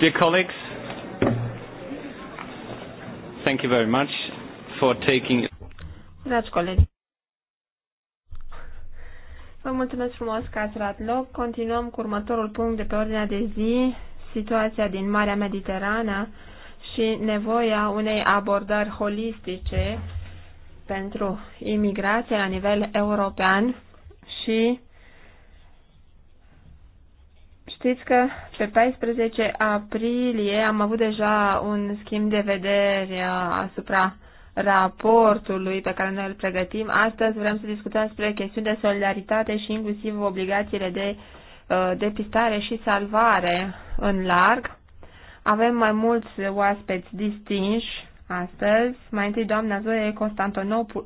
Dear colleagues, thank you very much for taking. Dragi colegi, vă mulțumesc frumos că ați luat loc. Continuăm cu următorul punct de pe ordinea de zi, situația din Marea Mediterană și nevoia unei abordări holistice pentru imigrație la nivel european și Știți că pe 14 aprilie am avut deja un schimb de vedere uh, asupra raportului pe care noi îl pregătim. Astăzi vrem să discutăm despre chestiuni de solidaritate și inclusiv obligațiile de uh, depistare și salvare în larg. Avem mai mulți oaspeți distinși astăzi. Mai întâi doamna Zoe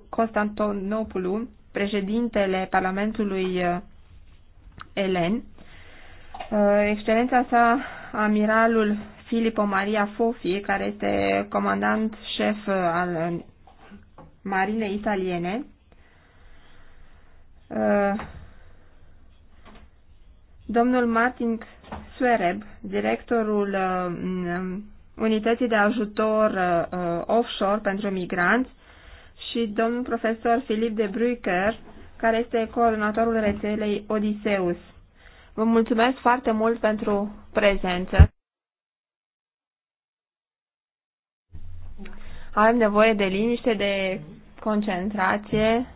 Constantonopoulou, președintele Parlamentului uh, Elen. Uh, excelența sa, amiralul Filippo Maria Fofi, care este comandant șef uh, al uh, marinei italiene, domnul Martin Suereb, directorul um, unității de ajutor offshore pentru migranți, și domnul profesor Filip de Bruyker, care este coordonatorul rețelei Odiseus. Vă mulțumesc foarte mult pentru prezență. Avem nevoie de liniște, de concentrație.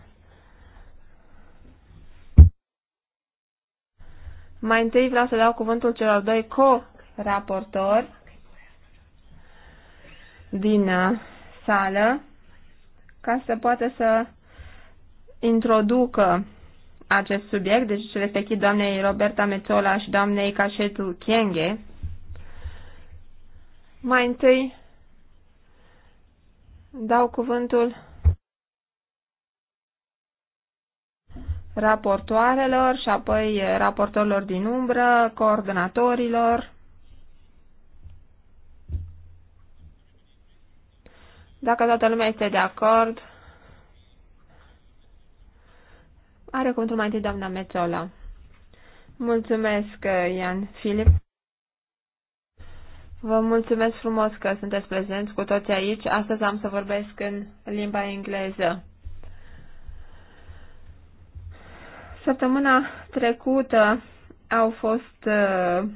Mai întâi vreau să dau cuvântul celor doi co-raportori din uh, sală ca să poată să introducă acest subiect, deci respectiv doamnei Roberta Mețola și doamnei Cașetu Chienghe. Mai întâi dau cuvântul raportoarelor și apoi raportorilor din umbră, coordonatorilor. Dacă toată lumea este de acord, Are cuvântul mai întâi doamna Mețola. Mulțumesc, uh, Ian Filip. Vă mulțumesc frumos că sunteți prezenți cu toți aici. Astăzi am să vorbesc în limba engleză. Săptămâna trecută au fost uh,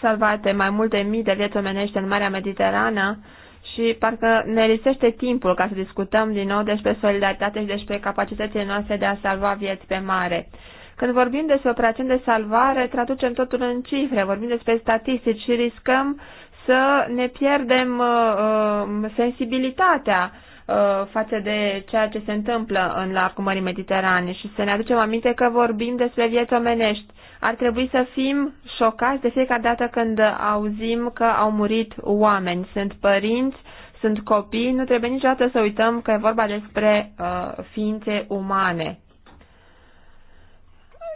salvate mai multe mii de vieți omenești în Marea Mediterană și parcă ne lipsește timpul ca să discutăm din nou despre solidaritate și despre capacitățile noastre de a salva vieți pe mare. Când vorbim despre operațiuni de salvare, traducem totul în cifre, vorbim despre statistici și riscăm să ne pierdem uh, uh sensibilitatea uh, față de ceea ce se întâmplă în largul Mării Mediterane și să ne aducem aminte că vorbim despre vieți omenești ar trebui să fim șocați de fiecare dată când auzim că au murit oameni. Sunt părinți, sunt copii, nu trebuie niciodată să uităm că e vorba despre uh, ființe umane.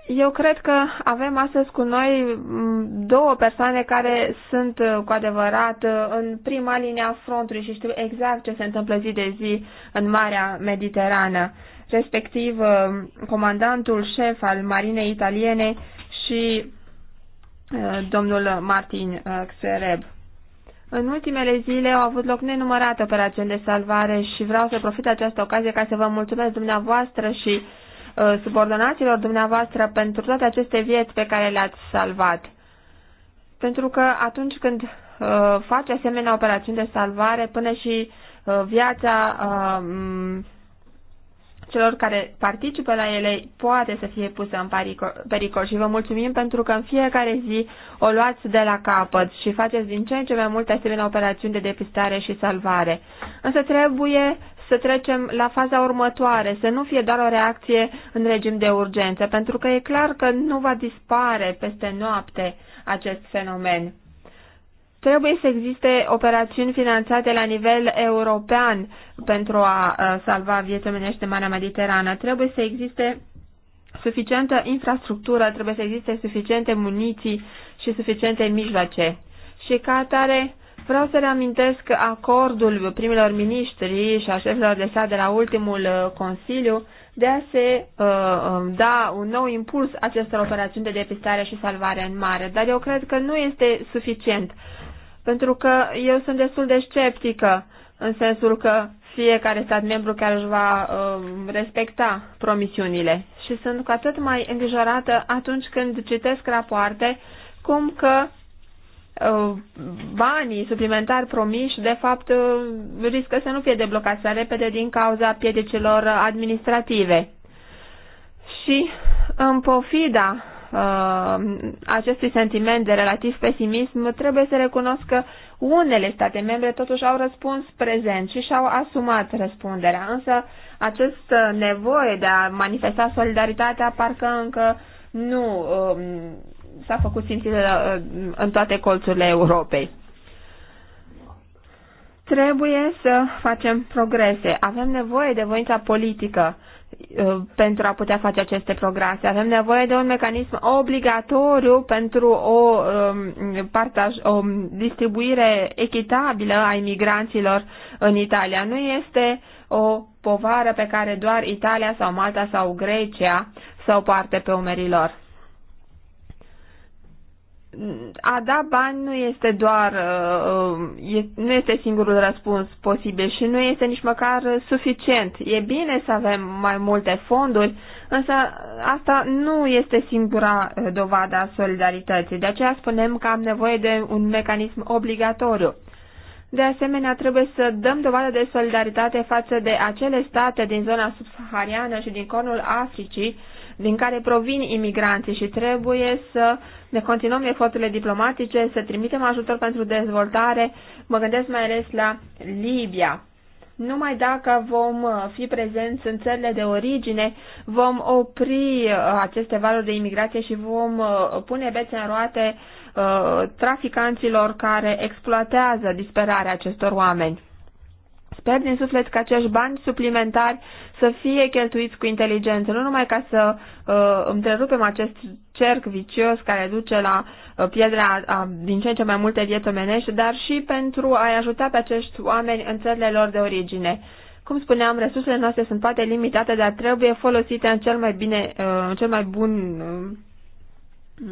Eu cred că avem astăzi cu noi mm, două persoane care sunt uh, cu adevărat uh, în prima linie a frontului și știu exact ce se întâmplă zi de zi în Marea Mediterană, respectiv uh, comandantul șef al marinei italiene și uh, domnul Martin uh, Xereb. În ultimele zile au avut loc nenumărate operațiuni de salvare și vreau să profit această ocazie ca să vă mulțumesc dumneavoastră și uh, subordonaților dumneavoastră pentru toate aceste vieți pe care le-ați salvat. Pentru că atunci când uh, faci asemenea operațiuni de salvare, până și uh, viața uh, celor care participă la ele poate să fie pusă în pericol și vă mulțumim pentru că în fiecare zi o luați de la capăt și faceți din ce în ce mai multe asemenea operațiuni de depistare și salvare. Însă trebuie să trecem la faza următoare, să nu fie doar o reacție în regim de urgență, pentru că e clar că nu va dispare peste noapte acest fenomen. Trebuie să existe operațiuni finanțate la nivel european pentru a salva vieți omenești în Marea Mediterană. Trebuie să existe suficientă infrastructură, trebuie să existe suficiente muniții și suficiente mijloace. Și ca atare, vreau să reamintesc acordul primilor miniștri și a șefilor de stat de la ultimul uh, Consiliu de a se uh, um, da un nou impuls acestor operațiuni de depistare și salvare în mare, dar eu cred că nu este suficient pentru că eu sunt destul de sceptică în sensul că fiecare stat membru care își va uh, respecta promisiunile. Și sunt cu atât mai îngrijorată atunci când citesc rapoarte cum că uh, banii suplimentari promiși, de fapt, uh, riscă să nu fie deblocați să repede din cauza piedicilor administrative. Și în pofida Uh, acestui sentiment de relativ pesimism, trebuie să recunosc că unele state membre totuși au răspuns prezent și și-au asumat răspunderea, însă acest uh, nevoie de a manifesta solidaritatea parcă încă nu um, s-a făcut simțită uh, în toate colțurile Europei. Trebuie să facem progrese. Avem nevoie de voința politică Uh, pentru a putea face aceste progrese. Avem nevoie de un mecanism obligatoriu pentru o, um, partaj, o distribuire echitabilă a imigranților în Italia. Nu este o povară pe care doar Italia sau Malta sau Grecia să o parte pe umerii lor a da bani nu este doar, uh, nu este singurul răspuns posibil și nu este nici măcar suficient. E bine să avem mai multe fonduri, însă asta nu este singura uh, dovadă a solidarității. De aceea spunem că am nevoie de un mecanism obligatoriu. De asemenea, trebuie să dăm dovadă de solidaritate față de acele state din zona subsahariană și din cornul Africii din care provin imigranții și trebuie să ne continuăm eforturile diplomatice, să trimitem ajutor pentru dezvoltare. Mă gândesc mai ales la Libia. Numai dacă vom fi prezenți în țările de origine, vom opri uh, aceste valuri de imigrație și vom uh, pune bețe în roate uh, traficanților care exploatează disperarea acestor oameni sper din suflet că acești bani suplimentari să fie cheltuiți cu inteligență, nu numai ca să uh, întrerupem acest cerc vicios care duce la uh, pierderea din ce în ce mai multe vieți omenești, dar și pentru a-i ajuta pe acești oameni în țările lor de origine. Cum spuneam, resursele noastre sunt poate limitate, dar trebuie folosite în cel mai bine, uh, în cel mai bun uh,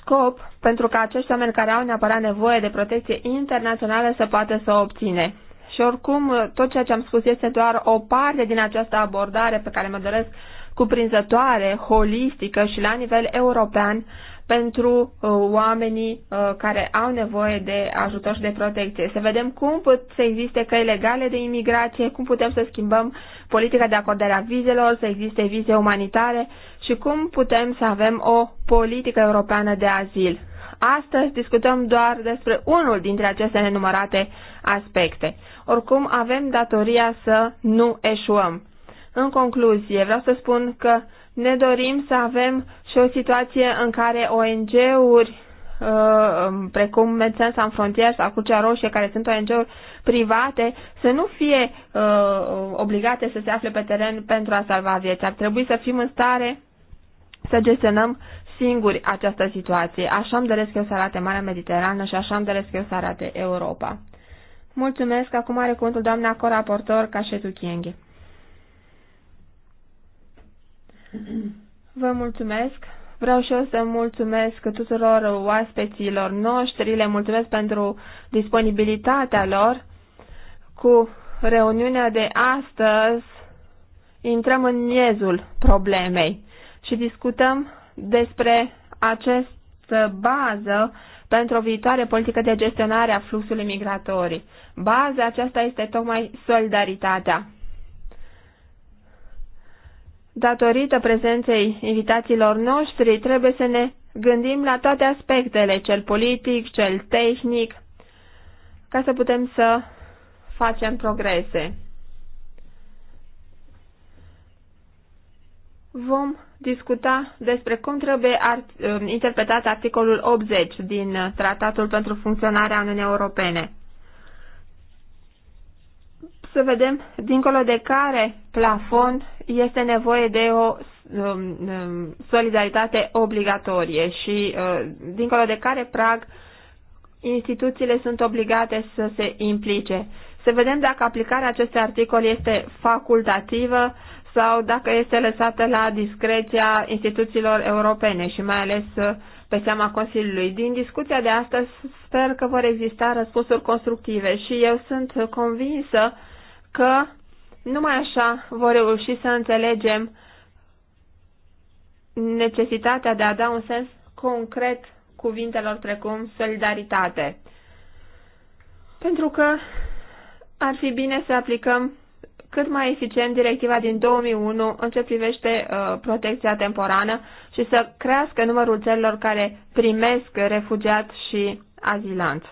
scop pentru ca acești oameni care au neapărat nevoie de protecție internațională să poată să o obține. Și oricum, tot ceea ce am spus este doar o parte din această abordare pe care mă doresc cuprinzătoare, holistică și la nivel european pentru uh, oamenii uh, care au nevoie de ajutor și de protecție. Să vedem cum pot să existe căi legale de imigrație, cum putem să schimbăm politica de acordare a vizelor, să existe vize umanitare și cum putem să avem o politică europeană de azil. Astăzi discutăm doar despre unul dintre aceste nenumărate aspecte. Oricum, avem datoria să nu eșuăm. În concluzie, vreau să spun că ne dorim să avem și o situație în care ONG-uri uh, precum Medicine Sans Frontières sau Crucea Roșie, care sunt ONG-uri private, să nu fie uh, obligate să se afle pe teren pentru a salva vieți. Ar trebui să fim în stare să gestionăm singuri această situație. Așa îmi doresc eu să arate Marea Mediterană și așa îmi doresc eu să arate Europa. Mulțumesc. Acum are cuvântul doamna coraportor Cașetu Chienghi. Vă mulțumesc. Vreau și eu să mulțumesc tuturor oaspeților noștri, le mulțumesc pentru disponibilitatea lor. Cu reuniunea de astăzi intrăm în miezul problemei și discutăm despre această bază pentru o viitoare politică de gestionare a fluxului migratorii. Baza aceasta este tocmai solidaritatea. Datorită prezenței invitațiilor noștri, trebuie să ne gândim la toate aspectele, cel politic, cel tehnic, ca să putem să facem progrese. Vom discuta despre cum trebuie art- um, interpretat articolul 80 din uh, Tratatul pentru funcționarea Uniunii Europene. Să vedem dincolo de care plafon este nevoie de o um, um, solidaritate obligatorie și uh, dincolo de care prag instituțiile sunt obligate să se implice. Să vedem dacă aplicarea acestui articol este facultativă sau dacă este lăsată la discreția instituțiilor europene și mai ales uh, pe seama Consiliului. Din discuția de astăzi sper că vor exista răspunsuri constructive și eu sunt convinsă că numai așa vor reuși să înțelegem necesitatea de a da un sens concret cuvintelor precum solidaritate. Pentru că ar fi bine să aplicăm cât mai eficient directiva din 2001 în ce privește uh, protecția temporană și să crească numărul țărilor care primesc refugiat și azilant.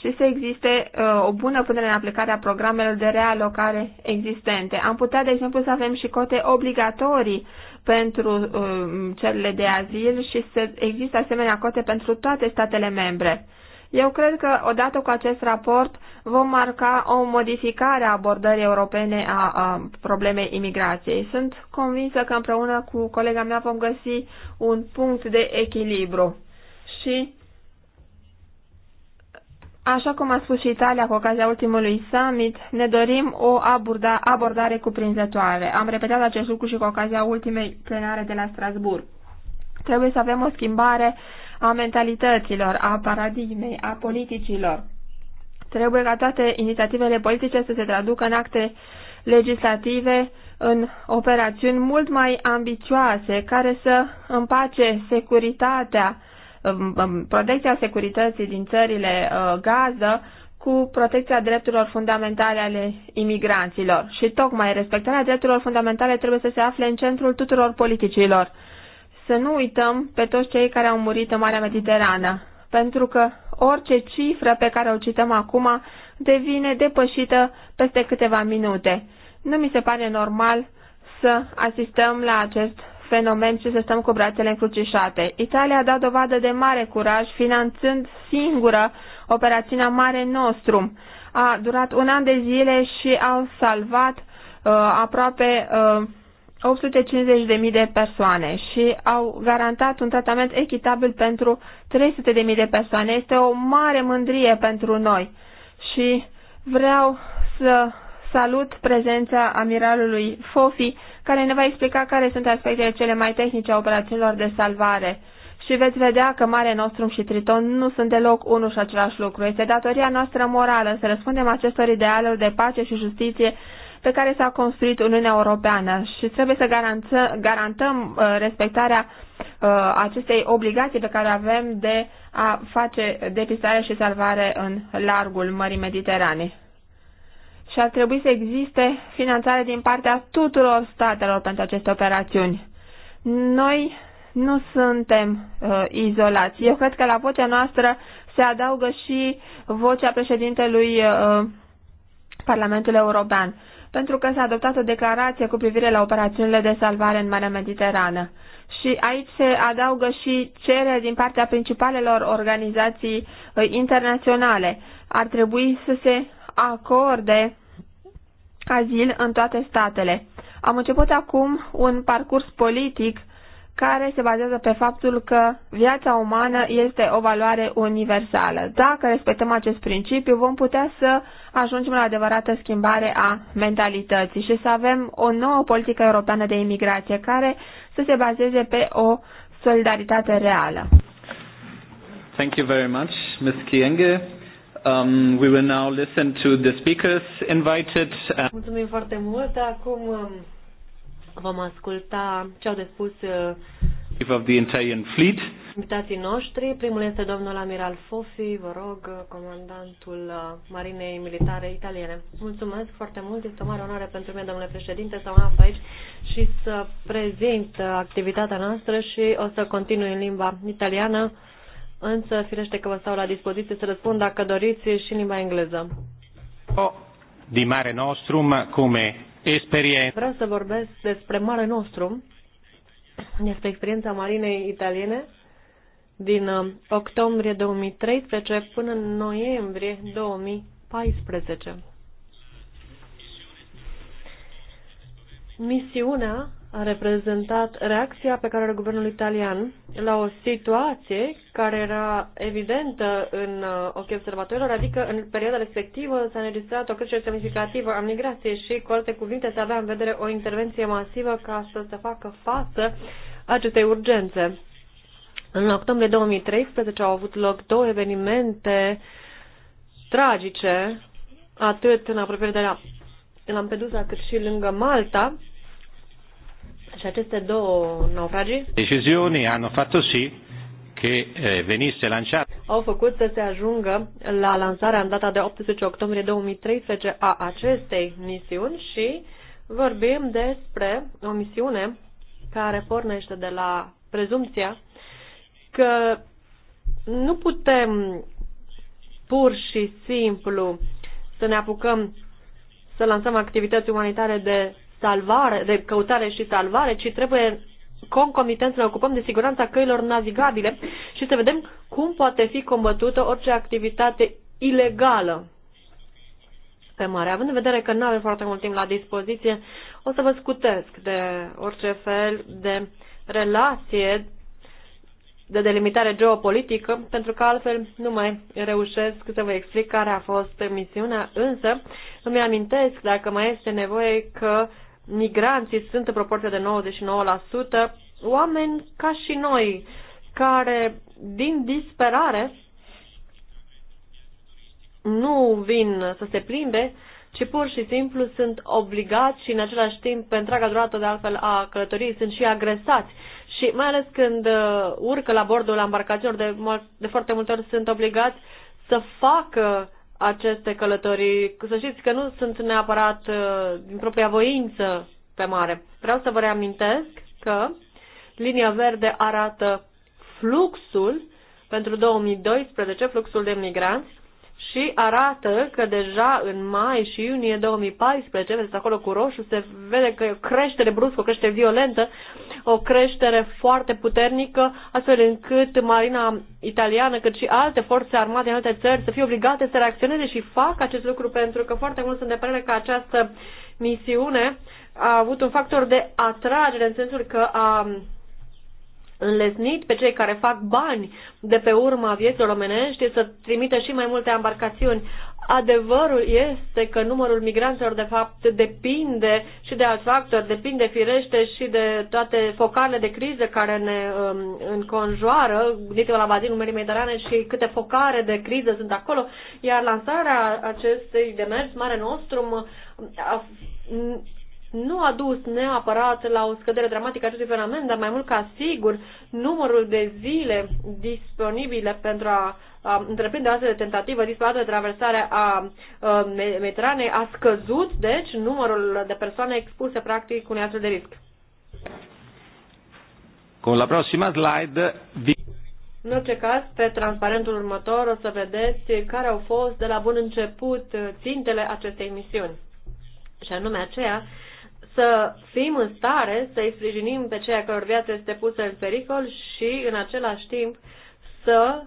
Și să existe uh, o bună punere în aplicare a programelor de realocare existente. Am putea, de exemplu, să avem și cote obligatorii pentru uh, cerurile de azil și să există asemenea cote pentru toate statele membre eu cred că odată cu acest raport vom marca o modificare a abordării europene a, a problemei imigrației. Sunt convinsă că împreună cu colega mea vom găsi un punct de echilibru. Și Așa cum a spus și Italia cu ocazia ultimului summit, ne dorim o aborda, abordare cuprinzătoare. Am repetat acest lucru și cu ocazia ultimei plenare de la Strasburg. Trebuie să avem o schimbare a mentalităților, a paradigmei, a politicilor. Trebuie ca toate inițiativele politice să se traducă în acte legislative, în operațiuni mult mai ambicioase, care să împace securitatea, um, um, protecția securității din țările uh, gază cu protecția drepturilor fundamentale ale imigranților. Și tocmai respectarea drepturilor fundamentale trebuie să se afle în centrul tuturor politicilor să nu uităm pe toți cei care au murit în Marea Mediterană, pentru că orice cifră pe care o cităm acum devine depășită peste câteva minute. Nu mi se pare normal să asistăm la acest fenomen și să stăm cu brațele încrucișate. Italia a dat dovadă de mare curaj, finanțând singură operațiunea Mare Nostrum. A durat un an de zile și au salvat uh, aproape uh, 850.000 de persoane și au garantat un tratament echitabil pentru 300.000 de persoane. Este o mare mândrie pentru noi și vreau să salut prezența amiralului Fofi, care ne va explica care sunt aspectele cele mai tehnice a operațiunilor de salvare. Și veți vedea că Mare Nostrum și Triton nu sunt deloc unul și același lucru. Este datoria noastră morală să răspundem acestor idealuri de pace și justiție pe care s-a construit Uniunea Europeană și trebuie să garanță, garantăm uh, respectarea uh, acestei obligații pe care o avem de a face depistare și salvare în largul Mării Mediterane. Și ar trebui să existe finanțare din partea tuturor statelor pentru aceste operațiuni. Noi nu suntem uh, izolați. Eu cred că la vocea noastră se adaugă și vocea președintelui uh, Parlamentului European pentru că s-a adoptat o declarație cu privire la operațiunile de salvare în Marea Mediterană. Și aici se adaugă și cereri din partea principalelor organizații uh, internaționale. Ar trebui să se acorde azil în toate statele. Am început acum un parcurs politic care se bazează pe faptul că viața umană este o valoare universală. Dacă respectăm acest principiu, vom putea să ajungem la adevărată schimbare a mentalității și să avem o nouă politică europeană de imigrație care să se bazeze pe o solidaritate reală. Thank you very much, Ms. Kienge. Um, we will now listen to the speakers invited. Mulțumim foarte mult. Acum um, vom asculta ce au de spus uh, of the Italian fleet invitații noștri. Primul este domnul Amiral Fofi, vă rog, comandantul uh, Marinei Militare Italiene. Mulțumesc foarte mult, este o mare onoare pentru mine, domnule președinte, să mă aflu aici și să prezint activitatea noastră și o să continui în limba italiană, însă firește că vă stau la dispoziție să răspund dacă doriți și în limba engleză. Di Mare Nostrum, come experiență. Vreau să vorbesc despre Mare Nostrum, despre experiența marinei italiene din uh, octombrie 2013 până în noiembrie 2014. Misiunea a reprezentat reacția pe care are guvernul italian la o situație care era evidentă în uh, ochii observatorilor, adică în perioada respectivă s-a înregistrat o creștere semnificativă a migrației și, cu alte cuvinte, se avea în vedere o intervenție masivă ca să se facă față acestei urgențe. În octombrie 2013 au avut loc două evenimente tragice, atât în apropiere de la Lampedusa cât și lângă Malta. Și aceste două naufragii Deciziunii au fatto sì che eh, venisse lansat. au făcut să se ajungă la lansarea în data de 18 octombrie 2013 a acestei misiuni și vorbim despre o misiune care pornește de la prezumția că nu putem pur și simplu să ne apucăm să lansăm activități umanitare de salvare, de căutare și salvare, ci trebuie concomitent să ne ocupăm de siguranța căilor navigabile și să vedem cum poate fi combătută orice activitate ilegală pe mare. Având în vedere că nu avem foarte mult timp la dispoziție, o să vă scutesc de orice fel de relație de delimitare geopolitică, pentru că altfel nu mai reușesc să vă explic care a fost misiunea, însă îmi amintesc, dacă mai este nevoie, că migranții sunt în proporție de 99% oameni ca și noi, care din disperare nu vin să se plimbe, ci pur și simplu sunt obligați și în același timp, pe întreaga durată de altfel a călătoriei, sunt și agresați și mai ales când uh, urcă la bordul embarcațiilor, de, de foarte multe ori sunt obligați să facă aceste călătorii. Să știți că nu sunt neapărat uh, din propria voință pe mare. Vreau să vă reamintesc că linia verde arată fluxul pentru 2012, fluxul de migranți, și arată că deja în mai și iunie 2014, vedeți acolo cu roșu, se vede că e o creștere bruscă, o creștere violentă, o creștere foarte puternică, astfel încât marina italiană, cât și alte forțe armate în alte țări să fie obligate să reacționeze și fac acest lucru pentru că foarte mult sunt de părere că această misiune a avut un factor de atragere în sensul că a înlesnit pe cei care fac bani de pe urma vieții românești să trimite și mai multe embarcațiuni. Adevărul este că numărul migranților de fapt depinde și de alți factori, depinde firește și de toate focarele de criză care ne um, înconjoară, gândiți-vă la bazinul Mării Mediterane și câte focare de criză sunt acolo, iar lansarea acestei demers Mare Nostrum a nu a dus neapărat la o scădere dramatică a acestui fenomen, dar mai mult ca sigur numărul de zile disponibile pentru a, a întreprinde o astfel de tentativă disparată de traversare a, a Mediteranei a scăzut, deci, numărul de persoane expuse practic unui astfel de risc. Con la prossima slide vi... În orice caz, pe transparentul următor o să vedeți care au fost de la bun început țintele acestei misiuni. Și anume aceea să fim în stare să îi sprijinim pe cei căror viață este pusă în pericol și, în același timp, să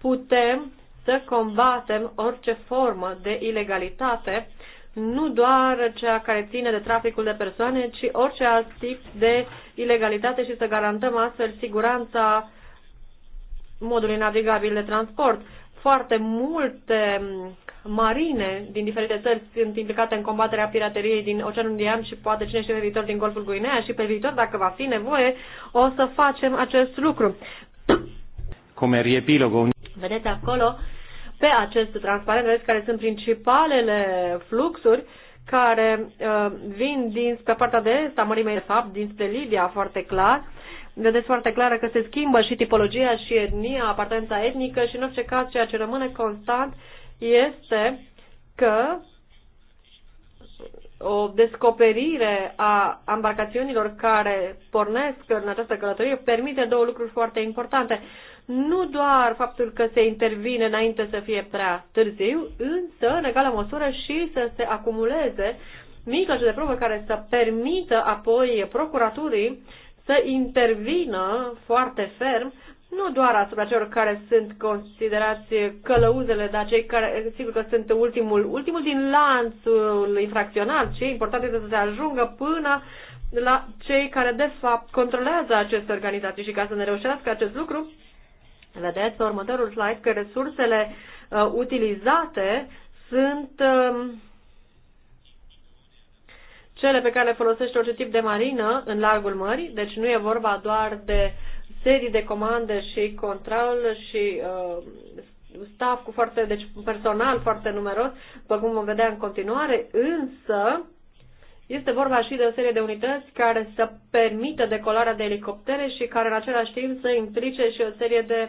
putem să combatem orice formă de ilegalitate, nu doar cea care ține de traficul de persoane, ci orice alt tip de ilegalitate și să garantăm astfel siguranța modului navigabil de transport. Foarte multe marine din diferite țări sunt implicate în combaterea pirateriei din Oceanul Indian și poate cine știe pe viitor din Golful Guinea și pe viitor, dacă va fi nevoie, o să facem acest lucru. Come riepilogo. Vedeți acolo pe acest transparent, vedeți care sunt principalele fluxuri care uh, vin dinspre partea de est, a mărimei de fapt, dinspre Libia, foarte clar, vedeți foarte clară că se schimbă și tipologia și etnia, apartența etnică și în orice caz ceea ce rămâne constant este că o descoperire a embarcațiunilor care pornesc în această călătorie permite două lucruri foarte importante. Nu doar faptul că se intervine înainte să fie prea târziu, însă, în egală măsură, și să se acumuleze mijloace de probă care să permită apoi procuraturii să intervină foarte ferm, nu doar asupra celor care sunt considerați călăuzele, dar cei care, sigur că sunt ultimul, ultimul din lanțul infracțional, ce important este să se ajungă până la cei care, de fapt, controlează aceste organizații și ca să ne reușească acest lucru, vedeți pe următorul slide că resursele uh, utilizate sunt uh, cele pe care le folosește orice tip de marină în largul mării, deci nu e vorba doar de serii de comandă și control și uh, staff cu foarte, deci personal foarte numeros, după cum vom vedea în continuare, însă este vorba și de o serie de unități care să permită decolarea de elicoptere și care în același timp să implice și o serie de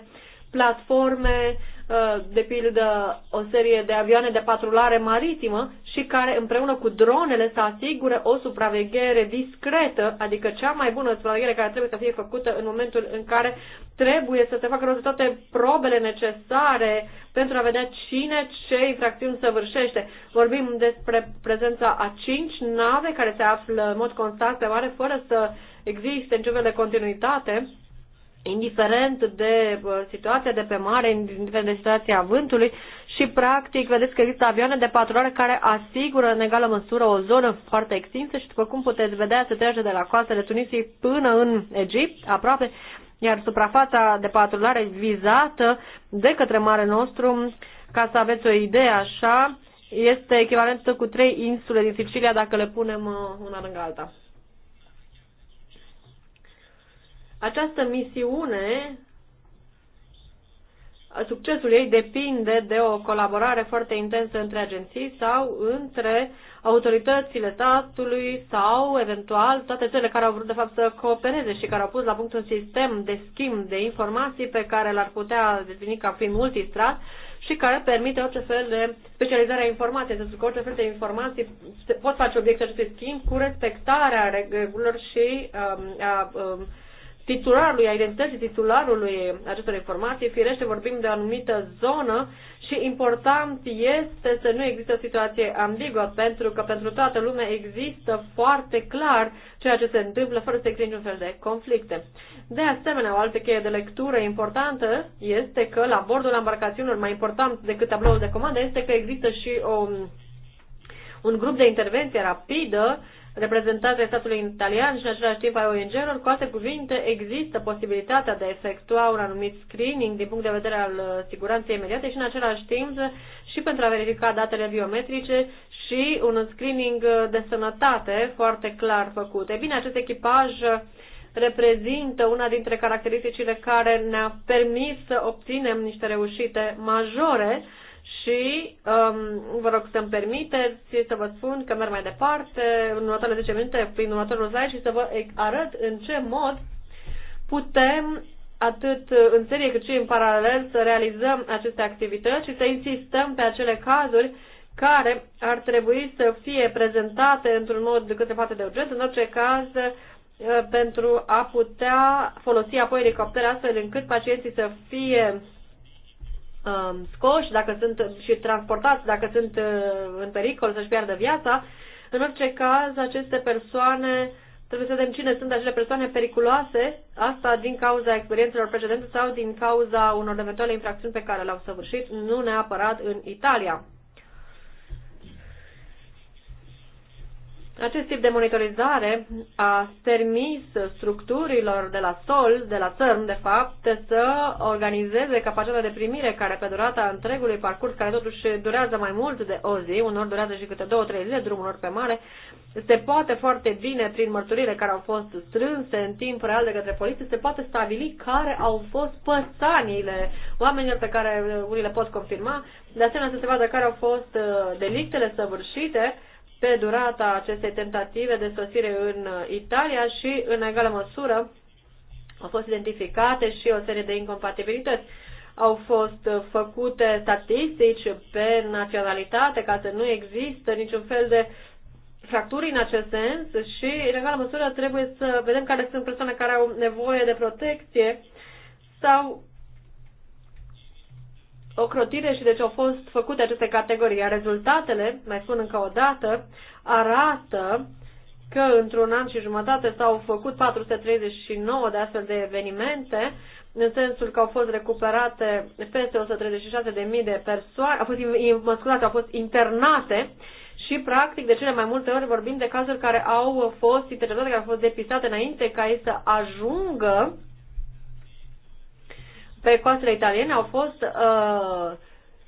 platforme uh, Uh, de pildă o serie de avioane de patrulare maritimă și care împreună cu dronele să asigure o supraveghere discretă, adică cea mai bună supraveghere care trebuie să fie făcută în momentul în care trebuie să se facă toate probele necesare pentru a vedea cine ce infracțiuni săvârșește. Vorbim despre prezența a cinci nave care se află în mod constant pe mare fără să existe niciun fel de continuitate indiferent de situația de pe mare, indiferent de situația vântului și, practic, vedeți că există avioane de patrulare care asigură în egală măsură o zonă foarte extinsă și, după cum puteți vedea, se trece de la coastele Tunisiei până în Egipt, aproape, iar suprafața de patrulare vizată de către Mare nostru, ca să aveți o idee așa, este echivalentă cu trei insule din Sicilia dacă le punem uh, una lângă alta. Această misiune, succesul ei depinde de o colaborare foarte intensă între agenții sau între autoritățile statului sau, eventual, toate cele care au vrut, de fapt, să coopereze și care au pus la punct un sistem de schimb de informații pe care l-ar putea defini ca fiind multistrat și care permite orice fel de specializare a informației, pentru că orice fel de informații pot face obiectul acestui schimb cu respectarea regulilor și um, a um, titularului, a identității titularului acestor informații. Firește, vorbim de o anumită zonă și important este să nu există o situație ambiguă, pentru că pentru toată lumea există foarte clar ceea ce se întâmplă, fără să existe niciun fel de conflicte. De asemenea, o altă cheie de lectură importantă este că la bordul embarcațiunilor, mai important decât tabloul de comandă, este că există și o, un grup de intervenție rapidă reprezentanți ai statului italian și în același timp ai ONG-urilor. Cu alte cuvinte, există posibilitatea de a efectua un anumit screening din punct de vedere al uh, siguranței imediate și în același timp și pentru a verifica datele biometrice și un screening uh, de sănătate foarte clar făcut. E bine, acest echipaj uh, reprezintă una dintre caracteristicile care ne-a permis să obținem niște reușite majore și um, vă rog să-mi permiteți să vă spun că merg mai departe în următoarele 10 minute prin următorul slide și să vă arăt în ce mod putem atât în serie cât și în paralel să realizăm aceste activități și să insistăm pe acele cazuri care ar trebui să fie prezentate într-un mod cât se poate de urgent, în orice caz uh, pentru a putea folosi apoi elicoptere astfel încât pacienții să fie Um, scoși, dacă sunt și transportați, dacă sunt uh, în pericol să-și piardă viața. În orice caz, aceste persoane, trebuie să vedem cine sunt acele persoane periculoase, asta din cauza experiențelor precedente sau din cauza unor eventuale infracțiuni pe care le-au săvârșit, nu neapărat în Italia. Acest tip de monitorizare a permis structurilor de la SOL, de la țărm, de fapt, să organizeze capacitatea de primire care pe durata întregului parcurs, care totuși durează mai mult de o zi, unor durează și câte două, trei zile, drumurilor pe mare, se poate foarte bine, prin mărturile care au fost strânse în timp real de către poliție, se poate stabili care au fost pățanile oamenilor pe care unii le pot confirma, de asemenea să se vadă care au fost uh, delictele săvârșite, pe durata acestei tentative de sosire în uh, Italia și, în egală măsură, au fost identificate și o serie de incompatibilități. Au fost uh, făcute statistici pe naționalitate ca să nu există niciun fel de fracturi în acest sens și, în egală măsură, trebuie să vedem care sunt persoane care au nevoie de protecție sau ocrotire și deci au fost făcute aceste categorii. Iar rezultatele, mai spun încă o dată, arată că într-un an și jumătate s-au făcut 439 de astfel de evenimente, în sensul că au fost recuperate peste 136.000 de persoane, au fost, mă scuzați, au fost internate și, practic, de cele mai multe ori vorbim de cazuri care au fost interceptate, care au fost depisate înainte ca ei să ajungă pe coastele italiene au fost uh,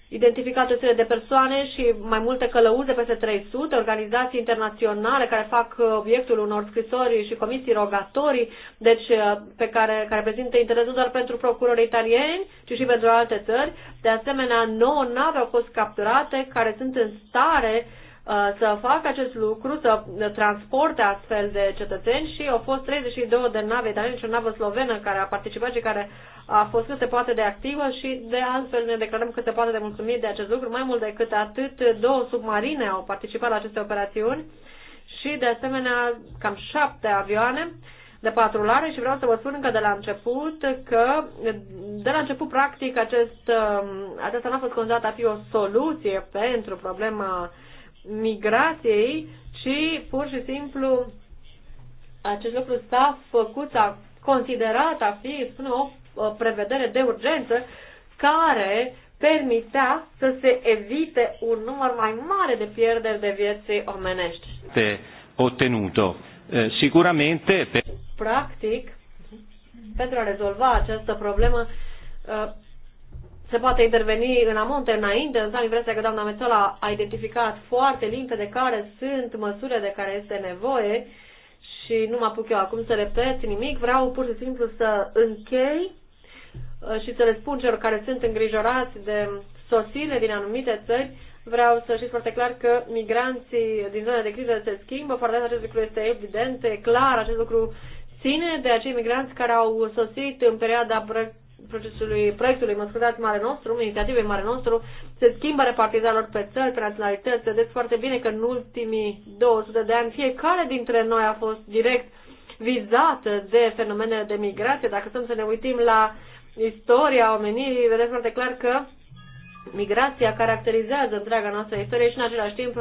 identificate o serie de persoane și mai multe călăuze, peste 300, organizații internaționale care fac uh, obiectul unor scrisori și comisii rogatorii, deci uh, pe care, care prezintă interes nu doar pentru procurori italieni, ci și pentru alte țări. De asemenea, nouă nave au fost capturate care sunt în stare Uh, să facă acest lucru, să transporte astfel de cetățeni și au fost 32 de nave italiene și deci o navă slovenă care a participat și care a fost cât se poate de activă și de altfel ne declarăm cât se poate de mulțumit de acest lucru. Mai mult decât atât, două submarine au participat la aceste operațiuni și de asemenea cam șapte avioane de patrulare și vreau să vă spun că de la început că de la început practic acest, um, acesta nu a fost considerat a fi o soluție pentru problema uh, migrației, ci pur și simplu acest lucru s-a făcut, s-a considerat a fi, spune, o prevedere de urgență care permitea să se evite un număr mai mare de pierderi de vieți omenești. Pe ottenuto. Eh, sicuramente. Pe... Practic, pentru a rezolva această problemă, eh, se poate interveni în amonte, înainte, însă am impresia că doamna Mețola a identificat foarte limpede care sunt măsurile de care este nevoie și nu mă apuc eu acum să repet nimic, vreau pur și simplu să închei uh, și să le spun celor care sunt îngrijorați de sosile din anumite țări, vreau să știți foarte clar că migranții din zona de criză se schimbă, foarte des acest lucru este evident, e clar, acest lucru ține de acei migranți care au sosit în perioada procesului, proiectului, mă Mare Nostru, inițiativei Mare Nostru, se schimbă repartizarea pe țări, pe naționalități. Vedeți foarte bine că în ultimii 200 de ani fiecare dintre noi a fost direct vizată de fenomenele de migrație. Dacă sunt să ne uităm la istoria omenirii, vedeți foarte clar că migrația caracterizează întreaga noastră istorie și în același timp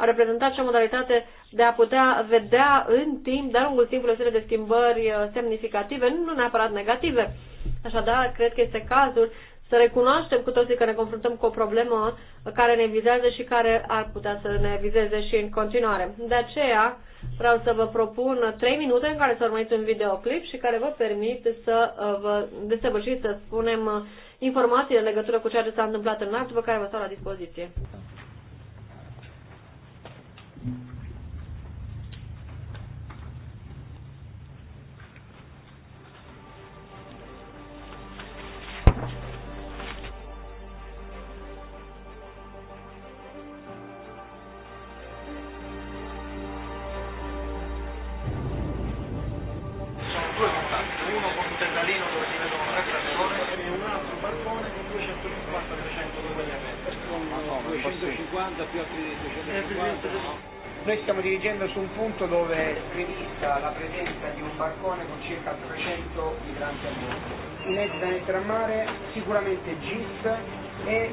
a reprezentat și o modalitate de a putea vedea în timp, de-a lungul timpului, o serie de schimbări uh, semnificative, nu neapărat negative. Așadar, cred că este cazul să recunoaștem cu toții că ne confruntăm cu o problemă uh, care ne vizează și care ar putea să ne vizeze și în continuare. De aceea vreau să vă propun 3 minute în care să urmăriți un videoclip și care vă permit să uh, vă desăvârșiți, să spunem, informații în legătură cu ceea ce s-a întâmplat în act, după care vă stau la dispoziție. Thank you. punto dove è prevista la presenza di un barcone con circa 300 migranti a bordo. I mezzi da mettere a mare sicuramente GIS e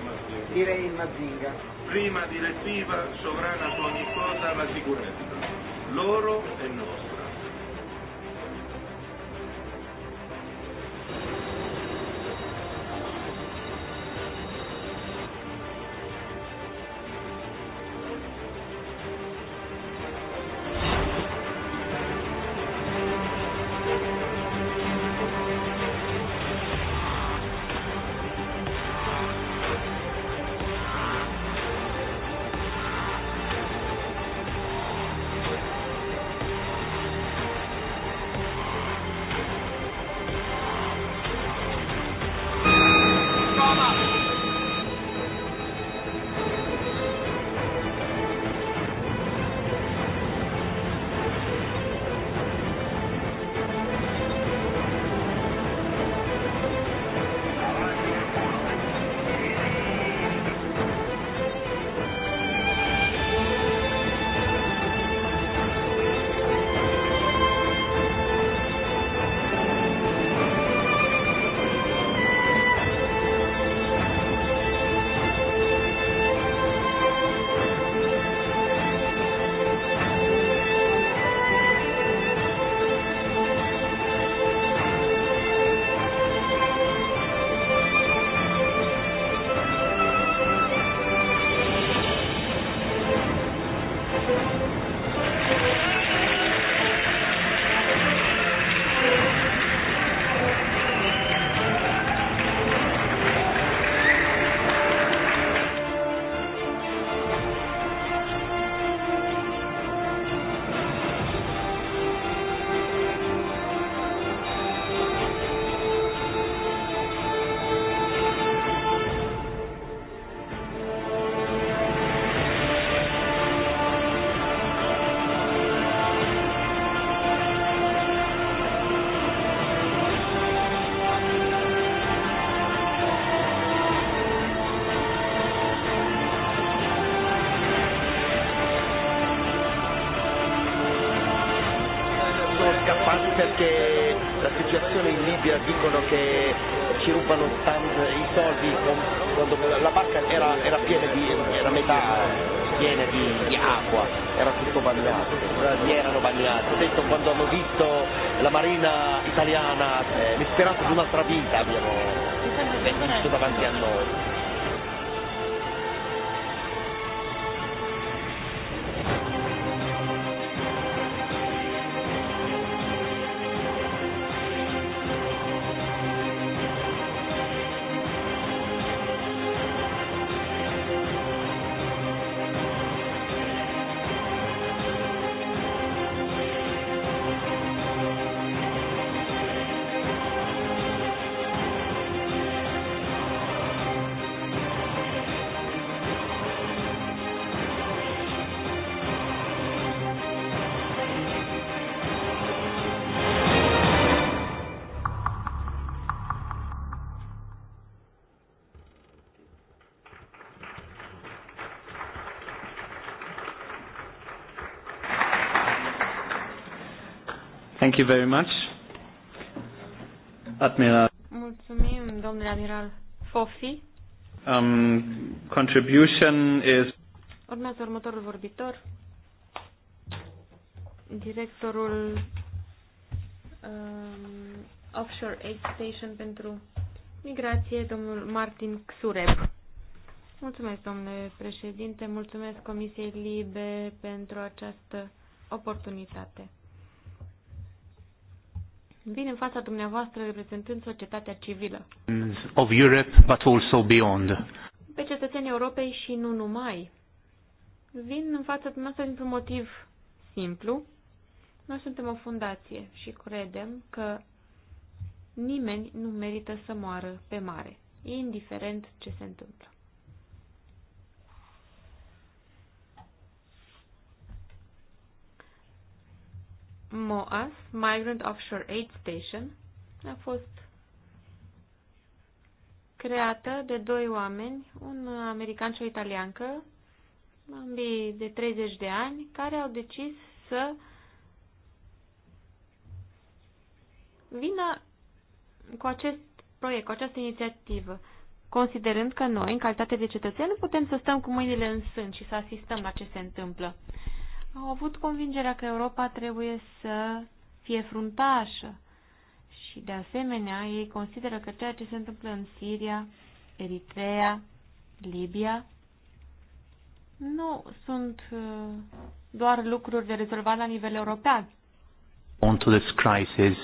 direi Mazinga. Prima direttiva sovrana su ogni cosa la sicurezza, loro e nostra. un'altra vita abbiamo visto davanti a noi. Thank you very much. Admiral. Mulțumim, domnule admiral Fofi. Um, contribution is... Urmează următorul vorbitor, directorul um, Offshore Aid Station pentru migrație, domnul Martin Xureb. Mulțumesc, domnule președinte, mulțumesc Comisiei Libe pentru această oportunitate vin în fața dumneavoastră reprezentând societatea civilă. Of Europe, but also beyond. Pe cetățenii Europei și nu numai. Vin în fața dumneavoastră dintr-un motiv simplu. Noi suntem o fundație și credem că nimeni nu merită să moară pe mare, indiferent ce se întâmplă. MOAS, Migrant Offshore Aid Station, a fost creată de doi oameni, un american și o italiancă, ambii de 30 de ani, care au decis să vină cu acest proiect, cu această inițiativă, considerând că noi, în calitate de cetățeni, nu putem să stăm cu mâinile în sân și să asistăm la ce se întâmplă au avut convingerea că Europa trebuie să fie fruntașă și, de asemenea, ei consideră că ceea ce se întâmplă în Siria, Eritrea, Libia, nu sunt uh, doar lucruri de rezolvat la nivel european. Onto this crisis.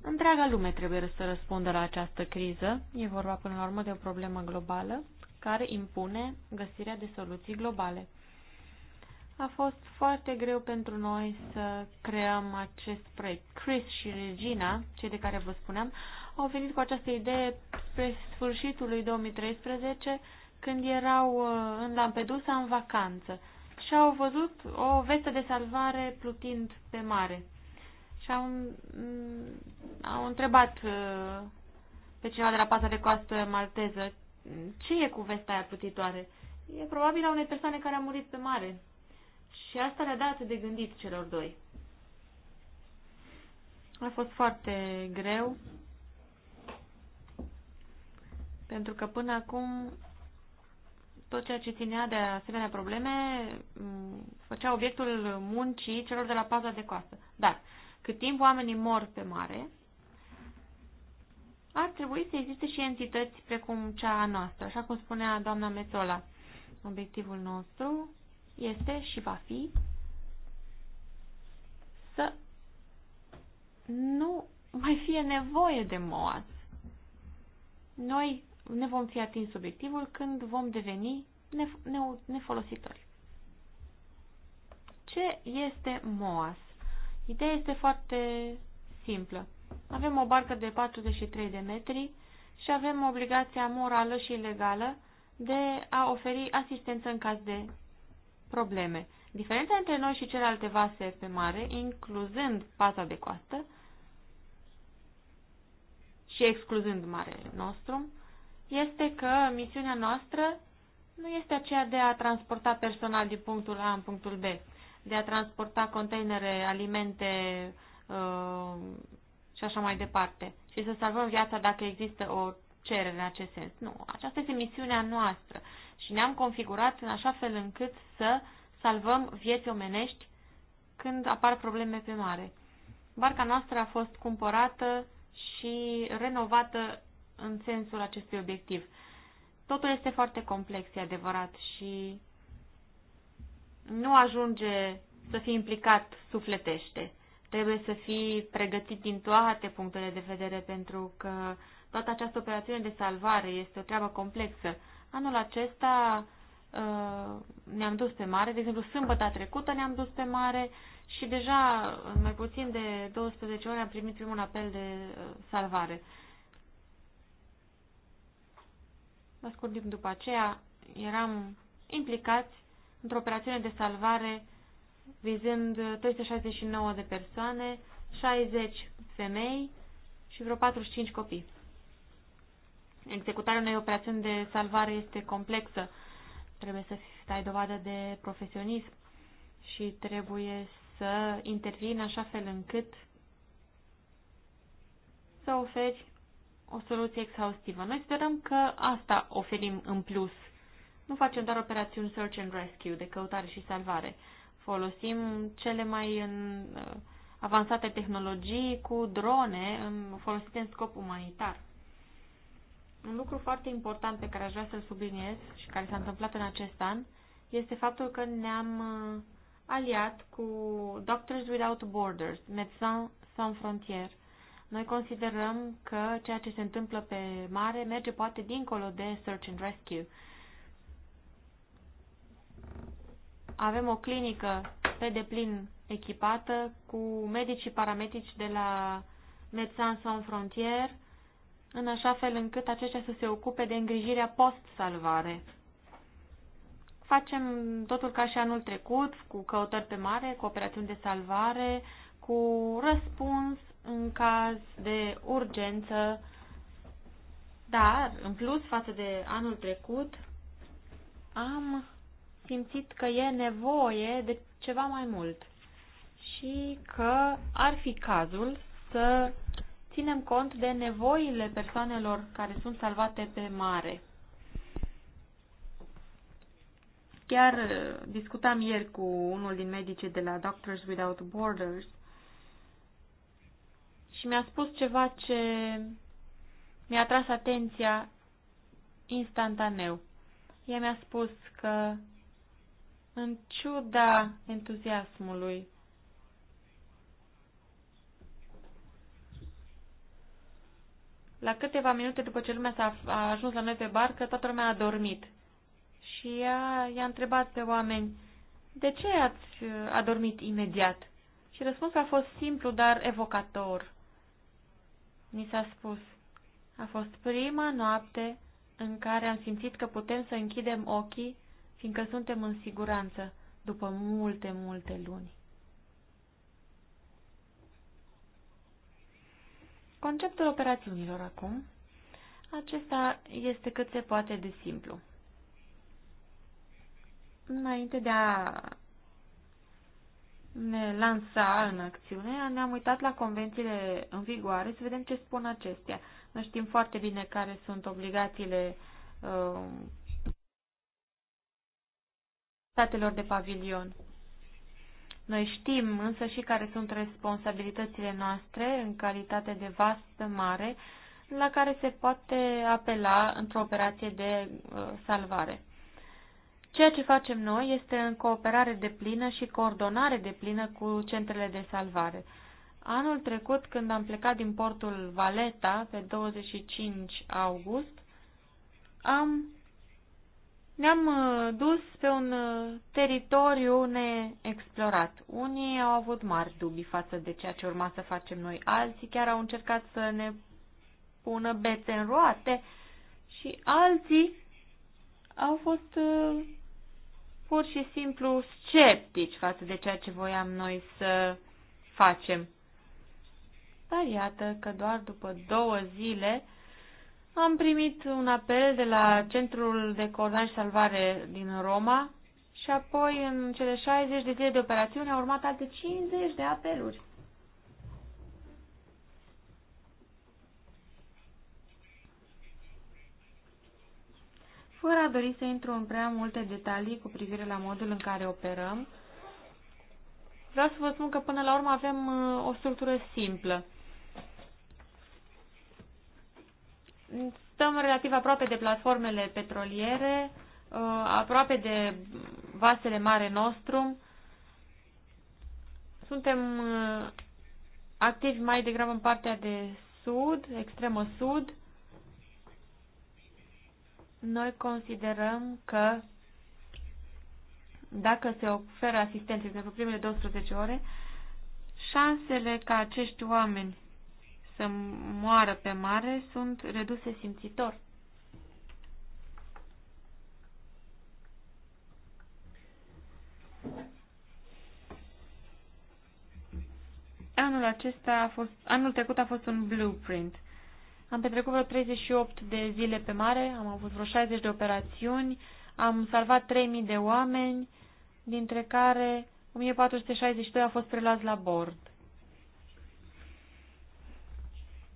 Întreaga lume trebuie să răspundă la această criză. E vorba până la urmă de o problemă globală care impune găsirea de soluții globale. A fost foarte greu pentru noi să creăm acest proiect. Chris și Regina, cei de care vă spuneam, au venit cu această idee spre sfârșitul lui 2013, când erau uh, în Lampedusa în vacanță și au văzut o vestă de salvare plutind pe mare. Și au, mm, au întrebat uh, pe cineva de la pasă de coastă malteză ce e cu vestea aia plutitoare. E probabil a unei persoane care a murit pe mare, și asta le-a dat de gândit celor doi. A fost foarte greu, pentru că până acum tot ceea ce ținea de asemenea probleme mm, făcea obiectul muncii celor de la paza de coastă. Dar cât timp oamenii mor pe mare, ar trebui să existe și entități precum cea a noastră, așa cum spunea doamna Metola. Obiectivul nostru este și va fi să nu mai fie nevoie de MOAS. Noi ne vom fi atins obiectivul când vom deveni nefolositori. Ce este MOAS? Ideea este foarte simplă. Avem o barcă de 43 de metri și avem obligația morală și legală de a oferi asistență în caz de probleme. Diferența între noi și celelalte vase pe mare, incluzând paza de coastă și excluzând marele nostru, este că misiunea noastră nu este aceea de a transporta personal din punctul A în punctul B, de a transporta containere, alimente uh, și așa mai departe, și să salvăm viața dacă există o cerere în acest sens. Nu, aceasta este misiunea noastră. Uh, și ne-am configurat în așa fel încât să salvăm vieți omenești când apar probleme pe mare. Barca noastră a fost cumpărată și renovată în sensul acestui obiectiv. Totul este foarte complex, e adevărat, și nu ajunge să fii implicat sufletește. Trebuie să fii pregătit din toate punctele de vedere, pentru că toată această operațiune de salvare este o treabă complexă. Anul acesta uh, ne-am dus pe mare, de exemplu sâmbătă trecută ne-am dus pe mare și deja în mai puțin de 12 ore am primit primul apel de uh, salvare. La scurt timp după aceea eram implicați într-o operațiune de salvare vizând 369 de persoane, 60 femei și vreo 45 copii executarea unei operațiuni de salvare este complexă. Trebuie să stai dovadă de profesionism și trebuie să intervii în așa fel încât să oferi o soluție exhaustivă. Noi sperăm că asta oferim în plus. Nu facem doar operațiuni search and rescue, de căutare și salvare. Folosim cele mai în, uh, avansate tehnologii cu drone în, folosite în scop umanitar. Un lucru foarte important pe care aș vrea să-l subliniez și care s-a întâmplat în acest an este faptul că ne-am uh, aliat cu Doctors Without Borders, Médecins Sans Frontières. Noi considerăm că ceea ce se întâmplă pe mare merge poate dincolo de Search and Rescue. Avem o clinică pe deplin echipată cu medici și paramedici de la Médecins Sans Frontières în așa fel încât aceștia să se ocupe de îngrijirea post-salvare. Facem totul ca și anul trecut, cu căutări pe mare, cu operațiuni de salvare, cu răspuns în caz de urgență, dar, în plus, față de anul trecut, am simțit că e nevoie de ceva mai mult și că ar fi cazul să ținem cont de nevoile persoanelor care sunt salvate pe mare. Chiar uh, discutam ieri cu unul din medicii de la Doctors Without Borders și mi-a spus ceva ce mi-a atras atenția instantaneu. Ea mi-a spus că, în ciuda entuziasmului la câteva minute după ce lumea s-a a ajuns la noi pe barcă, toată lumea a dormit. Și ea i-a întrebat pe oameni, de ce ați adormit imediat? Și răspunsul a fost simplu, dar evocator. Mi s-a spus, a fost prima noapte în care am simțit că putem să închidem ochii, fiindcă suntem în siguranță, după multe, multe luni. Conceptul operațiunilor acum, acesta este cât se poate de simplu. Înainte de a ne lansa în acțiune, ne-am uitat la convențiile în vigoare să vedem ce spun acestea. Nu știm foarte bine care sunt obligațiile uh, statelor de pavilion. Noi știm însă și care sunt responsabilitățile noastre în calitate de vastă mare la care se poate apela într-o operație de uh, salvare. Ceea ce facem noi este în cooperare de plină și coordonare de plină cu centrele de salvare. Anul trecut, când am plecat din portul Valeta, pe 25 august, am ne-am uh, dus pe un uh, teritoriu neexplorat. Unii au avut mari dubii față de ceea ce urma să facem noi, alții chiar au încercat să ne pună bețe în roate și alții au fost uh, pur și simplu sceptici față de ceea ce voiam noi să facem. Dar iată că doar după două zile am primit un apel de la Centrul de Coordonare și Salvare din Roma și apoi în cele 60 de zile de operațiune au urmat alte 50 de apeluri. Fără a dori să intru în prea multe detalii cu privire la modul în care operăm, vreau să vă spun că până la urmă avem uh, o structură simplă. Stăm relativ aproape de platformele petroliere, uh, aproape de vasele Mare Nostrum. Suntem uh, activi mai degrabă în partea de sud, extremă sud. Noi considerăm că dacă se oferă asistență, de exemplu, primele 12 ore, șansele ca acești oameni să moară pe mare sunt reduse simțitor. Anul acesta a fost, anul trecut a fost un blueprint. Am petrecut vreo 38 de zile pe mare, am avut vreo 60 de operațiuni, am salvat 3000 de oameni, dintre care 1462 a fost preluați la bord.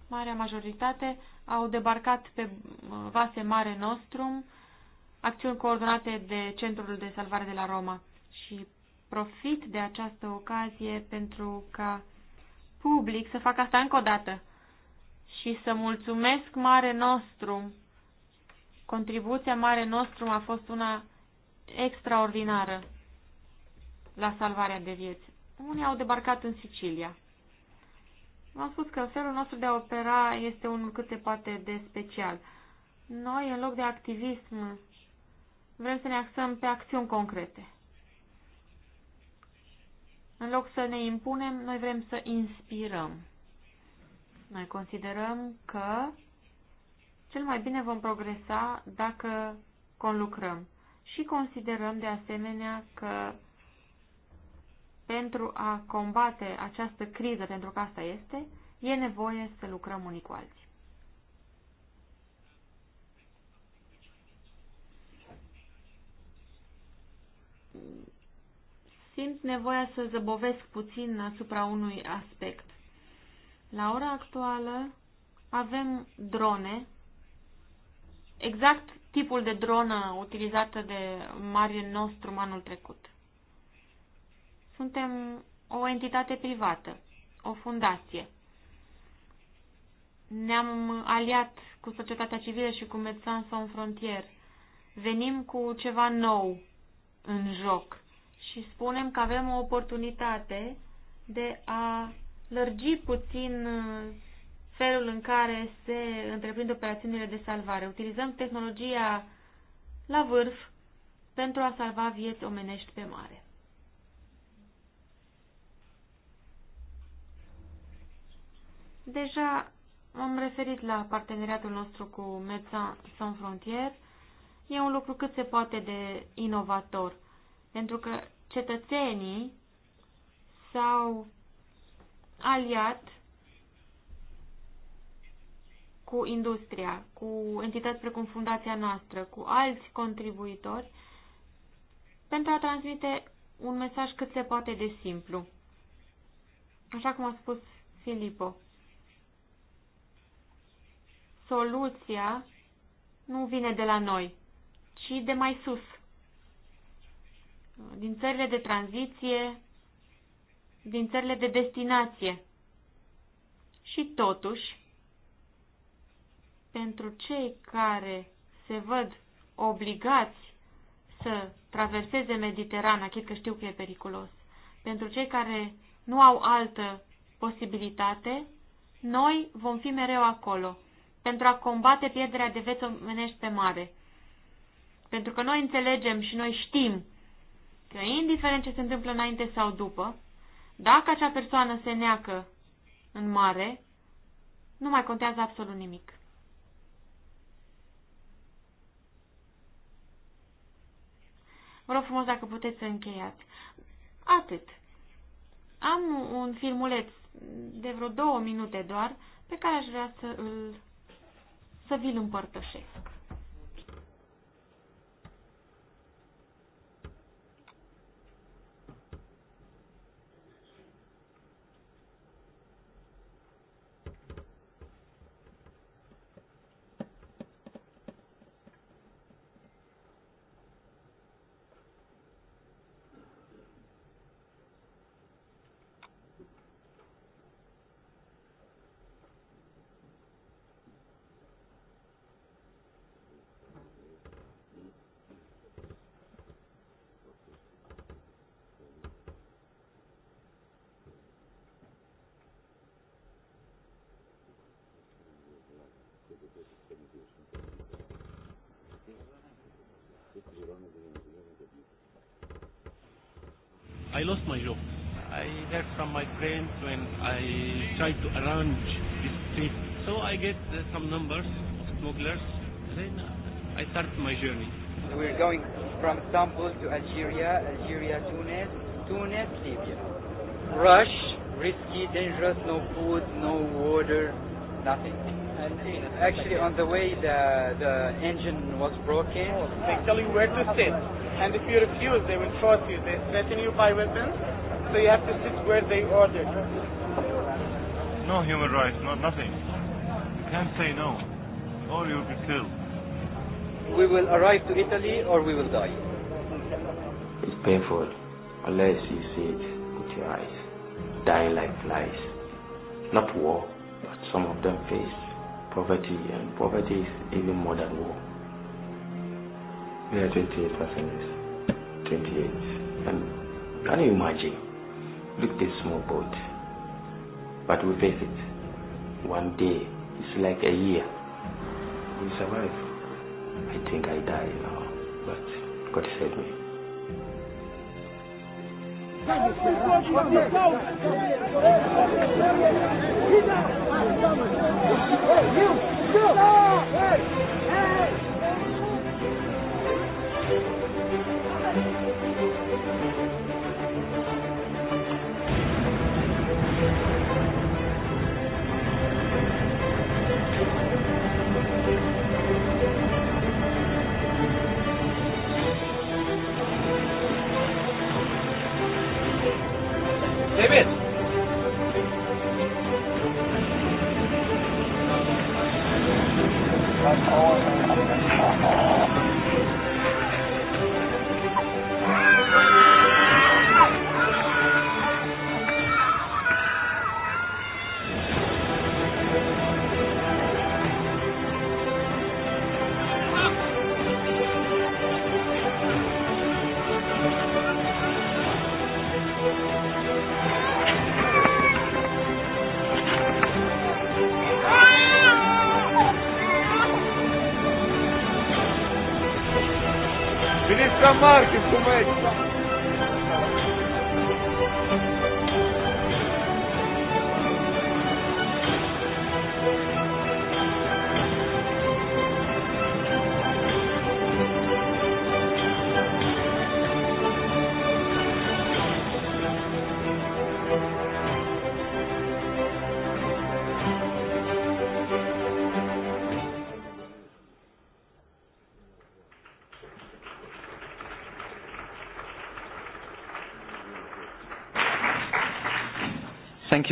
marea majoritate, au debarcat pe uh, vase Mare Nostrum, acțiuni coordonate de Centrul de Salvare de la Roma. Și profit de această ocazie pentru ca public să fac asta încă o dată și să mulțumesc Mare Nostrum. Contribuția Mare Nostrum a fost una extraordinară la salvarea de vieți. Unii au debarcat în Sicilia am spus că felul nostru de a opera este unul cât se poate de special. Noi, în loc de activism, vrem să ne axăm pe acțiuni concrete. În loc să ne impunem, noi vrem să inspirăm. Noi considerăm că cel mai bine vom progresa dacă conlucrăm. Și considerăm de asemenea că pentru a combate această criză, pentru că asta este, e nevoie să lucrăm unii cu alții. Simt nevoia să zăbovesc puțin asupra unui aspect. La ora actuală avem drone, exact tipul de dronă utilizată de Marian Nostrum anul trecut. Suntem o entitate privată, o fundație. Ne-am aliat cu societatea civilă și cu Médecins Sans frontier. Venim cu ceva nou în joc și spunem că avem o oportunitate de a lărgi puțin uh, felul în care se întreprind operațiunile de salvare. Utilizăm tehnologia la vârf pentru a salva vieți omenești pe mare. Deja am referit la parteneriatul nostru cu Médecins Sans Frontières. E un lucru cât se poate de inovator, pentru că cetățenii s-au aliat cu industria, cu entități precum fundația noastră, cu alți contribuitori, pentru a transmite un mesaj cât se poate de simplu. Așa cum a spus Filippo soluția nu vine de la noi, ci de mai sus, din țările de tranziție, din țările de destinație. Și totuși, pentru cei care se văd obligați să traverseze Mediterana, chiar că știu că e periculos, pentru cei care nu au altă posibilitate, noi vom fi mereu acolo pentru a combate pierderea de veți omenești pe mare. Pentru că noi înțelegem și noi știm că indiferent ce se întâmplă înainte sau după, dacă acea persoană se neacă în mare, nu mai contează absolut nimic. Vă rog frumos dacă puteți să încheiați. Atât. Am un filmuleț de vreo două minute doar, pe care aș vrea să îl să vi-l împărtășesc. lost my job. I heard from my friends when I tried to arrange this trip. So I get uh, some numbers of smugglers. Then uh, I start my journey. We're going from Istanbul to Algeria, Algeria, Tunis, Tunis, Libya. Rush, risky, dangerous, no food, no water, nothing. actually, on the way, the, the engine was broken. Oh, they tell you where to sit. And if you refuse, they will force you. They threaten you by weapons, so you have to sit where they ordered. No human rights, not nothing. You can't say no, or you'll be killed. We will arrive to Italy, or we will die. It's painful, unless you see it with your eyes. Dying like flies. Not war, but some of them face poverty, and poverty is even more than war. We are 28 passengers. 28. And can you imagine? Look this small boat. But we face it. One day, it's like a year. We survive. I think I die now. But God save me. Hey, you! Hey!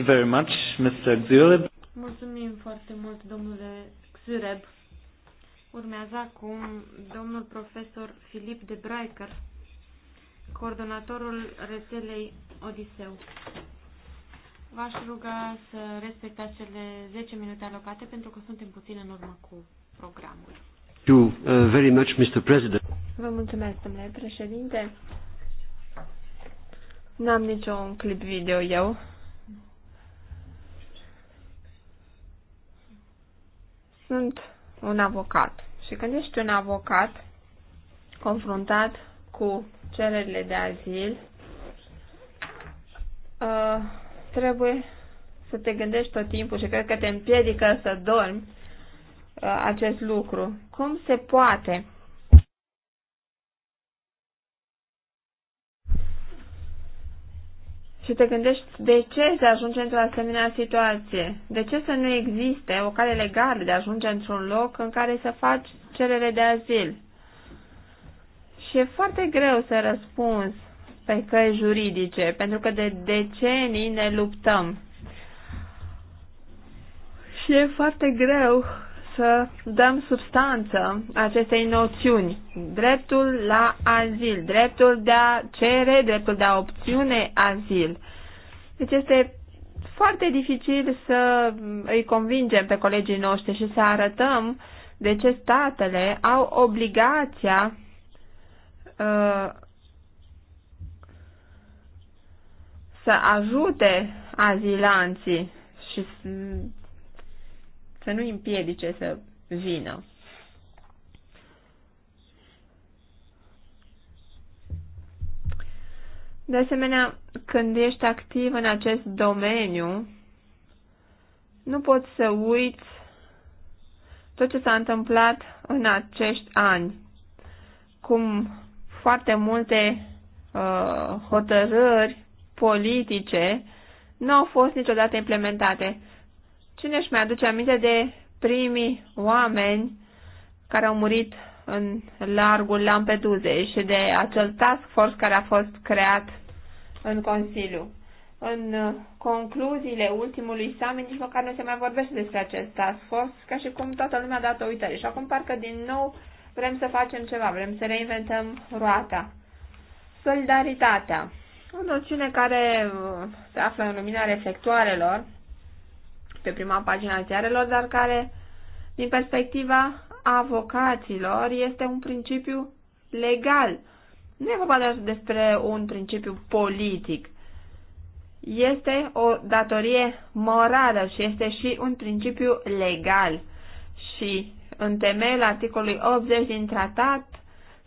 very much, Mr. Xureb. Mulțumim foarte mult, domnule Xureb. Urmează acum domnul profesor Filip de Breiker, coordonatorul rețelei Odiseu. V-aș ruga să respectați cele 10 minute alocate pentru că suntem puțin în urmă cu programul. You, uh, very much, Mr. President. Vă mulțumesc, domnule președinte. N-am niciun clip video eu, sunt un avocat. Și când ești un avocat confruntat cu cererile de azil, uh, trebuie să te gândești tot timpul și cred că te împiedică să dormi uh, acest lucru. Cum se poate și te gândești de ce se ajunge într-o asemenea situație. De ce să nu existe o cale legală de a ajunge într-un loc în care să faci cerere de azil? Și e foarte greu să răspunzi pe căi juridice, pentru că de decenii ne luptăm. Și e foarte greu să dăm substanță acestei noțiuni. Dreptul la azil, dreptul de a cere, dreptul de a obține azil. Deci este foarte dificil să îi convingem pe colegii noștri și să arătăm de ce statele au obligația uh, să ajute azilanții și să nu împiedice să vină. De asemenea, când ești activ în acest domeniu, nu poți să uiți tot ce s-a întâmplat în acești ani, cum foarte multe uh, hotărâri politice nu au fost niciodată implementate. Cine își mai aduce aminte de primii oameni care au murit în largul Lampedusei și de acel task force care a fost creat în Consiliu. În uh, concluziile ultimului summit nici măcar nu se mai vorbește despre acest task force, ca și cum toată lumea a dat o uitare. Și acum parcă din nou vrem să facem ceva, vrem să reinventăm roata. Solidaritatea. O noțiune care uh, se află în lumina reflectoarelor, pe prima pagina ziarelor, dar care, din perspectiva avocaților, este un principiu legal. Nu e vorba doar despre un principiu politic. Este o datorie morală și este și un principiu legal. Și în temeiul articolului 80 din tratat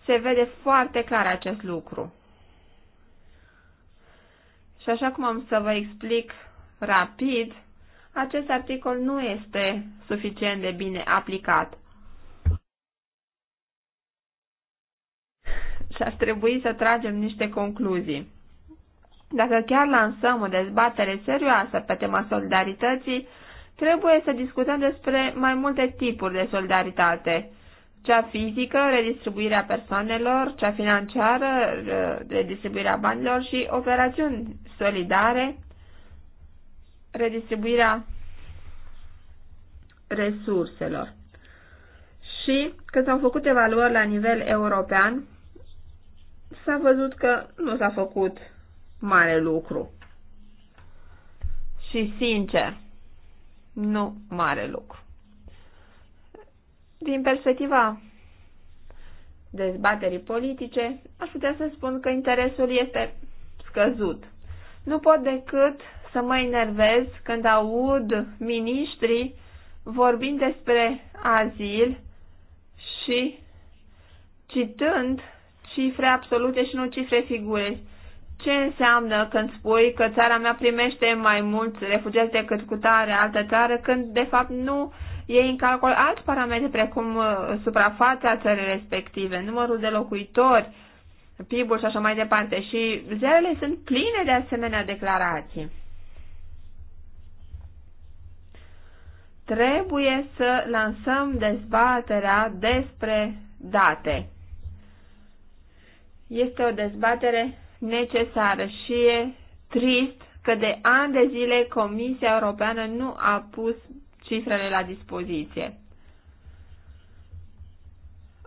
se vede foarte clar acest lucru. Și așa cum am să vă explic rapid, acest articol nu este suficient de bine aplicat. Și ar trebui să tragem niște concluzii. Dacă chiar lansăm o dezbatere serioasă pe tema solidarității, trebuie să discutăm despre mai multe tipuri de solidaritate. Cea fizică, redistribuirea persoanelor, cea financiară, redistribuirea banilor și operațiuni solidare, redistribuirea resurselor. Și când s-au făcut evaluări la nivel european, s-a văzut că nu s-a făcut mare lucru. Și sincer, nu mare lucru. Din perspectiva dezbaterii politice, aș putea să spun că interesul este scăzut. Nu pot decât să mă enervez când aud miniștrii vorbind despre azil și citând cifre absolute și nu cifre figure. Ce înseamnă când spui că țara mea primește mai mulți refugiați decât cu tare altă țară, când de fapt nu e în calcul alți parametri precum uh, suprafața țării respective, numărul de locuitori, PIB-ul și așa mai departe. Și zerele sunt pline de asemenea declarații. Trebuie să lansăm dezbaterea despre date. Este o dezbatere necesară și e trist că de ani de zile Comisia Europeană nu a pus cifrele la dispoziție.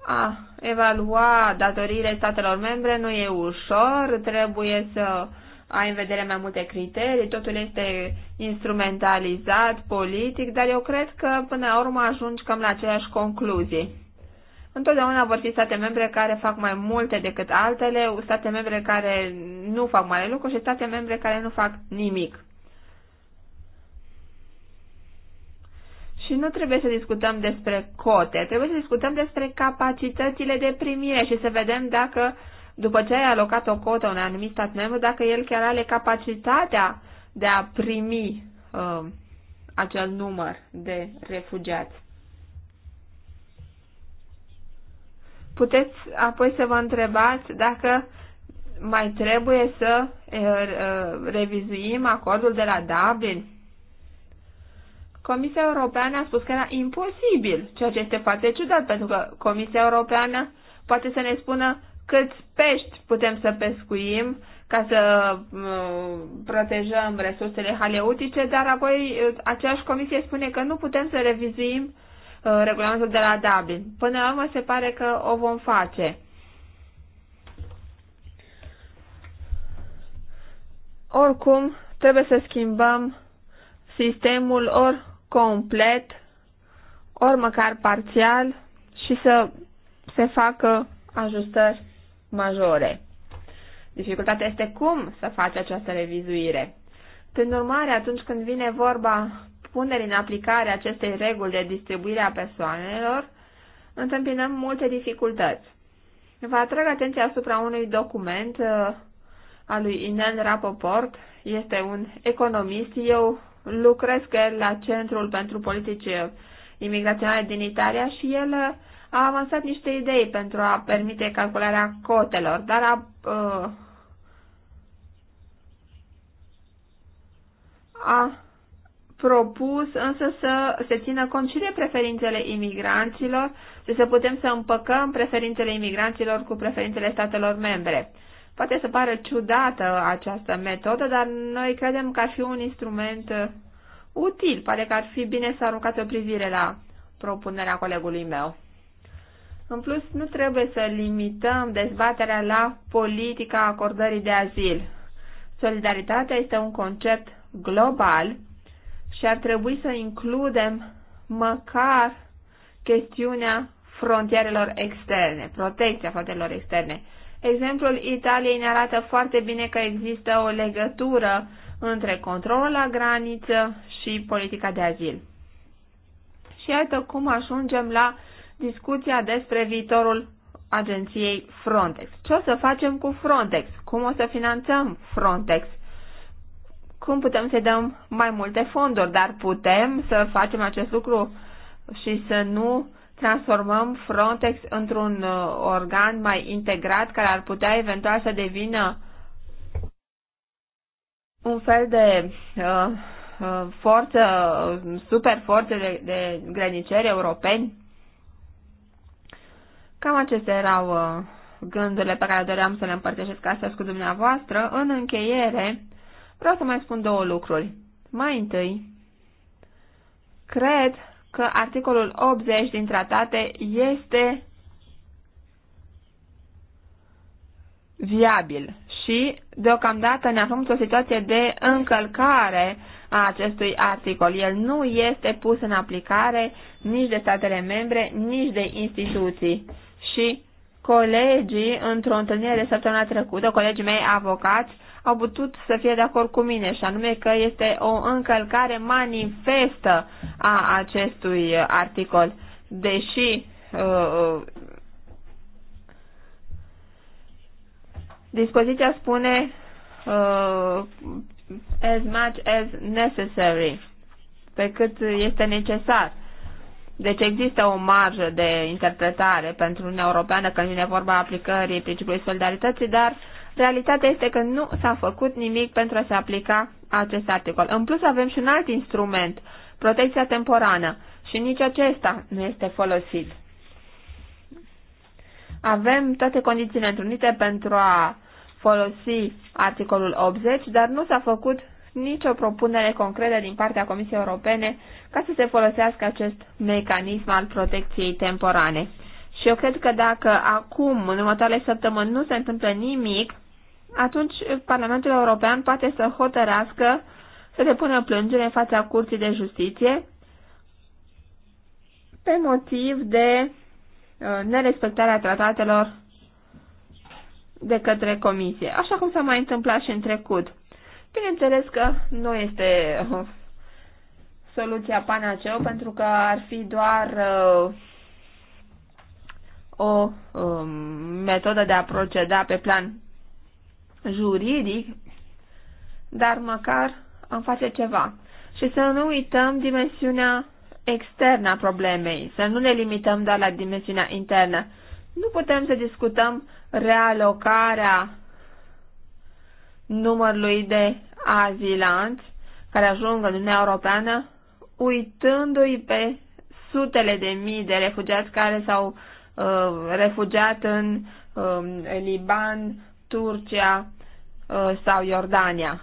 A evalua datoriile statelor membre nu e ușor, trebuie să ai în vedere mai multe criterii, totul este instrumentalizat politic, dar eu cred că până la urmă ajungi cam la aceleași concluzii. Întotdeauna vor fi state membre care fac mai multe decât altele, state membre care nu fac mare lucru și state membre care nu fac nimic. Și nu trebuie să discutăm despre cote, trebuie să discutăm despre capacitățile de primire și să vedem dacă uh, după ce ai alocat o cotă unui anumit stat membru, dacă el chiar are capacitatea de a primi uh, acel număr de refugiați. Puteți apoi să vă întrebați dacă mai trebuie să uh, uh, revizuim acordul de la Dublin. Comisia Europeană a spus că era imposibil, ceea ce este foarte ciudat, pentru că Comisia Europeană poate să ne spună câți pești putem să pescuim ca să uh, protejăm resursele haleutice, dar apoi uh, aceeași comisie spune că nu putem să revizuim uh, regulamentul de la Dublin. Până la urmă se pare că o vom face. Oricum, trebuie să schimbăm sistemul ori complet, ori măcar parțial și să se facă ajustări majore. Dificultatea este cum să faci această revizuire. Prin urmare, atunci când vine vorba punerii în aplicare acestei reguli de distribuire a persoanelor, întâmpinăm multe dificultăți. Vă atrag atenția asupra unui document uh, al lui Inel Rapoport. Este un economist. Eu lucrez că el la Centrul pentru Politici Imigraționale din Italia și el uh, a avansat niște idei pentru a permite calcularea cotelor, dar a, uh, a propus însă să se țină cont și de preferințele imigranților și să putem să împăcăm preferințele imigranților cu preferințele statelor membre. Poate să pară ciudată această metodă, dar noi credem că ar fi un instrument ă, util. Pare că ar fi bine să aruncați o privire la propunerea colegului meu. În plus, nu trebuie să limităm dezbaterea la politica acordării de azil. Solidaritatea este un concept global și ar trebui să includem măcar chestiunea frontierelor externe, protecția frontierelor externe. Exemplul Italiei ne arată foarte bine că există o legătură între controlul la graniță și politica de azil. Și iată cum ajungem la discuția despre viitorul agenției Frontex. Ce o să facem cu Frontex? Cum o să finanțăm Frontex? Cum putem să dăm mai multe fonduri, dar putem să facem acest lucru și să nu transformăm Frontex într-un uh, organ mai integrat care ar putea eventual să devină un fel de uh, uh forță, uh, super forță de, de grăniceri europeni? Cam acestea erau uh, gândurile pe care doream să le împărtășesc astăzi cu dumneavoastră. În încheiere, vreau să mai spun două lucruri. Mai întâi, cred că articolul 80 din tratate este viabil și deocamdată ne aflăm într-o situație de încălcare a acestui articol. El nu este pus în aplicare nici de statele membre, nici de instituții și colegii, într-o întâlnire de săptămâna trecută, colegii mei avocați, au putut să fie de acord cu mine și anume că este o încălcare manifestă a acestui articol. Deși uh, uh dispoziția spune uh, as much as necessary, pe cât este necesar. Deci există o marjă de interpretare pentru Uniunea Europeană când vine vorba aplicării principiului solidarității, dar realitatea este că nu s-a făcut nimic pentru a se aplica acest articol. În plus avem și un alt instrument, protecția temporană, și nici acesta nu este folosit. Avem toate condițiile întrunite pentru a folosi articolul 80, dar nu s-a făcut nicio propunere concretă din partea Comisiei Europene ca să se folosească acest mecanism al protecției temporane. Și eu cred că dacă acum, în următoarele săptămâni, nu se întâmplă nimic, atunci Parlamentul European poate să hotărească să depună plângere în fața Curții de Justiție pe motiv de uh, nerespectarea tratatelor de către Comisie, așa cum s-a mai întâmplat și în trecut. Bineînțeles că nu este uh, soluția panaceu pentru că ar fi doar uh, o um, metodă de a proceda pe plan juridic, dar măcar am face ceva. Și să nu uităm dimensiunea externă a problemei, să nu ne limităm doar la dimensiunea internă. Nu putem să discutăm realocarea numărului de azilanți care ajung în Uniunea Europeană, uitându-i pe sutele de mii de refugiați care s-au uh, refugiat în uh, Liban, Turcia uh, sau Iordania.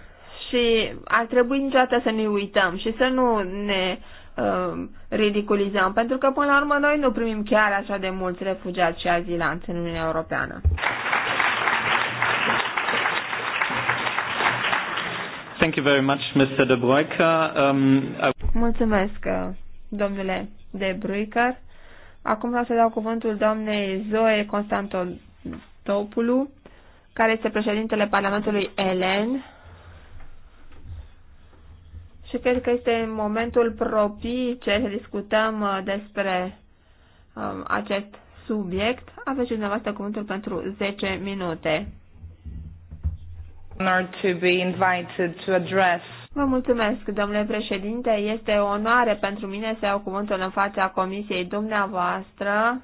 Și ar trebui niciodată să ne uităm și să nu ne uh, ridiculizăm, pentru că până la urmă noi nu primim chiar așa de mulți refugiați și azilanți în Uniunea Europeană. Thank you very much, Mr. De Bruyker. Um, I... Mulțumesc, domnule De Bruyker. Acum vreau să dau cuvântul doamnei Zoe Constantopoulou, care este președintele Parlamentului Elen și cred că este momentul propice să discutăm uh, despre um, acest subiect. Aveți dumneavoastră cuvântul pentru 10 minute. Vă mulțumesc, domnule președinte. Este o onoare pentru mine să iau cuvântul în fața comisiei dumneavoastră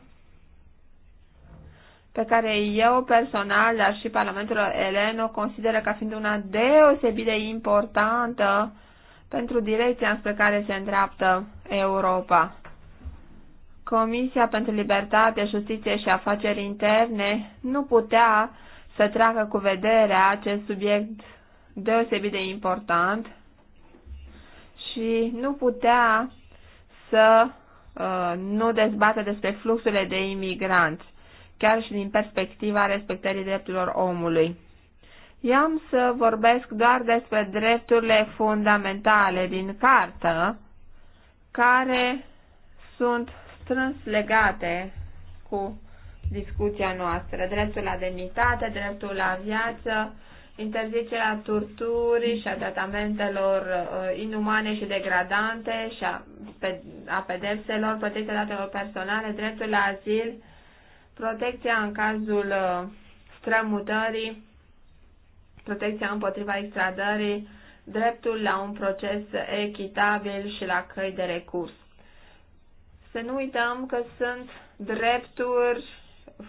pe care eu personal, dar și Parlamentul Elen o consideră ca fiind una deosebit de importantă pentru direcția spre care se îndreaptă Europa. Comisia pentru Libertate, Justiție și Afaceri Interne nu putea să treacă cu vederea acest subiect deosebit de important și nu putea să uh, nu dezbată despre fluxurile de imigranți, chiar și din perspectiva respectării drepturilor omului. Eu am să vorbesc doar despre drepturile fundamentale din cartă, care sunt strâns legate cu discuția noastră. Dreptul la demnitate, dreptul la viață, interzicerea torturii și a tratamentelor uh, inumane și degradante și a, pe, a pedepselor, protecția datelor personale, dreptul la azil, protecția în cazul uh, strămutării, protecția împotriva extradării, dreptul la un proces echitabil și la căi de recurs. Să nu uităm că sunt drepturi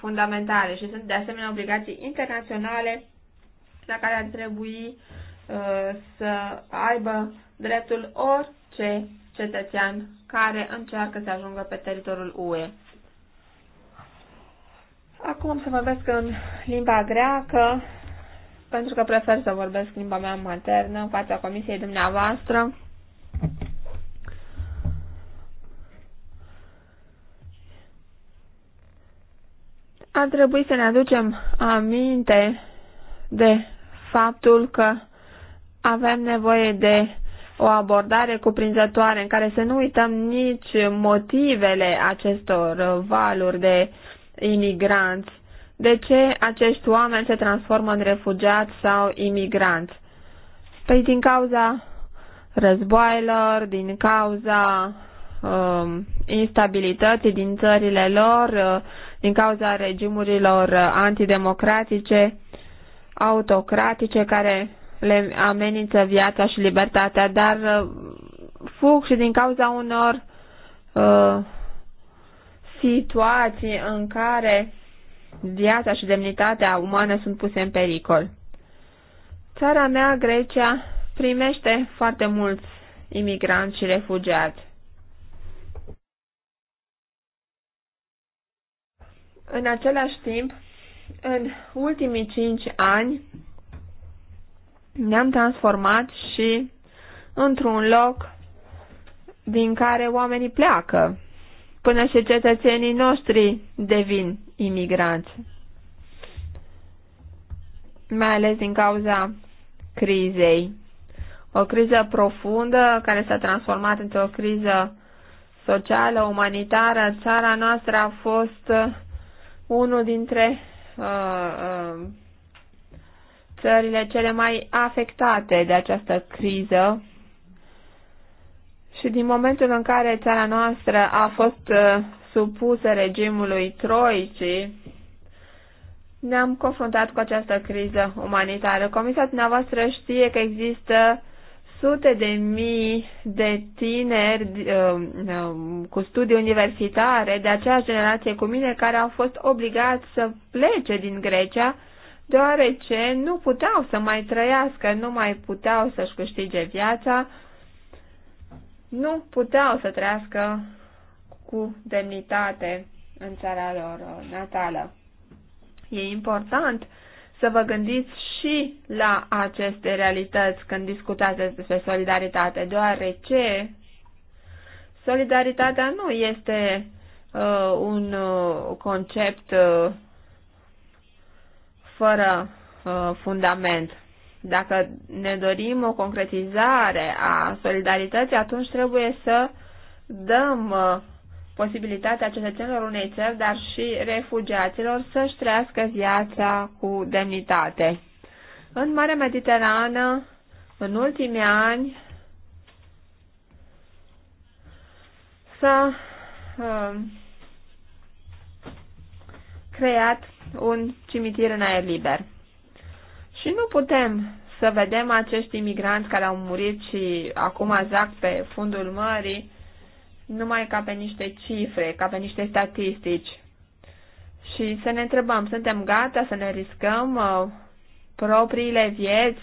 fundamentale și sunt de asemenea obligații internaționale la care ar trebui uh, să aibă dreptul orice cetățean care încearcă să ajungă pe teritoriul UE. Acum să vorbesc în limba greacă, pentru că prefer să vorbesc limba mea maternă în fața comisiei dumneavoastră. Ar trebui să ne aducem aminte de faptul că avem nevoie de o abordare cuprinzătoare în care să nu uităm nici motivele acestor valuri de imigranți. De ce acești oameni se transformă în refugiați sau imigranți? Păi din cauza războaielor, din cauza um, instabilității din țările lor, uh, din cauza regimurilor antidemocratice, autocratice, care le amenință viața și libertatea, dar uh, fug și din cauza unor uh, situații în care viața și demnitatea umană sunt puse în pericol. Țara mea, Grecia, primește foarte mulți imigranți și refugiați. În același timp, în ultimii cinci ani, ne-am transformat și într-un loc din care oamenii pleacă, până și cetățenii noștri devin imigranți. Mai ales din cauza crizei. O criză profundă care s-a transformat într-o criză socială, umanitară. Țara noastră a fost unul dintre uh, uh, țările cele mai afectate de această criză și din momentul în care țara noastră a fost uh, supusă regimului troicii, ne-am confruntat cu această criză umanitară. Comisia dumneavoastră știe că există sute de mii de tineri um, um, cu studii universitare de aceeași generație cu mine care au fost obligați să plece din Grecia deoarece nu puteau să mai trăiască, nu mai puteau să-și câștige viața, nu puteau să trăiască cu demnitate în țara lor uh, natală. E important să vă gândiți și la aceste realități când discutați despre solidaritate, deoarece solidaritatea nu este uh, un uh, concept uh, fără uh, fundament. Dacă ne dorim o concretizare a solidarității, atunci trebuie să dăm uh, posibilitatea cetățenilor unei țări, dar și refugiaților să-și trăiască viața cu demnitate. În Marea Mediterană, în ultimii ani, s-a uh, creat un cimitir în aer liber. Și nu putem să vedem acești imigranți care au murit și acum zac pe fundul mării numai ca pe niște cifre, ca pe niște statistici. Și să ne întrebăm, suntem gata să ne riscăm uh, propriile vieți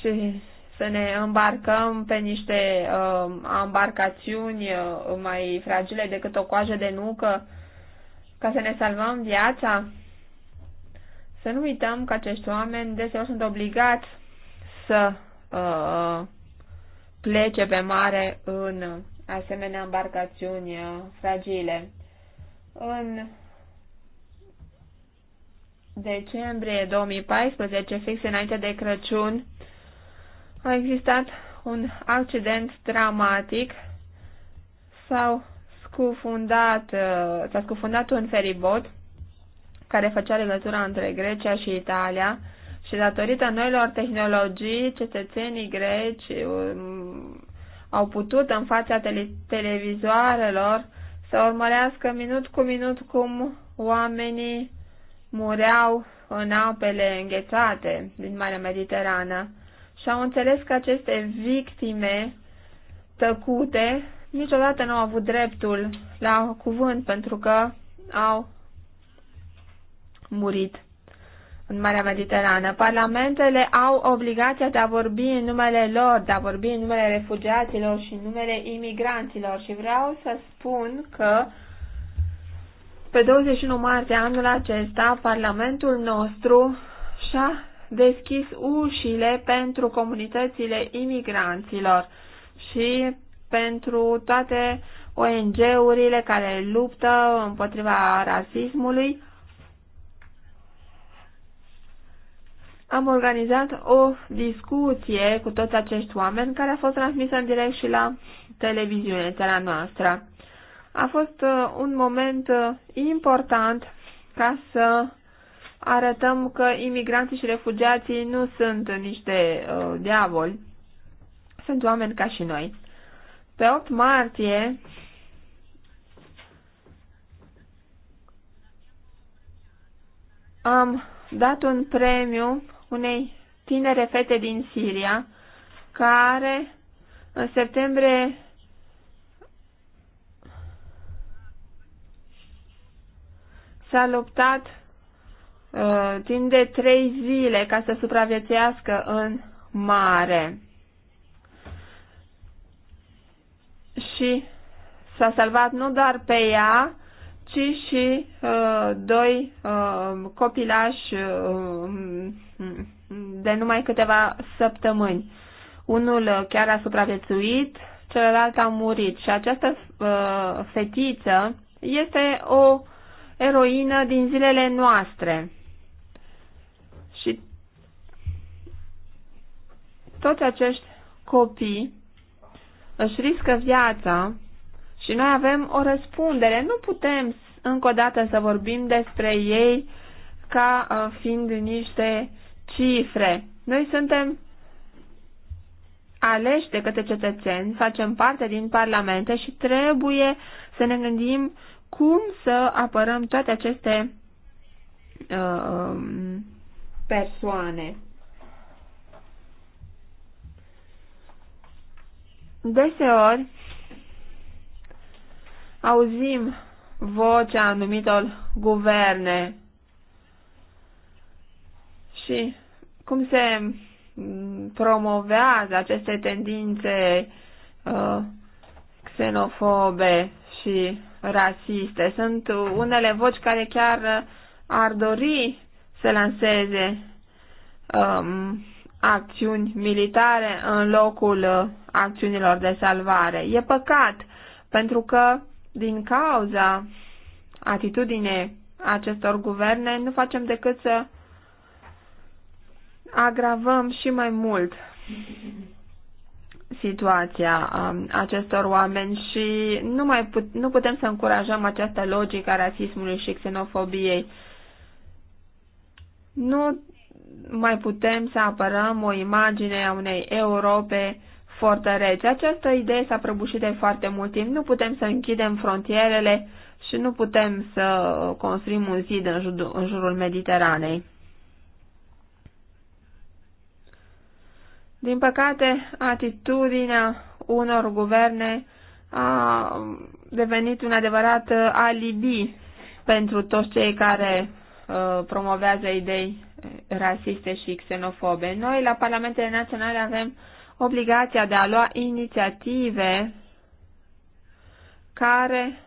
și să ne îmbarcăm pe niște uh, embarcațiuni uh, mai fragile decât o coajă de nucă ca să ne salvăm viața? Să nu uităm că acești oameni deseori sunt obligați să uh, plece pe mare în asemenea embarcațiuni uh, fragile. În decembrie 2014, fix înainte de Crăciun, a existat un accident dramatic. S-au scufundat, uh, s-a scufundat un feribot care făcea legătura între Grecia și Italia și datorită noilor tehnologii, cetățenii greci um, au putut în fața tele- televizoarelor să urmărească minut cu minut cum oamenii mureau în apele înghețate din Marea Mediterană și au înțeles că aceste victime tăcute niciodată nu au avut dreptul la cuvânt pentru că au murit în Marea Mediterană. Parlamentele au obligația de a vorbi în numele lor, de a vorbi în numele refugiaților și în numele imigranților și vreau să spun că pe 21 martie anul acesta Parlamentul nostru și-a deschis ușile pentru comunitățile imigranților și pentru toate ONG-urile care luptă împotriva rasismului am organizat o discuție cu toți acești oameni care a fost transmisă în direct și la televiziune, țara noastră. A fost uh, un moment uh, important ca să arătăm că imigranții și refugiații nu sunt niște uh, diavoli, sunt oameni ca și noi. Pe 8 martie am dat un premiu unei tinere fete din Siria, care în septembrie s-a luptat uh, timp de trei zile ca să supraviețuiască în mare. Și s-a salvat nu doar pe ea, ci și uh, doi uh, copilași uh, de numai câteva săptămâni. Unul uh, chiar a supraviețuit, celălalt a murit și această uh, fetiță este o eroină din zilele noastre. Și toți acești copii își riscă viața și noi avem o răspundere. Nu putem încă o dată să vorbim despre ei ca uh, fiind niște cifre. Noi suntem aleși de către cetățeni, facem parte din parlamente și trebuie să ne gândim cum să apărăm toate aceste uh, um, persoane. Deseori auzim vocea anumitor guverne și cum se mm, promovează aceste tendințe uh, xenofobe și rasiste. Sunt unele voci care chiar ar dori să lanseze um, acțiuni militare în locul uh, acțiunilor de salvare. E păcat, pentru că din cauza atitudinei acestor guverne nu facem decât să uh, agravăm și mai mult situația um, acestor oameni și nu, mai put, nu putem să încurajăm această logică a rasismului și xenofobiei. Nu mai putem să apărăm o imagine a unei Europe fortărețe. Această idee s-a prăbușit de foarte mult timp. Nu putem să închidem frontierele și nu putem să construim un zid în, jur, în jurul Mediteranei. Din păcate, atitudinea unor guverne a devenit un adevărat uh, alibi pentru toți cei care uh, promovează idei uh, rasiste și xenofobe. Noi, la Parlamentele Naționale, avem obligația de a lua inițiative care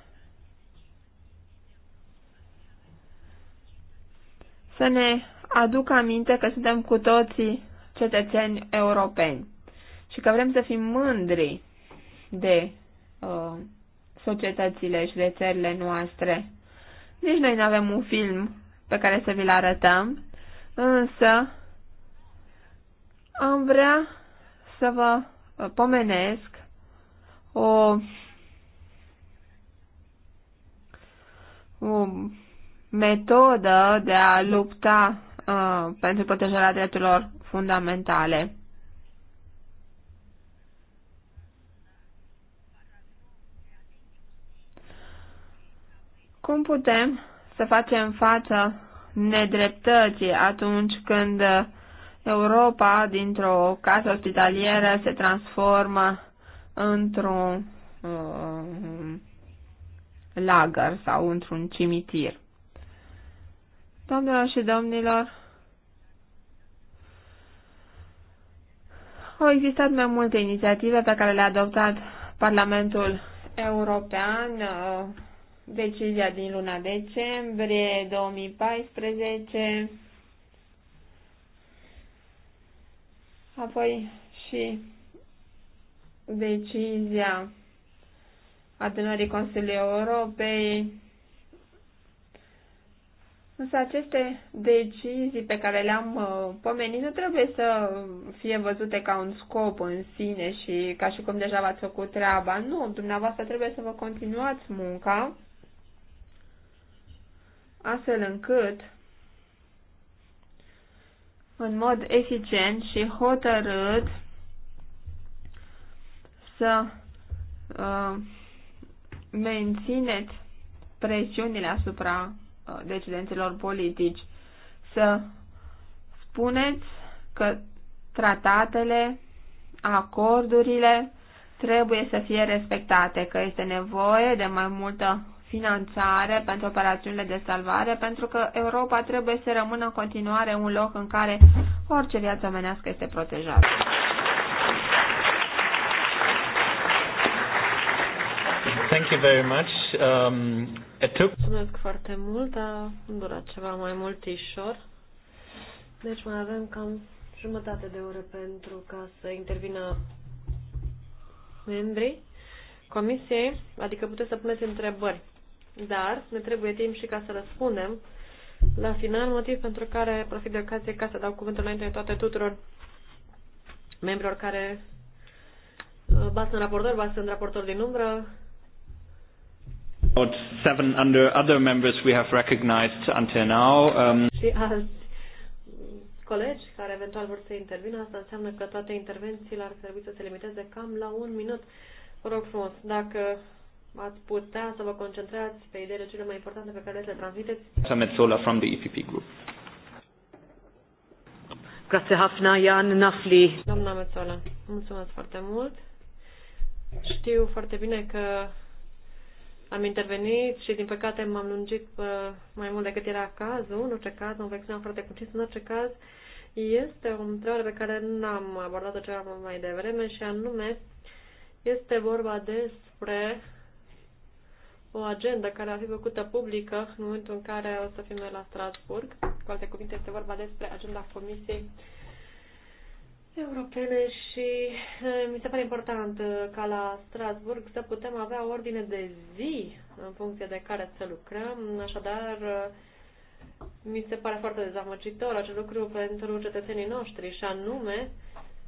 să ne aducă aminte că suntem cu toții cetățeni europeni și că vrem să fim mândri de uh, societățile și de țările noastre. Nici noi nu avem un film pe care să vi-l arătăm, însă am vrea să vă uh, pomenesc o, o metodă de a lupta uh, pentru protejarea drepturilor fundamentale. Cum putem să facem față nedreptății atunci când Europa, dintr-o casă ospitalieră, se transformă într-un uh, lagăr sau într-un cimitir? Doamnelor și domnilor, Au existat mai multe inițiative pe care le-a adoptat Parlamentul European, uh, decizia din luna decembrie 2014, apoi și decizia adunării Consiliului Europei Însă aceste decizii pe care le-am uh, pomenit nu trebuie să fie văzute ca un scop în sine și ca și cum deja v-ați făcut treaba. Nu, dumneavoastră trebuie să vă continuați munca astfel încât în mod eficient și hotărât să uh, mențineți presiunile asupra Uh, decidenților politici să spuneți că tratatele, acordurile trebuie să fie respectate, că este nevoie de mai multă finanțare pentru operațiunile de salvare, pentru că Europa trebuie să rămână în continuare un loc în care orice viață omenească este protejată. Thank you very much. Um, it took... Mulțumesc foarte mult, a durat ceva mai mult ișor. Deci mai avem cam jumătate de oră pentru ca să intervină membrii comisiei, adică puteți să puneți întrebări. Dar ne trebuie timp și ca să răspundem la final, motiv pentru care profit de ocazie ca să dau cuvântul înainte de toate tuturor membrilor care uh, ba sunt raportor, ba sunt raportor din umbră, About seven under other members we have recognized until now. Um... Și alți colegi care eventual vor să intervină, asta înseamnă că toate intervențiile ar trebui să se limiteze cam la un minut. Vă rog frumos, dacă ați putea să vă concentrați pe ideile cele mai importante pe care le transmiteți. Metzola from the EPP Group. Grazie hafna, Jan Nafli. Doamna Metzola, mulțumesc foarte mult. Știu foarte bine că am intervenit și, din păcate, m-am lungit uh, mai mult decât era cazul. În orice caz, în vexinam foarte cucis. În orice caz, este o întrebare pe care n-am abordat-o ceva mai devreme și anume este vorba despre o agendă care a fi făcută publică în momentul în care o să fim la Strasburg. Cu alte cuvinte, este vorba despre agenda Comisiei europene și mi se pare important ca la Strasburg să putem avea ordine de zi în funcție de care să lucrăm, așadar mi se pare foarte dezamăgitor acest lucru pentru cetățenii noștri și anume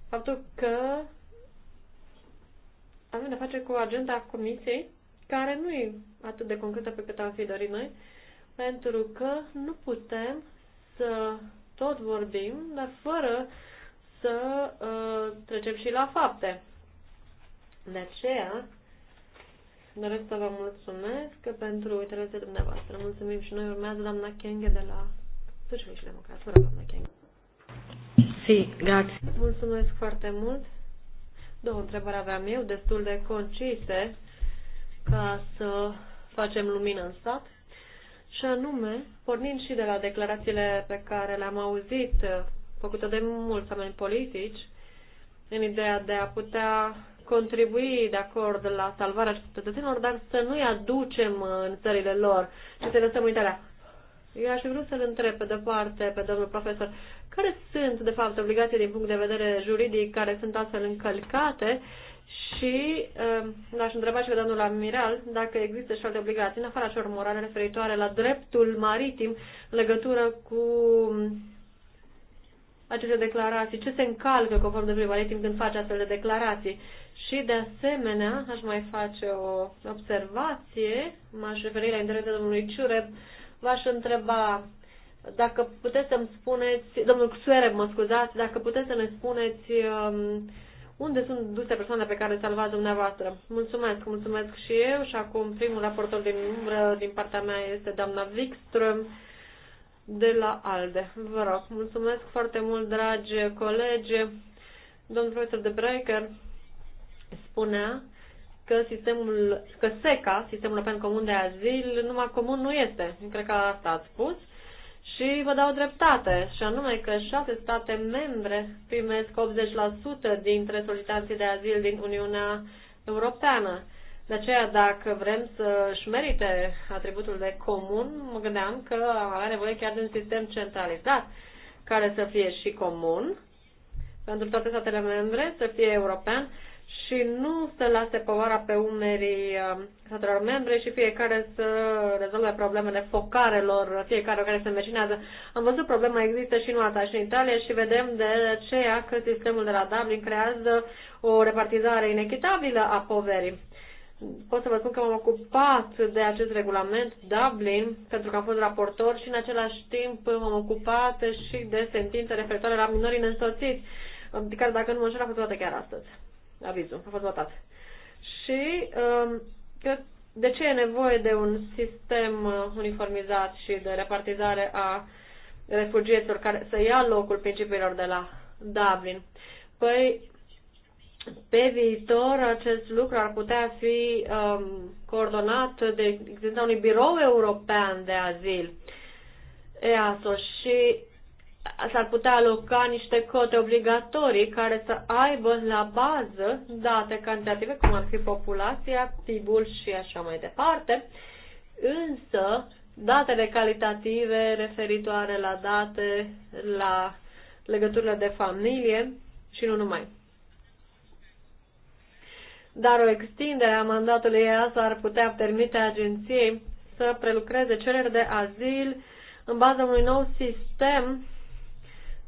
faptul că avem de face cu agenda Comisiei care nu e atât de concretă pe cât am fi dorit noi, pentru că nu putem să tot vorbim, dar fără să uh, trecem și la fapte. De aceea, doresc să vă mulțumesc pentru interesele dumneavoastră. Mulțumim și noi. Urmează doamna Kenge de la Sfârșitul și Democratura, doamna Kenge. Si, grazie. Mulțumesc foarte mult. Două întrebări aveam eu, destul de concise, ca să facem lumină în stat. Și anume, pornind și de la declarațiile pe care le-am auzit făcută de mulți oameni politici în ideea de a putea contribui de acord la salvarea cetățenilor, dar să nu-i aducem în țările lor și să lăsăm uitarea. Eu aș vrea să-l întreb pe de pe domnul profesor, care sunt, de fapt, obligații din punct de vedere juridic care sunt astfel încălcate și uh, um, aș întreba și pe domnul Amiral dacă există și alte obligații, în afara celor morale referitoare la dreptul maritim, în legătură cu aceste declarații, ce se încalcă conform de timp când face astfel de declarații. Și, de asemenea, aș mai face o observație, m-aș referi la intervenția domnului Ciureb, v-aș întreba dacă puteți să-mi spuneți, domnul Ciureb, mă scuzați, dacă puteți să ne spuneți um, unde sunt duse persoanele pe care le salvați dumneavoastră. Mulțumesc, mulțumesc și eu și acum primul raportor din umbră din partea mea este doamna Wikström de la ALDE. Vă rog, mulțumesc foarte mult, dragi colegi. Domnul profesor de Breaker spunea că sistemul, că SECA, sistemul european comun de azil, numai comun nu este. Cred că asta ați spus. Și vă dau dreptate, și anume că șase state membre primesc 80% dintre solicitanții de azil din Uniunea Europeană. De aceea, dacă vrem să-și merite atributul de comun, mă gândeam că am avea nevoie chiar de un sistem centralizat care să fie și comun pentru toate statele membre, să fie european și nu să lase povara pe umerii um, statelor membre și fiecare să rezolve problemele focarelor, fiecare care se mecinează. Am văzut problema există și în Malta și în Italia și vedem de aceea că sistemul de la Dublin creează o repartizare inechitabilă a poverii pot să vă spun că m-am ocupat de acest regulament Dublin, pentru că am fost raportor și în același timp m-am ocupat și de sentințe referitoare la minorii neînsoțiți, care dacă nu mă înșel a fost luată chiar astăzi. Avizul a fost votat. Și um, cred de ce e nevoie de un sistem uh, uniformizat și de repartizare a refugieților care să ia locul principiilor de la Dublin? Păi, pe viitor, acest lucru ar putea fi um, coordonat de existența unui birou european de azil, EASO, și s-ar putea aloca niște cote obligatorii care să aibă la bază date cantitative, cum ar fi populația, PIB-ul și așa mai departe, însă datele calitative referitoare la date, la legăturile de familie și nu numai dar o extindere a mandatului EASA ar putea permite agenției să prelucreze cereri de azil în baza unui nou sistem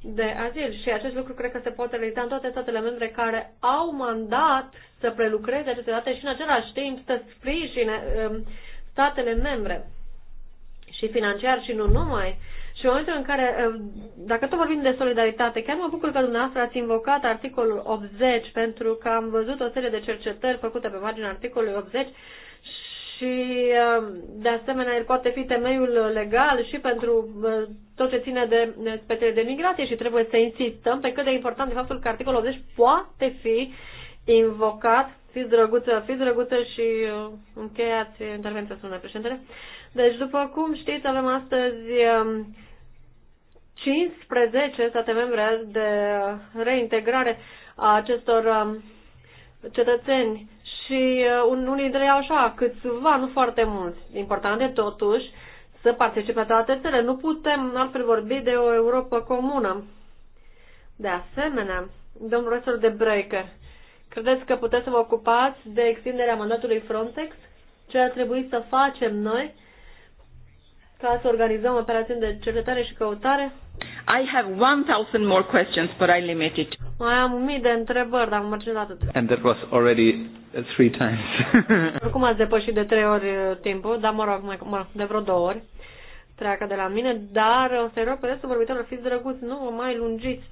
de azil și acest lucru cred că se poate realiza în toate statele membre care au mandat să prelucreze aceste date și în același timp să sprijine um, statele membre și financiar și nu numai și în momentul în care, dacă tot vorbim de solidaritate, chiar mă bucur că dumneavoastră ați invocat articolul 80, pentru că am văzut o serie de cercetări făcute pe marginea articolului 80 și, de asemenea, el poate fi temeiul legal și pentru tot ce ține de spetele de migrație și trebuie să insistăm pe cât de important de faptul că articolul 80 poate fi invocat. Fiți drăguță, fiți drăguță și încheiați intervenția, spune președintele. Deci, după cum știți, avem astăzi 15 state membre de reintegrare a acestor um, cetățeni și uh, unii dintre ei așa, câțiva, nu foarte mulți. Important de totuși să participe la toate țările. Nu putem altfel vorbi de o Europa comună. De asemenea, domnul profesor de Breaker, credeți că puteți să vă ocupați de extinderea mandatului Frontex? Ce ar trebui să facem noi ca să organizăm operațiuni de cercetare și căutare? I have 1000 more questions, but I limit it. Mai am mii de întrebări, dar am marginat atât. And that was already uh, three times. Oricum ați depășit de trei ori uh, timpul, dar mă rog, mai, mă rog, de vreo două ori treacă de la mine, dar o uh, să-i rog pe restul vorbitorilor, fiți drăguți, nu vă mai lungiți,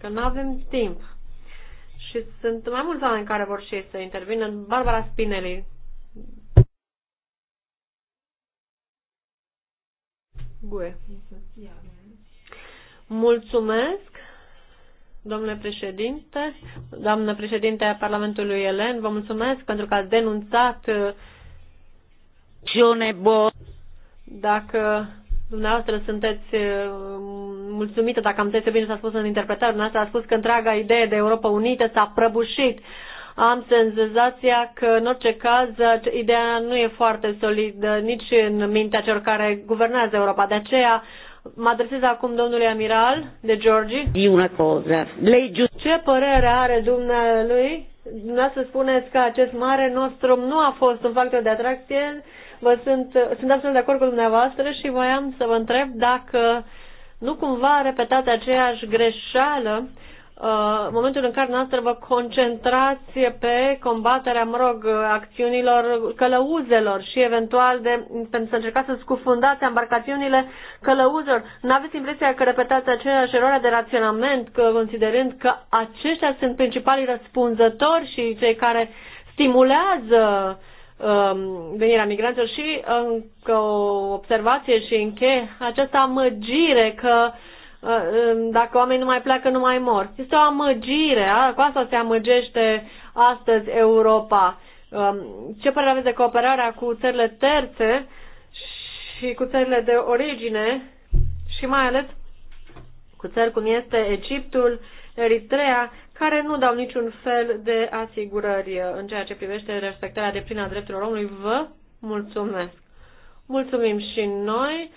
că nu avem timp. Și sunt mai mulți oameni care vor și să intervină. Barbara Spinelli. Gue. Yeah. Mulțumesc, domnule președinte, doamnă președinte a Parlamentului Elen, vă mulțumesc pentru că ați denunțat Giune uh, Bo. Dacă dumneavoastră sunteți uh, mulțumită, dacă am înțeles bine s-a spus în interpretare, dumneavoastră a spus că întreaga idee de Europa Unită s-a prăbușit am senzația că, în orice caz, ideea nu e foarte solidă nici în mintea celor care guvernează Europa. De aceea mă adresez acum domnului Amiral de Georgie. Di una cosa. Lei Ce părere are dumnealui? Dumneavoastră spuneți că acest mare nostru nu a fost un factor de atracție. Vă sunt, sunt absolut de acord cu dumneavoastră și voiam să vă întreb dacă nu cumva a repetat aceeași greșeală în uh, momentul în care noastră vă concentrați pe combaterea, mă rog, acțiunilor călăuzelor și eventual de, pentru să încercați să scufundați embarcațiunile călăuzelor. Nu aveți impresia că repetați aceeași eroare de raționament, că, considerând că aceștia sunt principalii răspunzători și cei care stimulează um, venirea migranților și încă o observație și încheie această amăgire că uh, Uh, um, dacă oamenii nu mai pleacă, nu mai mor. Este o amăgire, a? cu asta se amăgește astăzi Europa. Um, ce părere aveți de cooperarea cu țările terțe și cu țările de origine și mai ales cu țări cum este Egiptul, Eritrea, care nu dau niciun fel de asigurări în ceea ce privește respectarea de plină a drepturilor omului. Vă mulțumesc! Mulțumim și noi!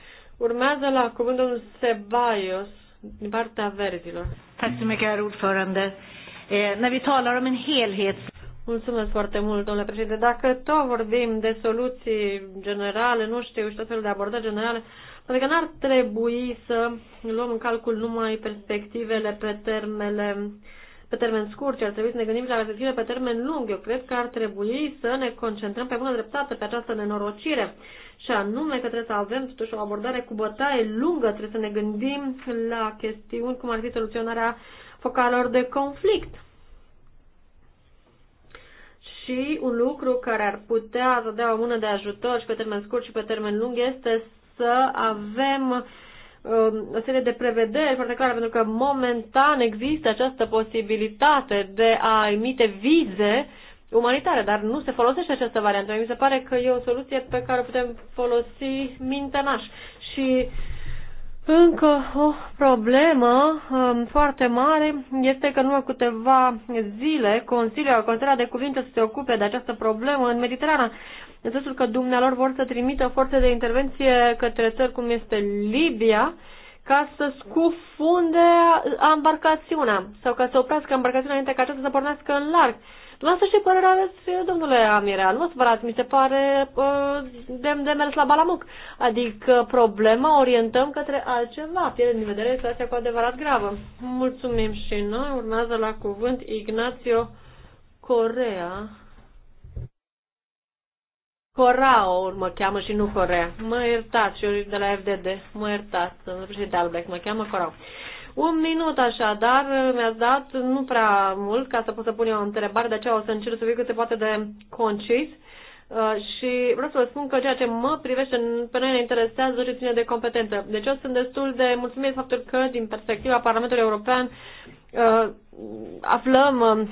Urmează la cuvântul Sebaios din partea verzilor. Tack så mycket, herr ordförande. Eh, när vi talar om en helhet... Mulțumesc foarte mult, domnule președinte. Dacă tot vorbim de soluții generale, nu știu, și tot felul de abordări generale, că n-ar trebui să luăm în calcul numai perspectivele pe termele pe termen scurt, ci ar trebui să ne gândim la perspective pe termen lung. Eu cred că ar trebui să ne concentrăm pe bună dreptate pe această nenorocire și anume că trebuie să avem totuși o abordare cu bătaie lungă, trebuie să ne gândim la chestiuni cum ar fi soluționarea focalor de conflict. Și un lucru care ar putea să dea o mână de ajutor și pe termen scurt și pe termen lung este să avem um, o serie de prevederi foarte clare, pentru că momentan există această posibilitate de a emite vize umanitare, dar nu se folosește această variantă. Mi se pare că e o soluție pe care o putem folosi mintenaș. Și încă o problemă um, foarte mare este că numai câteva zile Consiliul a considerat de cuvinte să se ocupe de această problemă în Mediterana, în sensul că dumnealor vor să trimită forțe de intervenție către țări cum este Libia, ca să scufunde embarcațiunea sau ca să oprească embarcațiunea înainte ca aceasta să pornească în larg. Uh, să știți părerea aveți, domnule Amirea, nu vă mi se pare uh, demn de mers la balamuc. Adică problema orientăm către altceva, pierdem din vedere situația cu adevărat gravă. Mulțumim și noi, urmează la cuvânt Ignacio Corea. Corao mă cheamă și nu Corea. Mă iertați, eu de la FDD, mă iertați, sunt președinte Albrecht, mă cheamă Corao. Un minut așadar mi-ați dat, nu prea mult, ca să pot să pun eu o întrebare, de aceea o să încerc să fiu cât se poate de concis. Uh, și vreau să vă spun că ceea ce mă privește pe noi ne interesează ce ține de competență. Deci eu sunt destul de mulțumit de faptul că, din perspectiva Parlamentului European, uh, aflăm um,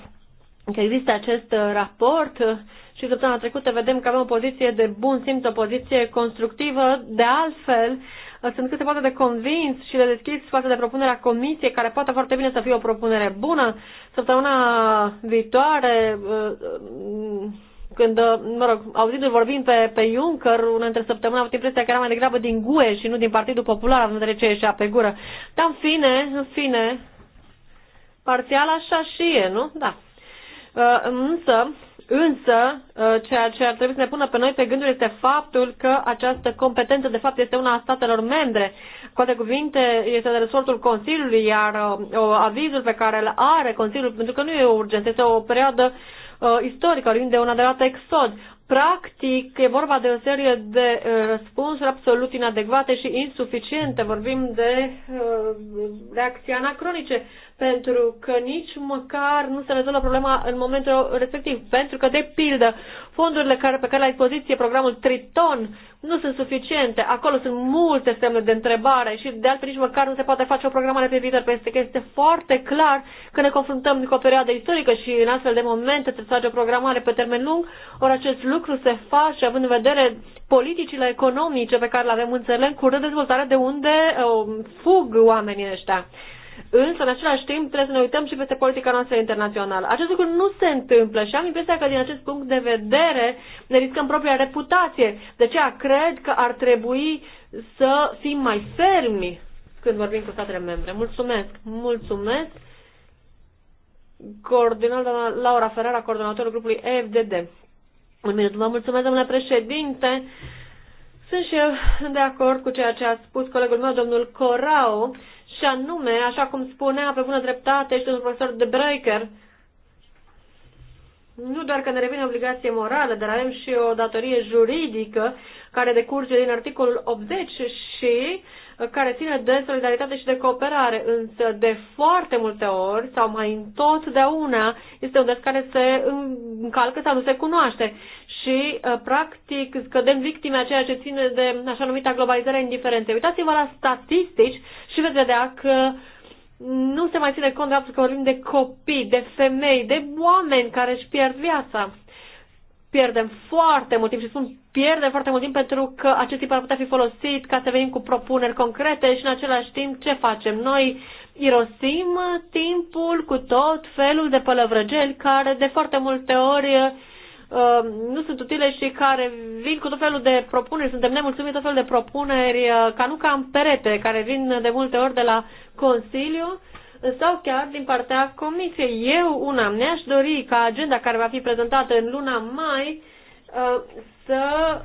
că există acest uh, raport și săptămâna trecută vedem că avem o poziție de bun simț, o poziție constructivă. De altfel, sunt cât se poate de convins și de deschis față de propunerea comisiei, care poate foarte bine să fie o propunere bună. Săptămâna viitoare, când, mă rog, auzindu-l vorbind pe, pe Juncker, una dintre săptămâni, am avut impresia că era mai degrabă din GUE și nu din Partidul Popular, având de ce ieșea pe gură. Dar în fine, în fine, parțial așa și e, nu? Da. Însă, Însă, uh, ceea ce ar trebui să ne pună pe noi pe gânduri este faptul că această competență, de fapt, este una a statelor membre. Cu alte cuvinte, este de resortul Consiliului, iar uh, avizul pe care îl are Consiliul, pentru că nu e urgent, urgență, este o perioadă uh, istorică, vorbim de un adevărat exod. Practic, e vorba de o serie de răspunsuri absolut inadecvate și insuficiente. Vorbim de reacții anacronice pentru că nici măcar nu se rezolvă problema în momentul respectiv. Pentru că, de pildă, fondurile care, pe care la dispoziție programul Triton nu sunt suficiente. Acolo sunt multe semne de întrebare și, de altfel, nici măcar nu se poate face o programare pe viitor. Pentru că este foarte clar că ne confruntăm cu o perioadă istorică și, în astfel de momente, trebuie să face o programare pe termen lung. Ori acest lucru se face având în vedere politicile economice pe care le avem în cu în de dezvoltare de unde uh, fug oamenii ăștia. Însă, în același timp, trebuie să ne uităm și peste politica noastră internațională. Acest lucru nu se întâmplă și am impresia că, din acest punct de vedere, ne riscăm propria reputație. De aceea, cred că ar trebui să fim mai fermi când vorbim cu statele membre. Mulțumesc! Mulțumesc! Coordonat Laura Ferrara, coordonatorul grupului EFDD. Un minut, vă mulțumesc, domnule președinte. Sunt și eu de acord cu ceea ce a spus colegul meu, domnul Corao, și anume, așa cum spunea pe bună dreptate ești un profesor de Breaker, nu doar că ne revine obligație morală, dar avem și o datorie juridică care decurge din articolul 80 și care ține de solidaritate și de cooperare, însă de foarte multe ori sau mai întotdeauna este un des care se încalcă sau nu se cunoaște și uh, practic scădem victime a ceea ce ține de așa numita globalizare indiferenței. Uitați-vă la statistici și veți vedea că nu se mai ține cont de faptul că vorbim de copii, de femei, de oameni care își pierd viața pierdem foarte mult timp și spun pierdem foarte mult timp pentru că acest timp ar putea fi folosit ca să venim cu propuneri concrete și în același timp ce facem? Noi irosim timpul cu tot felul de pălăvrăgeli care de foarte multe ori uh, nu sunt utile și care vin cu tot felul de propuneri, suntem nemulțumiți tot felul de propuneri, ca nu ca în perete, care vin de multe ori de la Consiliu sau chiar din partea Comisiei. Eu una mi-aș dori ca agenda care va fi prezentată în luna mai uh, să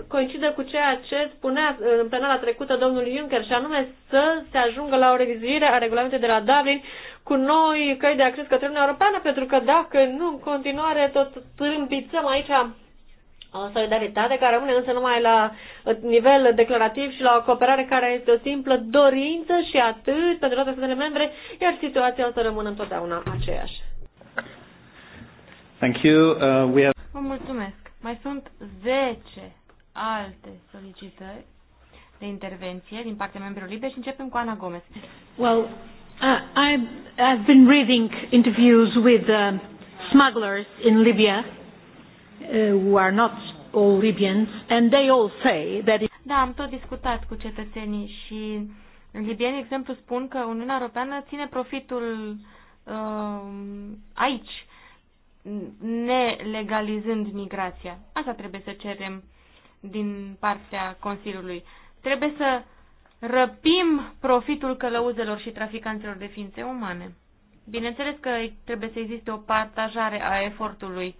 coincidă cu ceea ce spunea uh, în plenara trecută domnul Juncker și anume să se ajungă la o revizuire a regulamentului de la Dublin cu noi căi de acces către Uniunea Europeană, pentru că dacă nu, în continuare tot târâmpițăm aici solidaritate care rămâne însă numai la nivel declarativ și la o cooperare care este o simplă dorință și atât pentru toate statele membre, iar situația o să rămână întotdeauna aceeași. Thank you. Uh, we have... Vă mulțumesc. Mai sunt 10 alte solicitări de intervenție din partea membrilor liberi și începem cu Ana Gomez. Well, uh, I've, I've been reading interviews with uh, smugglers in Libya Uh, who are not all Libyans, and they all say that it... Da, am tot discutat cu cetățenii și libieni, exemplu, spun că Uniunea Europeană ține profitul uh, aici, nelegalizând migrația. Asta trebuie să cerem din partea Consiliului. Trebuie să răpim profitul călăuzelor și traficanților de ființe umane. Bineînțeles că trebuie să existe o partajare a efortului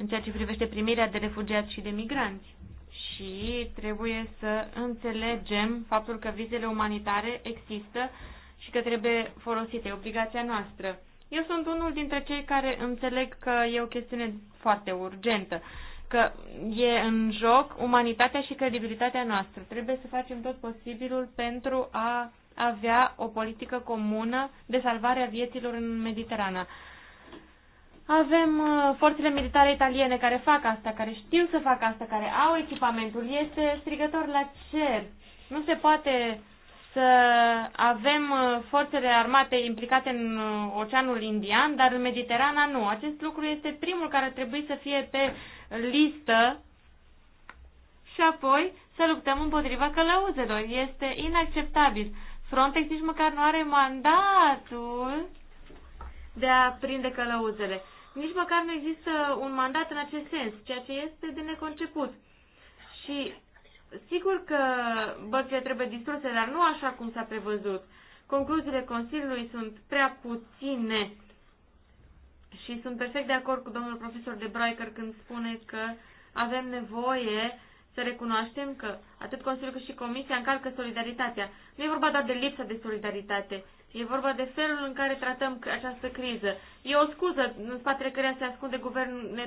în ceea ce privește primirea de refugiați și de migranți. Și trebuie să înțelegem faptul că vizele umanitare există și că trebuie folosite, e obligația noastră. Eu sunt unul dintre cei care înțeleg că e o chestiune foarte urgentă, că e în joc umanitatea și credibilitatea noastră. Trebuie să facem tot posibilul pentru a avea o politică comună de salvare a vieților în Mediterana. Avem uh, forțele militare italiene care fac asta, care știu să facă asta, care au echipamentul. Este strigător la cer. Nu se poate să avem uh, forțele armate implicate în uh, Oceanul Indian, dar în Mediterana nu. Acest lucru este primul care trebuie să fie pe listă și apoi să luptăm împotriva călăuzelor. Este inacceptabil. Frontex nici măcar nu are mandatul de a prinde călăuzele nici măcar nu există un mandat în acest sens, ceea ce este de neconceput. Și sigur că bărțile trebuie distruse, dar nu așa cum s-a prevăzut. Concluziile Consiliului sunt prea puține și sunt perfect de acord cu domnul profesor de Breiker când spune că avem nevoie să recunoaștem că atât Consiliul cât și Comisia încalcă solidaritatea. Nu e vorba doar de lipsa de solidaritate, E vorba de felul în care tratăm această criză. E o scuză în spatele căreia se ascunde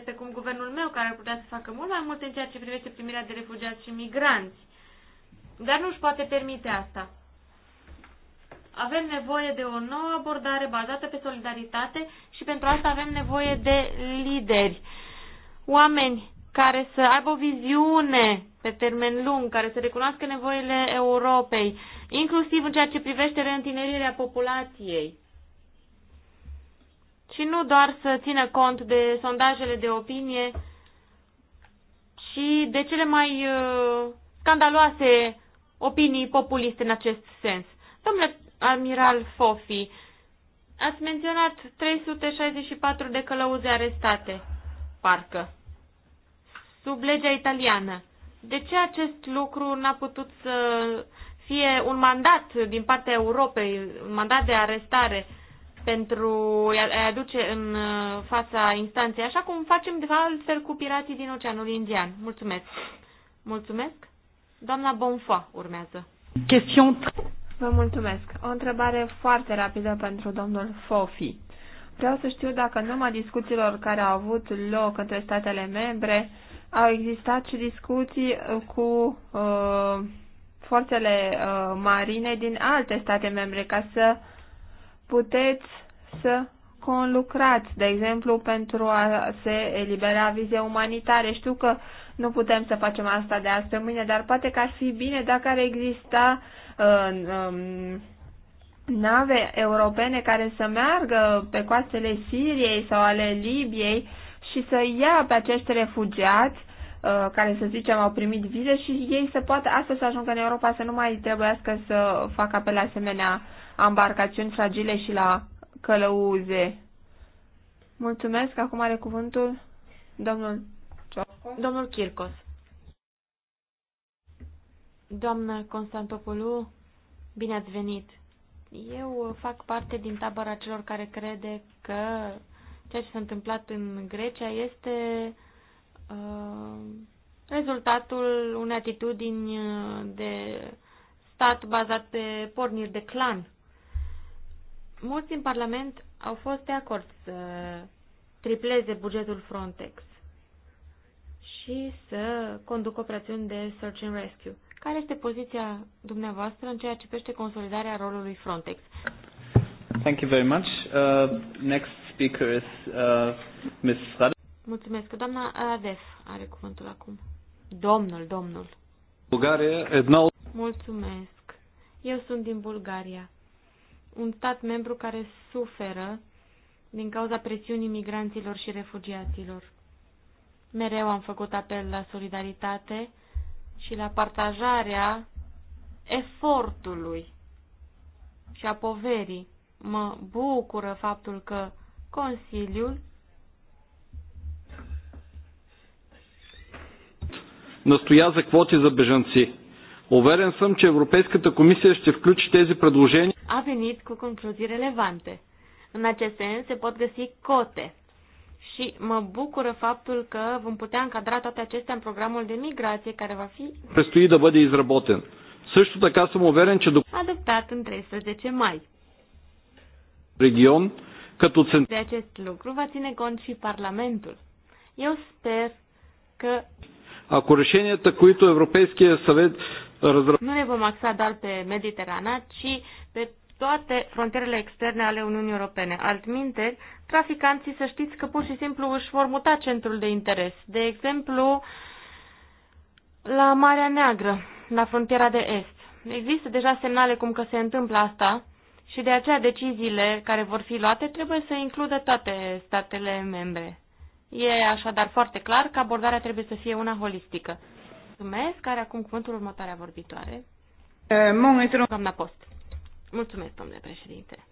pe cum guvernul meu, care ar putea să facă mult mai mult în ceea ce privește primirea de refugiați și migranți. Dar nu își poate permite asta. Avem nevoie de o nouă abordare bazată pe solidaritate și pentru asta avem nevoie de lideri. Oameni care să aibă o viziune pe termen lung, care să recunoască nevoile Europei, inclusiv în ceea ce privește reîntinerirea populației. Și nu doar să țină cont de sondajele de opinie și de cele mai uh, scandaloase opinii populiste în acest sens. Domnule Admiral Fofi, ați menționat 364 de călăuze arestate, parcă, sub legea italiană. De ce acest lucru n-a putut să fie un mandat din partea Europei, un mandat de arestare pentru a aduce în uh, fața instanței, așa cum facem de altfel cu pirații din Oceanul Indian. Mulțumesc! Mulțumesc! Doamna Bonfa urmează. Question. Vă mulțumesc. O întrebare foarte rapidă pentru domnul Fofi. Vreau să știu dacă în urma discuțiilor care au avut loc între statele membre au existat și discuții cu uh, forțele uh, marine din alte state membre ca să puteți să conlucrați, de exemplu, pentru a se elibera vize umanitare. Știu că nu putem să facem asta de azi pe mâine, dar poate că ar fi bine dacă ar exista uh, um, nave europene care să meargă pe coastele Siriei sau ale Libiei și să ia pe acești refugiați Uh, care, să zicem, au primit vize și ei să poată astăzi să ajungă în Europa, să nu mai trebuiască să facă apel la asemenea embarcațiuni fragile și la călăuze. Mulțumesc. Acum are cuvântul domnul Ciocos. Domnul Chircos. Doamnă Constantopolu, bine ați venit. Eu fac parte din tabăra celor care crede că ceea ce s-a întâmplat în Grecia este Uh, rezultatul unei atitudini uh, de stat bazat pe porniri de clan. Mulți din Parlament au fost de acord să tripleze bugetul Frontex și să conducă operațiuni de search and rescue. Care este poziția dumneavoastră în ceea ce privește consolidarea rolului Frontex? Thank you very much. Uh, next speaker is uh, Ms. Mulțumesc. Doamna Adef are cuvântul acum. Domnul, domnul. Bulgaria, etnol. Mulțumesc. Eu sunt din Bulgaria, un stat membru care suferă din cauza presiunii migranților și refugiaților. Mereu am făcut apel la solidaritate și la partajarea efortului și a poverii. Mă bucură faptul că Consiliul настоя за квоти за бежанци. Уверен съм, че Европейската комисия ще включи тези предложения. А венит cu concluzii relevante. În acest sens se pot găsi cote. Și mă bucură faptul că vom putea încadra toate acestea în programul de migrație care va fi... Prestui да бъде изработен. Също така съм уверен, че... Adoptat în 13 mai. Регион, като... De acest lucru va ține cont și Parlamentul. Eu sper că ако решенията, които Европейския съвет разработи... Nu ne vom axa doar pe Mediterana, ci pe toate frontierele externe ale Uniunii Europene. Altminte, traficanții să știți că pur și simplu își vor muta centrul de interes. De exemplu, la Marea Neagră, la frontiera de est. Există deja semnale cum că se întâmplă asta și de aceea deciziile care vor fi luate trebuie să includă toate statele membre. E așadar foarte clar că abordarea trebuie să fie una holistică. Mulțumesc, care acum cuvântul următoarea vorbitoare. Eh, Mulțumesc, Doamna Post. Mulțumesc, domnule președinte.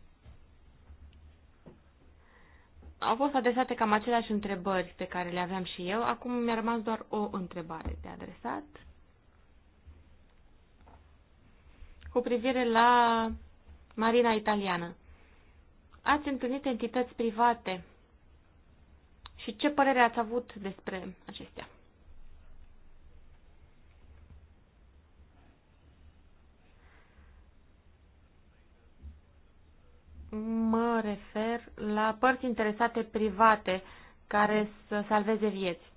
Au fost adresate cam aceleași întrebări pe care le aveam și eu. Acum mi-a rămas doar o întrebare de adresat. Cu privire la Marina Italiană. Ați întâlnit entități private și ce părere ați avut despre acestea? Mă refer la părți interesate private care să salveze vieți.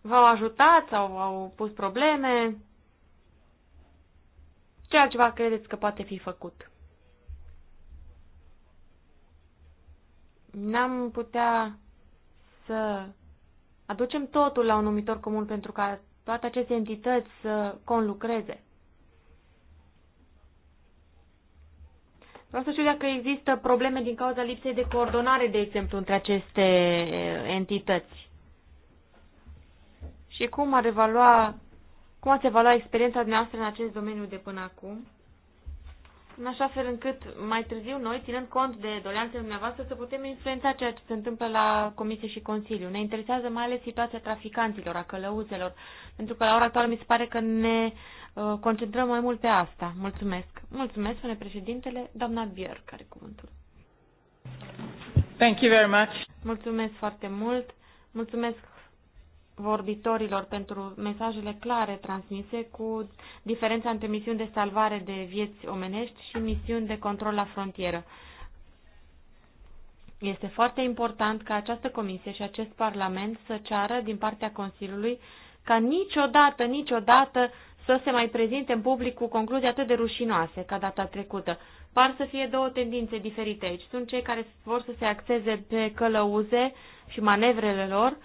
V-au ajutat sau au pus probleme? Ce altceva credeți că poate fi făcut? N-am putea să aducem totul la un numitor comun pentru ca toate aceste entități să conlucreze. Vreau să știu dacă există probleme din cauza lipsei de coordonare, de exemplu, între aceste eh, entități. Și cum ar evalua, cum ați evalua experiența dumneavoastră în acest domeniu de până acum? în așa fel încât mai târziu noi, ținând cont de doleanțele dumneavoastră, să putem influența ceea ce se întâmplă la Comisie și Consiliu. Ne interesează mai ales situația traficanților, a călăuzelor, pentru că la ora actuală mi se pare că ne uh, concentrăm mai mult pe asta. Mulțumesc. Mulțumesc, spune președintele, doamna Bier, care cuvântul. Thank you very much. Mulțumesc foarte mult. Mulțumesc vorbitorilor pentru mesajele clare transmise cu diferența între misiuni de salvare de vieți omenești și misiuni de control la frontieră. Este foarte important ca această comisie și acest parlament să ceară din partea Consiliului ca niciodată, niciodată să se mai prezinte în public cu concluzii atât de rușinoase ca data trecută. Par să fie două tendințe diferite aici. Sunt cei care vor să se axeze pe călăuze și manevrele lor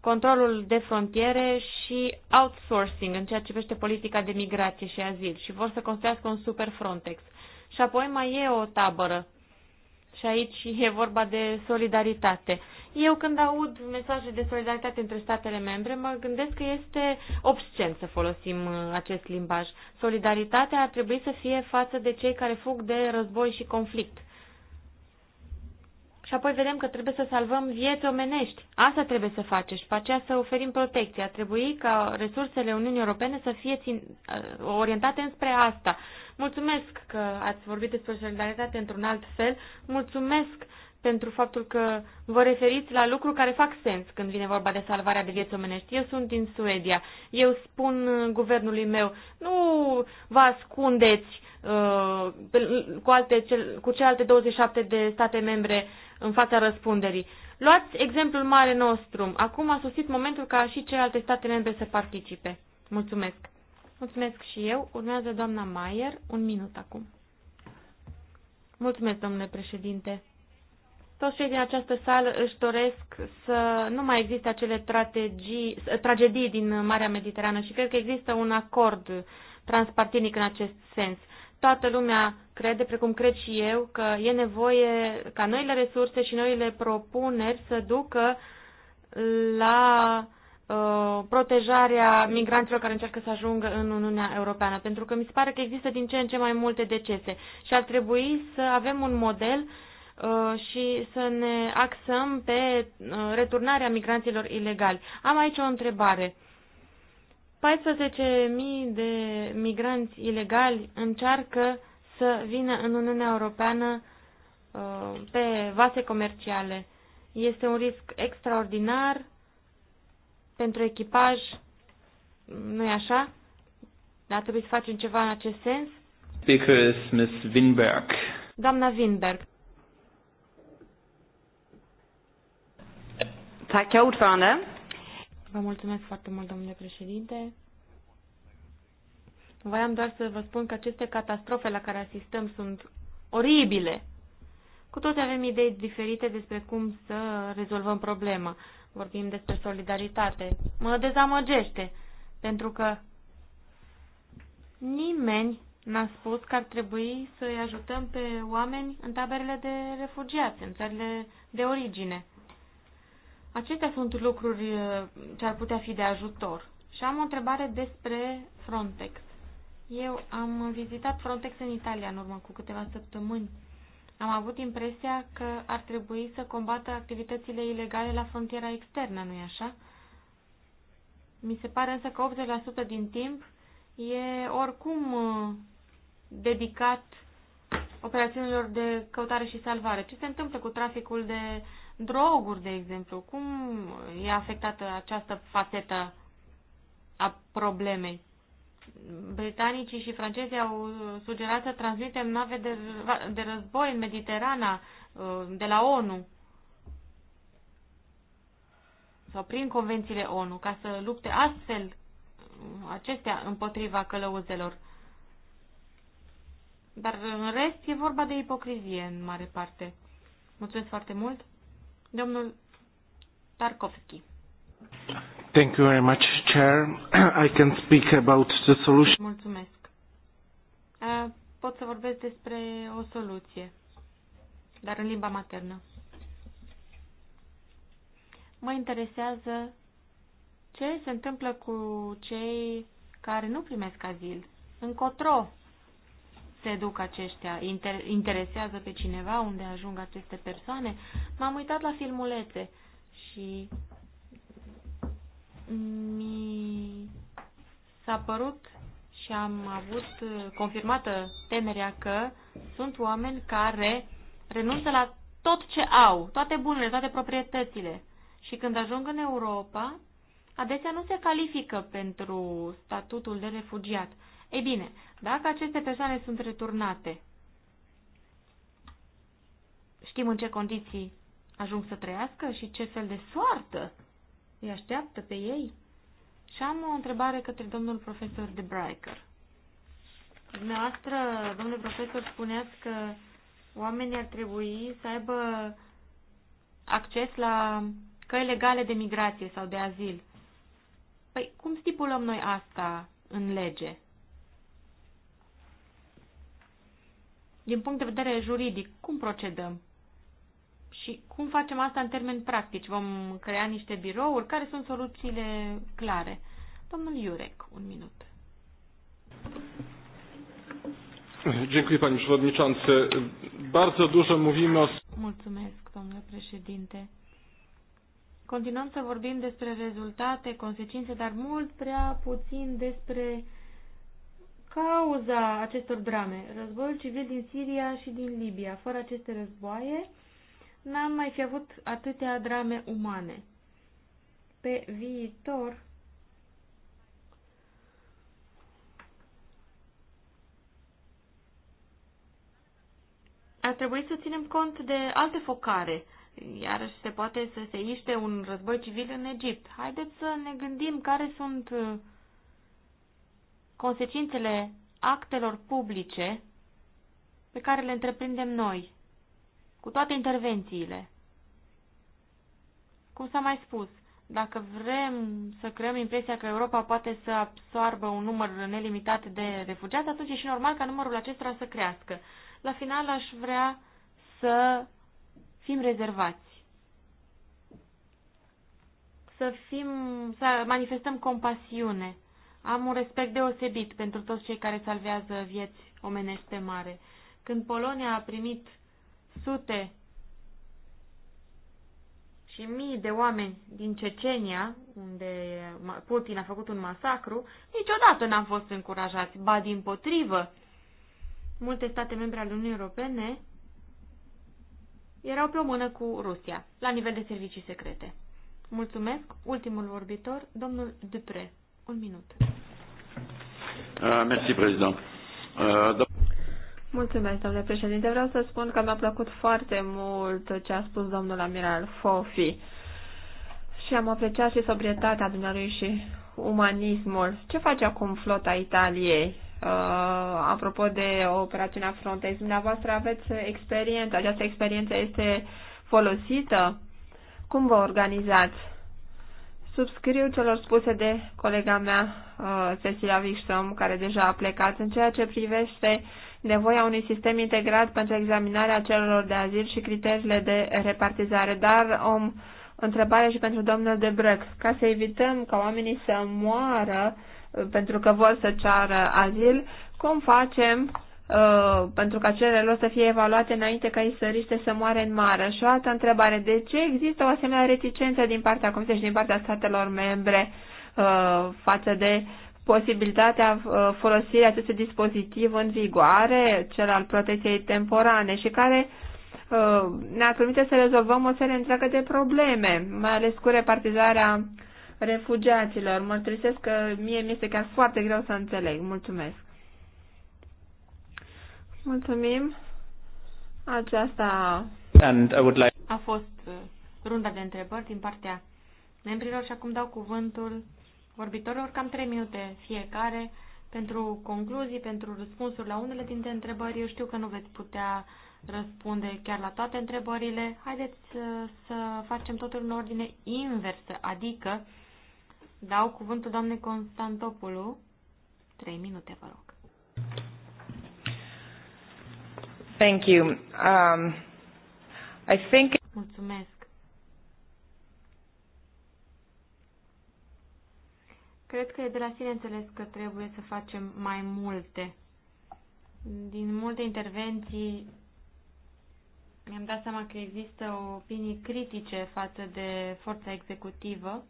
controlul de frontiere și outsourcing în ceea ce privește politica de migrație și azil și vor să construiască un super Frontex. Și apoi mai e o tabără. Și aici e vorba de solidaritate. Eu când aud mesaje de solidaritate între statele membre, mă gândesc că este obscen să folosim uh, acest limbaj. Solidaritatea ar trebui să fie față de cei care fug de război și conflict și apoi vedem că trebuie să salvăm vieți omenești. Asta trebuie să face și pe aceea să oferim protecție. A trebui ca resursele Uniunii Europene să fie țin, uh, orientate înspre asta. Mulțumesc că ați vorbit despre solidaritate într-un alt fel. Mulțumesc pentru faptul că vă referiți la lucruri care fac sens când vine vorba de salvarea de vieți omenești. Eu sunt din Suedia. Eu spun guvernului meu, nu vă ascundeți uh, cu, alte, cu celelalte 27 de state membre în fața răspunderii. Luați exemplul mare nostru. Acum a sosit momentul ca și celelalte state membre să participe. Mulțumesc. Mulțumesc și eu. Urmează doamna Maier. Un minut acum. Mulțumesc, domnule președinte. Toți cei din această sală își doresc să nu mai există acele strategii, tragedii din Marea Mediterană și cred că există un acord transpartinic în acest sens. Toată lumea crede, precum cred și eu, că e nevoie ca noile resurse și noile propuneri să ducă la uh, protejarea migranților care încearcă să ajungă în Uniunea Europeană, pentru că mi se pare că există din ce în ce mai multe decese și ar trebui să avem un model uh, și să ne axăm pe uh, returnarea migranților ilegali. Am aici o întrebare. 14.000 de migranți ilegali încearcă să vină în Uniunea Europeană uh, pe vase comerciale. Este un risc extraordinar pentru echipaj, nu e așa? Dar trebuie să facem ceva în acest sens. Because Ms. Winberg. Doamna Winberg. Tack, ordförande. Vă mulțumesc foarte mult, domnule președinte. Voiam doar să vă spun că aceste catastrofe la care asistăm sunt oribile. Cu toți avem idei diferite despre cum să rezolvăm problema. Vorbim despre solidaritate. Mă dezamăgește, pentru că nimeni n-a spus că ar trebui să-i ajutăm pe oameni în taberele de refugiați, în țările de origine. Acestea sunt lucruri uh, ce ar putea fi de ajutor. Și am o întrebare despre Frontex. Eu am vizitat Frontex în Italia în urmă cu câteva săptămâni. Am avut impresia că ar trebui să combată activitățile ilegale la frontiera externă, nu-i așa? Mi se pare însă că 80% din timp e oricum uh, dedicat operațiunilor de căutare și salvare. Ce se întâmplă cu traficul de droguri, de exemplu? Cum e afectată această fațetă a problemei? britanicii și francezii au sugerat să transmitem nave de, de război în Mediterana uh, de la ONU sau prin convențiile ONU ca să lupte astfel uh, acestea împotriva călăuzelor. Dar în rest e vorba de ipocrizie în mare parte. Mulțumesc foarte mult, domnul Tarkovski. Thank you very much, Chair. I can speak about the solution. Mulțumesc. Pot să vorbesc despre o soluție, dar în limba maternă. Mă interesează ce se întâmplă cu cei care nu primesc azil. Încotro se duc aceștia? Inter interesează pe cineva unde ajung aceste persoane? M-am uitat la filmulețe și mi s-a părut și am avut uh, confirmată temerea că sunt oameni care renunță la tot ce au, toate bunurile, toate proprietățile. Și când ajung în Europa, adesea nu se califică pentru statutul de refugiat. Ei bine, dacă aceste persoane sunt returnate, știm în ce condiții ajung să trăiască și ce fel de soartă îi așteaptă pe ei? Și am o întrebare către domnul profesor de Breiker. Dumneavoastră, domnule profesor, spuneați că oamenii ar trebui să aibă acces la căi legale de migrație sau de azil. Păi cum stipulăm noi asta în lege? Din punct de vedere juridic, cum procedăm? Și cum facem asta în termeni practici? Vom crea niște birouri? Care sunt soluțiile clare? Domnul Iurec, un minut. Dziękuję Panie Przewodniczący. Bardzo dużo mówimy o... Mulțumesc, domnule președinte. Continuăm să vorbim despre rezultate, consecințe, dar mult prea puțin despre cauza acestor drame. Războiul civil din Siria și din Libia. Fără aceste războaie, n-am mai fi avut atâtea drame umane. Pe viitor, ar trebui să ținem cont de alte focare, iar se poate să se iște un război civil în Egipt. Haideți să ne gândim care sunt uh, consecințele actelor publice pe care le întreprindem noi cu toate intervențiile. Cum s-a mai spus, dacă vrem să creăm impresia că Europa poate să absoarbă un număr nelimitat de refugiați, atunci e și normal ca numărul acesta să crească. La final aș vrea să fim rezervați. Să, fim, să manifestăm compasiune. Am un respect deosebit pentru toți cei care salvează vieți omenești pe mare. Când Polonia a primit sute și mii de oameni din Cecenia, unde Putin a făcut un masacru, niciodată n-am fost încurajați, ba din potrivă. Multe state membre ale Uniunii Europene erau pe o mână cu Rusia, la nivel de servicii secrete. Mulțumesc. Ultimul vorbitor, domnul Dupre. Un minut. Uh, merci, prezident. Uh, Mulțumesc, domnule președinte. Vreau să spun că mi-a plăcut foarte mult ce a spus domnul amiral Fofi și am apreciat și sobrietatea dumnealui și umanismul. Ce face acum flota Italiei? Uh, apropo de operațiunea Frontex, dumneavoastră aveți experiență. Această experiență este folosită? Cum vă organizați? Subscriu celor spuse de colega mea, uh, Cecilia Wikström, care deja a plecat în ceea ce privește uh, nevoia unui sistem integrat pentru examinarea celor de azil și criteriile de repartizare, dar o întrebare și pentru domnul de Debrec. Ca să evităm ca oamenii să moară uh, pentru că vor să ceară azil, cum facem uh, pentru ca cererile lor să fie evaluate înainte ca ei să riște să moare în mare? Și o altă întrebare, de ce există o asemenea reticență din partea Comisiei și din partea statelor membre uh, față de posibilitatea uh, folosirii acestui dispozitiv în vigoare, cel al protecției temporane și care uh, ne-ar permite să rezolvăm o serie întreagă de probleme, mai ales cu repartizarea refugiaților. Mă Mărturisesc că mie mi este chiar foarte greu să înțeleg. Mulțumesc. Mulțumim. Aceasta a fost uh, runda de întrebări din partea membrilor și acum dau cuvântul vorbitorilor, cam 3 minute fiecare pentru concluzii, pentru răspunsuri la unele dintre întrebări. Eu știu că nu veți putea răspunde chiar la toate întrebările. Haideți să, uh, să facem totul în ordine inversă, adică dau cuvântul doamnei Constantopulu. 3 minute, vă rog. Thank you. Um, I think... Mulțumesc. Cred că e de la sine înțeles că trebuie să facem mai multe. Din multe intervenții mi-am dat seama că există opinii critice față de forța executivă.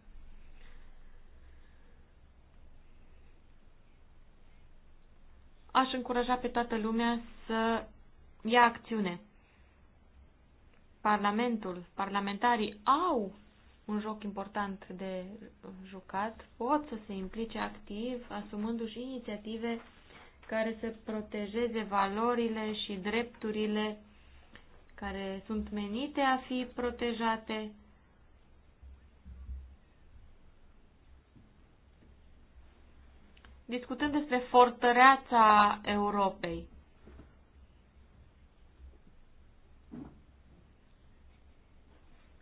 Aș încuraja pe toată lumea să ia acțiune. Parlamentul, parlamentarii au un joc important de jucat, pot să se implice activ, asumându-și inițiative care să protejeze valorile și drepturile care sunt menite a fi protejate. Discutând despre fortăreața Europei,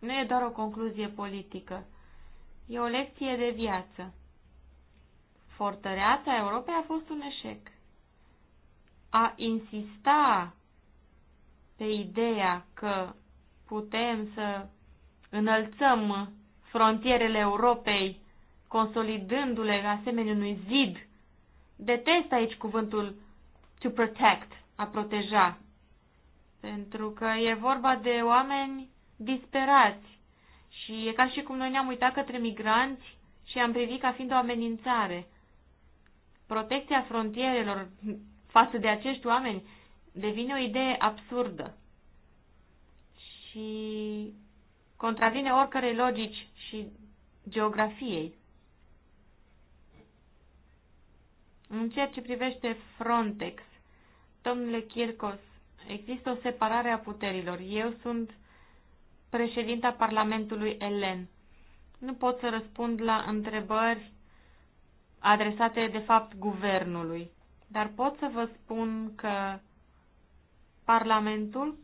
Nu e doar o concluzie politică. E o lecție de viață. Fortăreața Europei a fost un eșec. A insista pe ideea că putem să înălțăm frontierele Europei, consolidându-le asemenea unui zid. Detest aici cuvântul to protect, a proteja, pentru că e vorba de oameni disperați și e ca și cum noi ne-am uitat către migranți și am privit ca fiind o amenințare. Protecția frontierelor față de acești oameni devine o idee absurdă și contravine oricărei logici și geografiei. În ceea ce privește Frontex, domnule Kirkos, există o separare a puterilor. Eu sunt președinta Parlamentului Elen. Nu pot să răspund la întrebări adresate, de fapt, guvernului, dar pot să vă spun că Parlamentul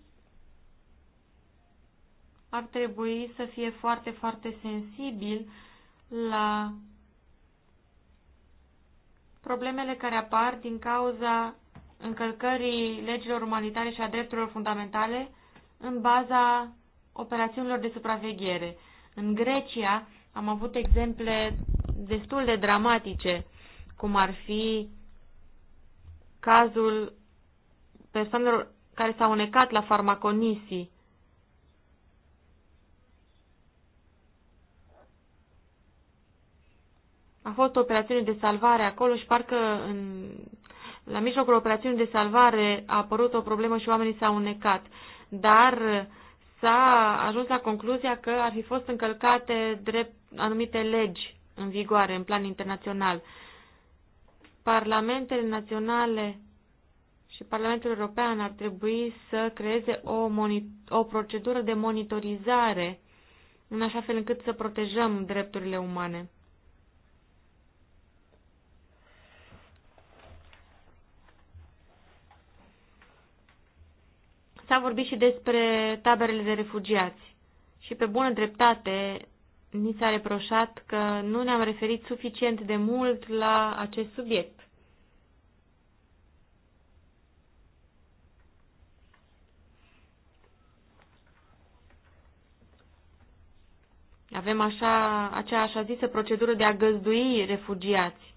ar trebui să fie foarte, foarte sensibil la problemele care apar din cauza încălcării legilor umanitare și a drepturilor fundamentale în baza operațiunilor de supraveghere. În Grecia am avut exemple destul de dramatice, cum ar fi cazul persoanelor care s-au unecat la farmaconisii. A fost o operațiune de salvare acolo și parcă în, la mijlocul operațiunii de salvare a apărut o problemă și oamenii s-au unecat. Dar uh, s-a ajuns la concluzia că ar fi fost încălcate drept anumite legi în vigoare în plan internațional. Parlamentele naționale și Parlamentul European ar trebui să creeze o, o procedură de monitorizare în așa fel încât să protejăm drepturile umane. S-a vorbit și despre taberele de refugiați și pe bună dreptate ni s-a reproșat că nu ne-am referit suficient de mult la acest subiect. Avem așa, acea așa zisă procedură de a găzdui refugiați.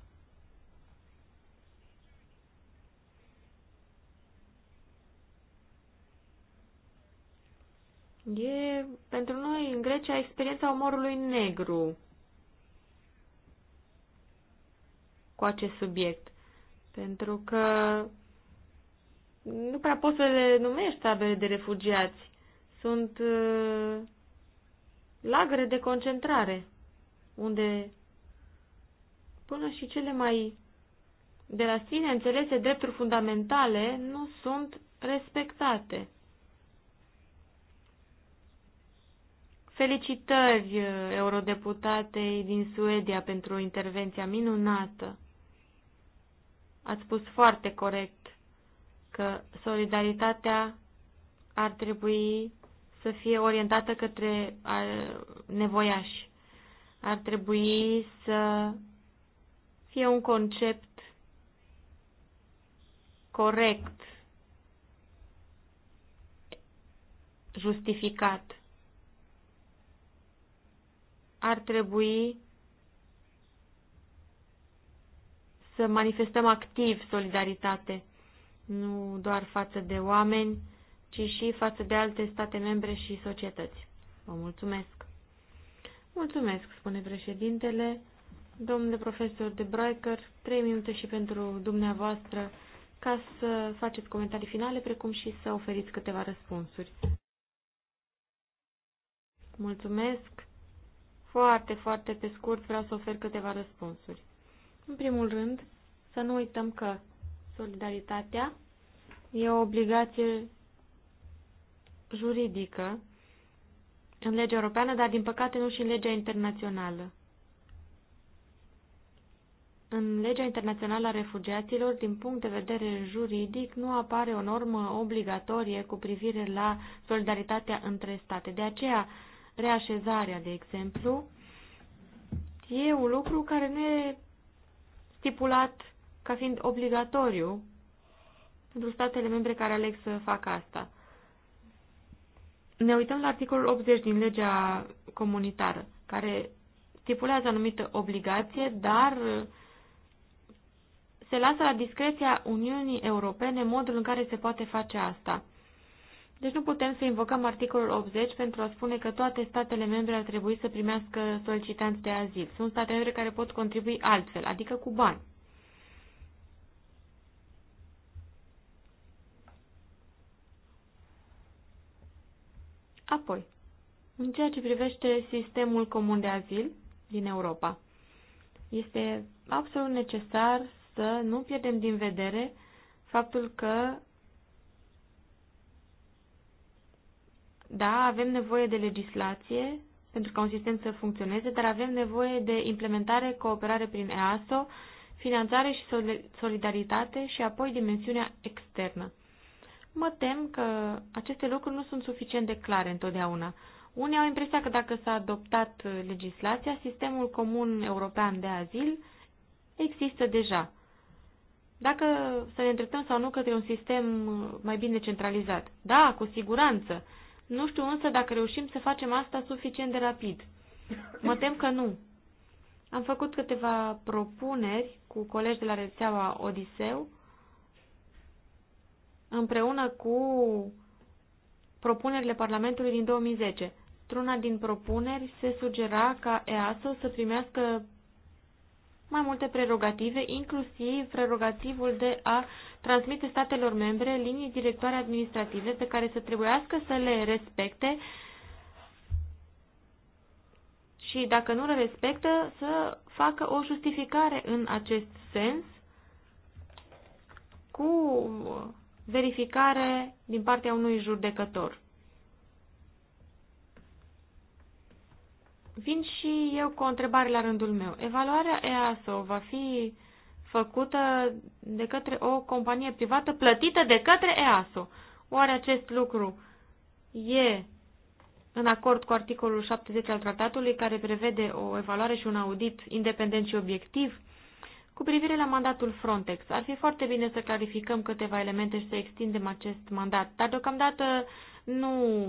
E pentru noi în Grecia experiența omorului negru cu acest subiect. Pentru că nu prea poți să le numești tabere de refugiați. Sunt uh, lagăre de concentrare, unde până și cele mai de la sine înțelese drepturi fundamentale nu sunt respectate. Felicitări uh, eurodeputatei din Suedia pentru intervenția minunată. Ați spus foarte corect că solidaritatea ar trebui să fie orientată către uh, nevoiași. Ar trebui să fie un concept corect, justificat ar trebui să manifestăm activ solidaritate, nu doar față de oameni, ci și față de alte state membre și societăți. Vă mulțumesc! Mulțumesc, spune președintele. Domnule profesor de Braiker, trei minute și pentru dumneavoastră ca să faceți comentarii finale, precum și să oferiți câteva răspunsuri. Mulțumesc! Foarte, foarte pe scurt vreau să ofer câteva răspunsuri. În primul rând, să nu uităm că solidaritatea e o obligație juridică în legea europeană, dar din păcate nu și în legea internațională. În legea internațională a refugiaților, din punct de vedere juridic, nu apare o normă obligatorie cu privire la solidaritatea între state. De aceea, reașezarea, de exemplu, e un lucru care nu e stipulat ca fiind obligatoriu pentru statele membre care aleg să facă asta. Ne uităm la articolul 80 din legea comunitară, care stipulează anumită obligație, dar se lasă la discreția Uniunii Europene modul în care se poate face asta. Deci nu putem să invocăm articolul 80 pentru a spune că toate statele membre ar trebui să primească solicitanți de azil. Sunt state membre care pot contribui altfel, adică cu bani. Apoi, în ceea ce privește sistemul comun de azil din Europa, este absolut necesar să nu pierdem din vedere faptul că Da, avem nevoie de legislație pentru ca un sistem să funcționeze, dar avem nevoie de implementare, cooperare prin EASO, finanțare și solidaritate și apoi dimensiunea externă. Mă tem că aceste lucruri nu sunt suficient de clare întotdeauna. Unii au impresia că dacă s-a adoptat legislația, sistemul comun european de azil există deja. Dacă să ne îndreptăm sau nu către un sistem mai bine centralizat. Da, cu siguranță. Nu știu însă dacă reușim să facem asta suficient de rapid. Mă tem că nu. Am făcut câteva propuneri cu colegi de la rețeaua Odiseu, împreună cu propunerile Parlamentului din 2010. Truna din propuneri se sugera ca EASO să primească mai multe prerogative, inclusiv prerogativul de a transmite statelor membre linii directoare administrative pe care să trebuiască să le respecte și dacă nu le respectă să facă o justificare în acest sens cu verificare din partea unui judecător. Vin și eu cu o întrebare la rândul meu. Evaluarea EASO va fi făcută de către o companie privată plătită de către EASO. Oare acest lucru e în acord cu articolul 70 al tratatului care prevede o evaluare și un audit independent și obiectiv? Cu privire la mandatul Frontex, ar fi foarte bine să clarificăm câteva elemente și să extindem acest mandat, dar deocamdată nu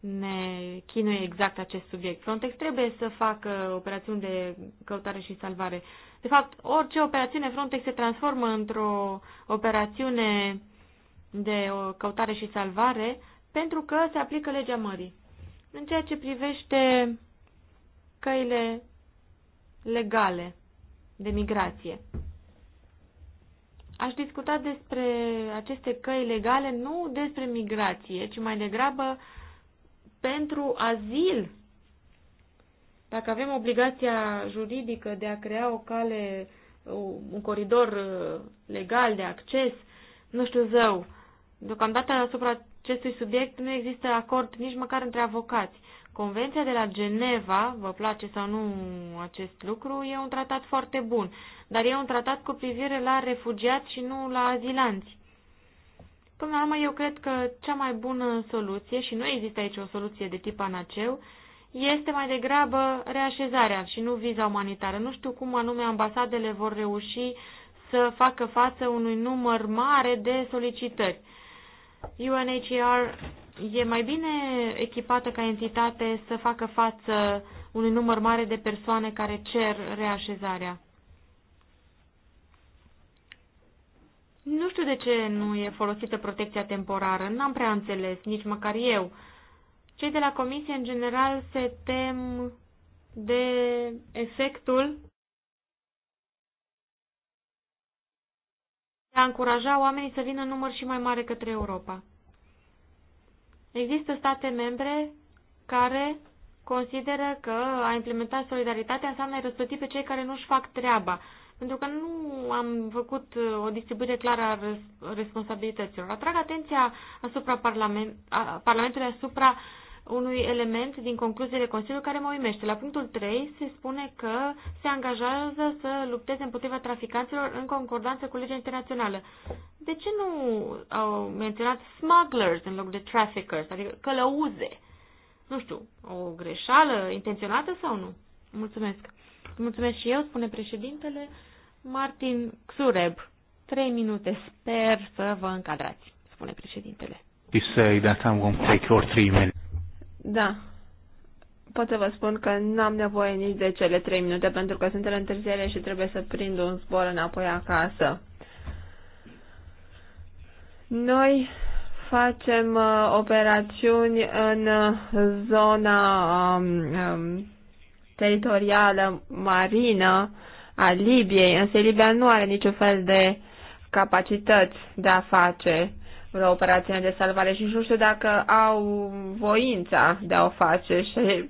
ne chinuie exact acest subiect. Frontex trebuie să facă operațiuni de căutare și salvare. De fapt, orice operațiune Frontex se transformă într-o operațiune de căutare și salvare pentru că se aplică legea mării. În ceea ce privește căile legale de migrație. Aș discuta despre aceste căi legale nu despre migrație, ci mai degrabă pentru azil dacă avem obligația juridică de a crea o cale, un coridor uh, legal de acces, nu știu zău, deocamdată asupra acestui subiect nu există acord nici măcar între avocați. Convenția de la Geneva, vă place sau nu acest lucru, e un tratat foarte bun, dar e un tratat cu privire la refugiați și nu la azilanți. Până la urmă, eu cred că cea mai bună soluție, și nu există aici o soluție de tip anaceu, este mai degrabă reașezarea și nu viza umanitară. Nu știu cum anume ambasadele vor reuși să facă față unui număr mare de solicitări. UNHCR e mai bine echipată ca entitate să facă față unui număr mare de persoane care cer reașezarea. Nu știu de ce nu e folosită protecția temporară, n-am prea înțeles, nici măcar eu. Uh, cei de la comisie, în general, se tem de efectul de a încuraja oamenii să vină în număr și mai mare către Europa. Există state membre care consideră că a implementa solidaritatea înseamnă a răsplăti pe cei care nu-și fac treaba, pentru că nu am făcut uh, o distribuire clară a responsabilităților. Atrag atenția asupra parlament, a, Parlamentului asupra uh, unui element din concluziile Consiliului care mă uimește. La punctul 3 se spune că se angajează să lupteze împotriva traficanților în concordanță cu legea internațională. De ce nu au menționat smugglers în loc de traffickers, adică călăuze? Nu știu, o greșeală intenționată sau nu? Mulțumesc. Mulțumesc și eu, spune președintele Martin Xureb. Trei minute, sper să vă încadrați, spune președintele. You say that I'm going to take your three minutes. Da. Pot să vă spun că nu am nevoie nici de cele trei minute pentru că sunt în întârziere și trebuie să prind un zbor înapoi acasă. Noi facem uh, operațiuni în uh, zona um, um, teritorială marină a Libiei, însă Libia nu are niciun fel de capacități de a face vreo operațiune de salvare și nu știu dacă au voința de a o face și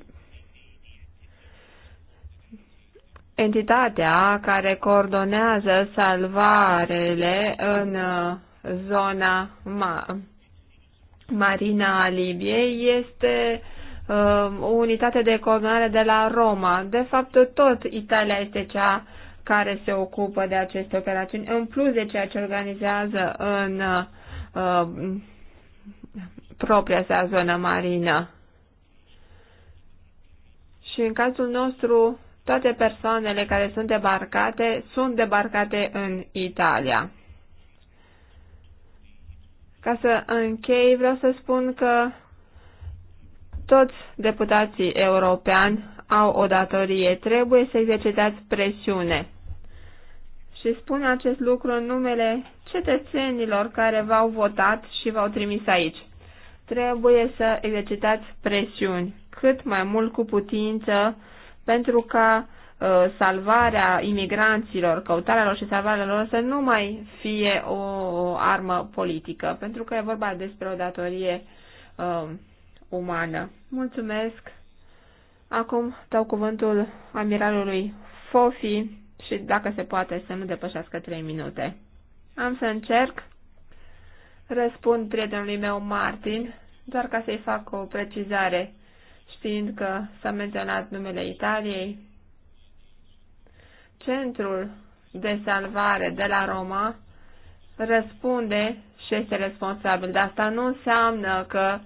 entitatea care coordonează salvarele în uh, zona ma- marina a Libiei este uh, o unitate de coordonare de la Roma. De fapt, tot Italia este cea care se ocupă de aceste operațiuni, în plus de ceea ce organizează în uh, Uh, propria sa zonă marină. Și în cazul nostru, toate persoanele care sunt debarcate sunt debarcate în Italia. Ca să închei, vreau să spun că toți deputații europeni au o datorie. Trebuie să exercitați presiune și spun acest lucru în numele cetățenilor care v-au votat și v-au trimis aici. Trebuie să exercitați presiuni cât mai mult cu putință pentru ca uh, salvarea imigranților, căutarea lor și salvarea lor să nu mai fie o, o armă politică, pentru că e vorba despre o datorie uh, umană. Mulțumesc! Acum dau cuvântul amiralului Fofi și dacă se poate să nu depășească 3 minute. Am să încerc. Răspund prietenului meu Martin, doar ca să-i fac o precizare, știind că s-a menționat numele Italiei. Centrul de salvare de la Roma răspunde și este responsabil, dar asta nu înseamnă că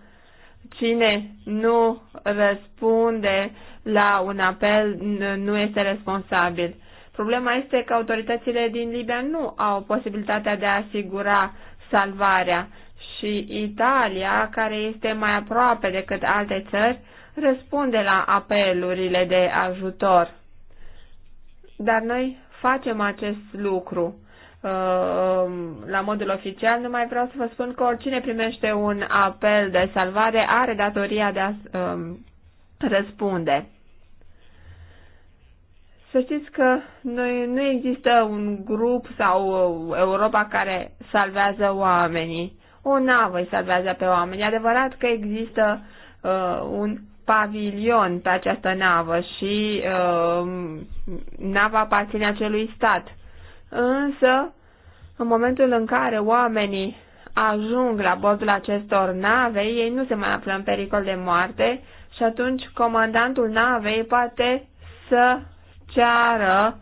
cine nu răspunde la un apel nu este responsabil. Problema este că autoritățile din Libia nu au posibilitatea de a asigura salvarea și Italia, care este mai aproape decât alte țări, răspunde la apelurile de ajutor. Dar noi facem acest lucru. Uh, la modul oficial, nu mai vreau să vă spun că oricine primește un apel de salvare are datoria de a uh, răspunde. Să știți că noi, nu există un grup sau uh, Europa care salvează oamenii. O navă îi salvează pe oameni. Adevărat că există uh, un pavilion pe această navă și uh, nava aparține acelui stat. Însă, în momentul în care oamenii ajung la bordul acestor nave, ei nu se mai află în pericol de moarte și atunci comandantul navei poate să ceară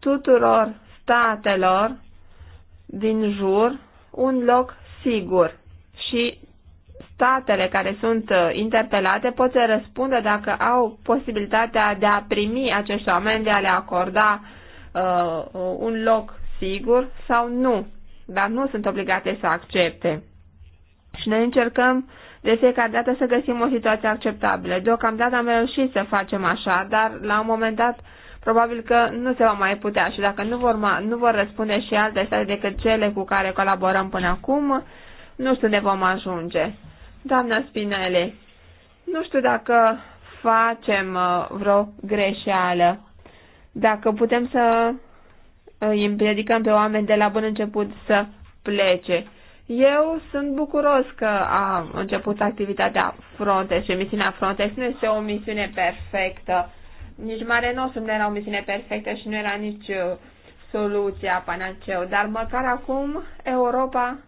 tuturor statelor din jur un loc sigur și statele care sunt uh, interpelate pot să răspundă dacă au posibilitatea de a primi acești oameni, de a le acorda uh, uh un loc sigur sau nu, dar nu sunt obligate să accepte. Și noi încercăm de fiecare dată să găsim o situație acceptabilă. Deocamdată am reușit să facem așa, dar la un moment dat probabil că nu se va mai putea și dacă nu vor, nu vor răspunde și alte state decât cele cu care colaborăm până acum, nu știu ne vom ajunge. Doamna Spinele, nu știu dacă facem uh, vreo greșeală, dacă putem să uh, îi împiedicăm pe oameni de la bun început să plece. Eu sunt bucuros că a început activitatea Frontex și misiunea Frontex nu este o misiune perfectă. Nici Mare Nostru nu era o misiune perfectă și nu era nici uh, soluția panaceu, dar măcar acum Europa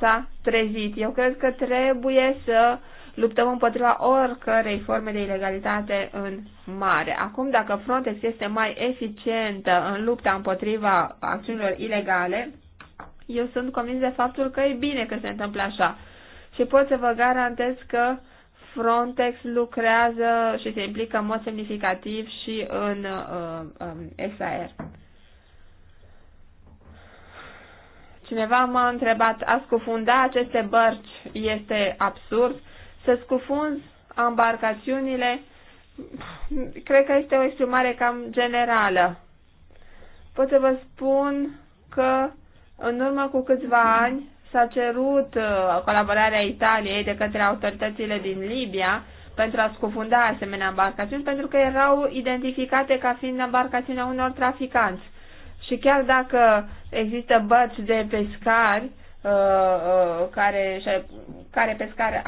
s-a trezit. Eu cred că trebuie să luptăm împotriva oricărei forme de ilegalitate în mare. Acum, dacă Frontex este mai eficientă în lupta împotriva acțiunilor ilegale, eu sunt convins de faptul că e bine că se întâmplă așa. Și pot să vă garantez că Frontex lucrează și se implică în mod semnificativ și în uh, uh, um, SAR. Cineva m-a întrebat, a scufunda aceste bărci este absurd? Să scufunzi embarcațiunile? Cred că este o exprimare cam generală. Pot să vă spun că în urmă cu câțiva ani s-a cerut uh, colaborarea Italiei de către autoritățile din Libia pentru a scufunda asemenea embarcațiuni, pentru că erau identificate ca fiind embarcațiunea unor traficanți. Și chiar dacă există băți de pescari uh, uh, care, care pescari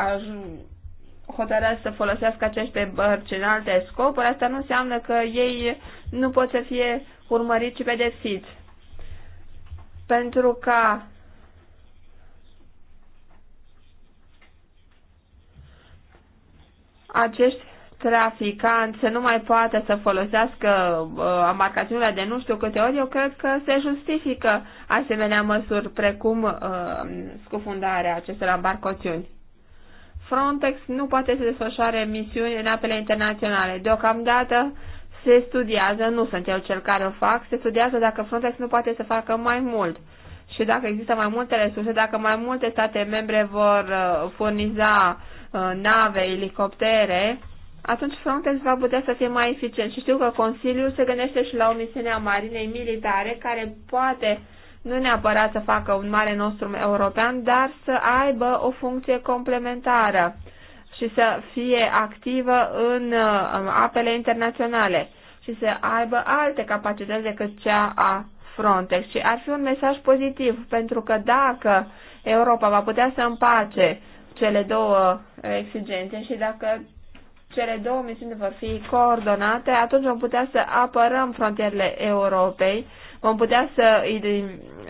hotărăsc să folosească aceste bărci în alte scopuri, asta nu înseamnă că ei nu pot să fie urmăriți și pedepsiți pentru ca acești traficanți să nu mai poată să folosească uh, amarcațiunile de nu știu câte ori, eu cred că se justifică asemenea măsuri precum uh, scufundarea acestor ambarcoțiuni. Frontex nu poate să desfășoare misiuni în apele internaționale. Deocamdată se studiază, nu sunt eu cel care o fac, se studiază dacă Frontex nu poate să facă mai mult și dacă există mai multe resurse, dacă mai multe state membre vor uh, furniza uh, nave, elicoptere, atunci Frontex va putea să fie mai eficient. Și știu că Consiliul se gândește și la o misiune a marinei militare care poate nu neapărat să facă un mare nostru european, dar să aibă o funcție complementară și să fie activă în um, apele internaționale și să aibă alte capacități decât cea a Frontex. Și ar fi un mesaj pozitiv, pentru că dacă Europa va putea să împace cele două exigențe și dacă cele două misiuni vor fi coordonate, atunci vom putea să apărăm frontierele Europei vom putea să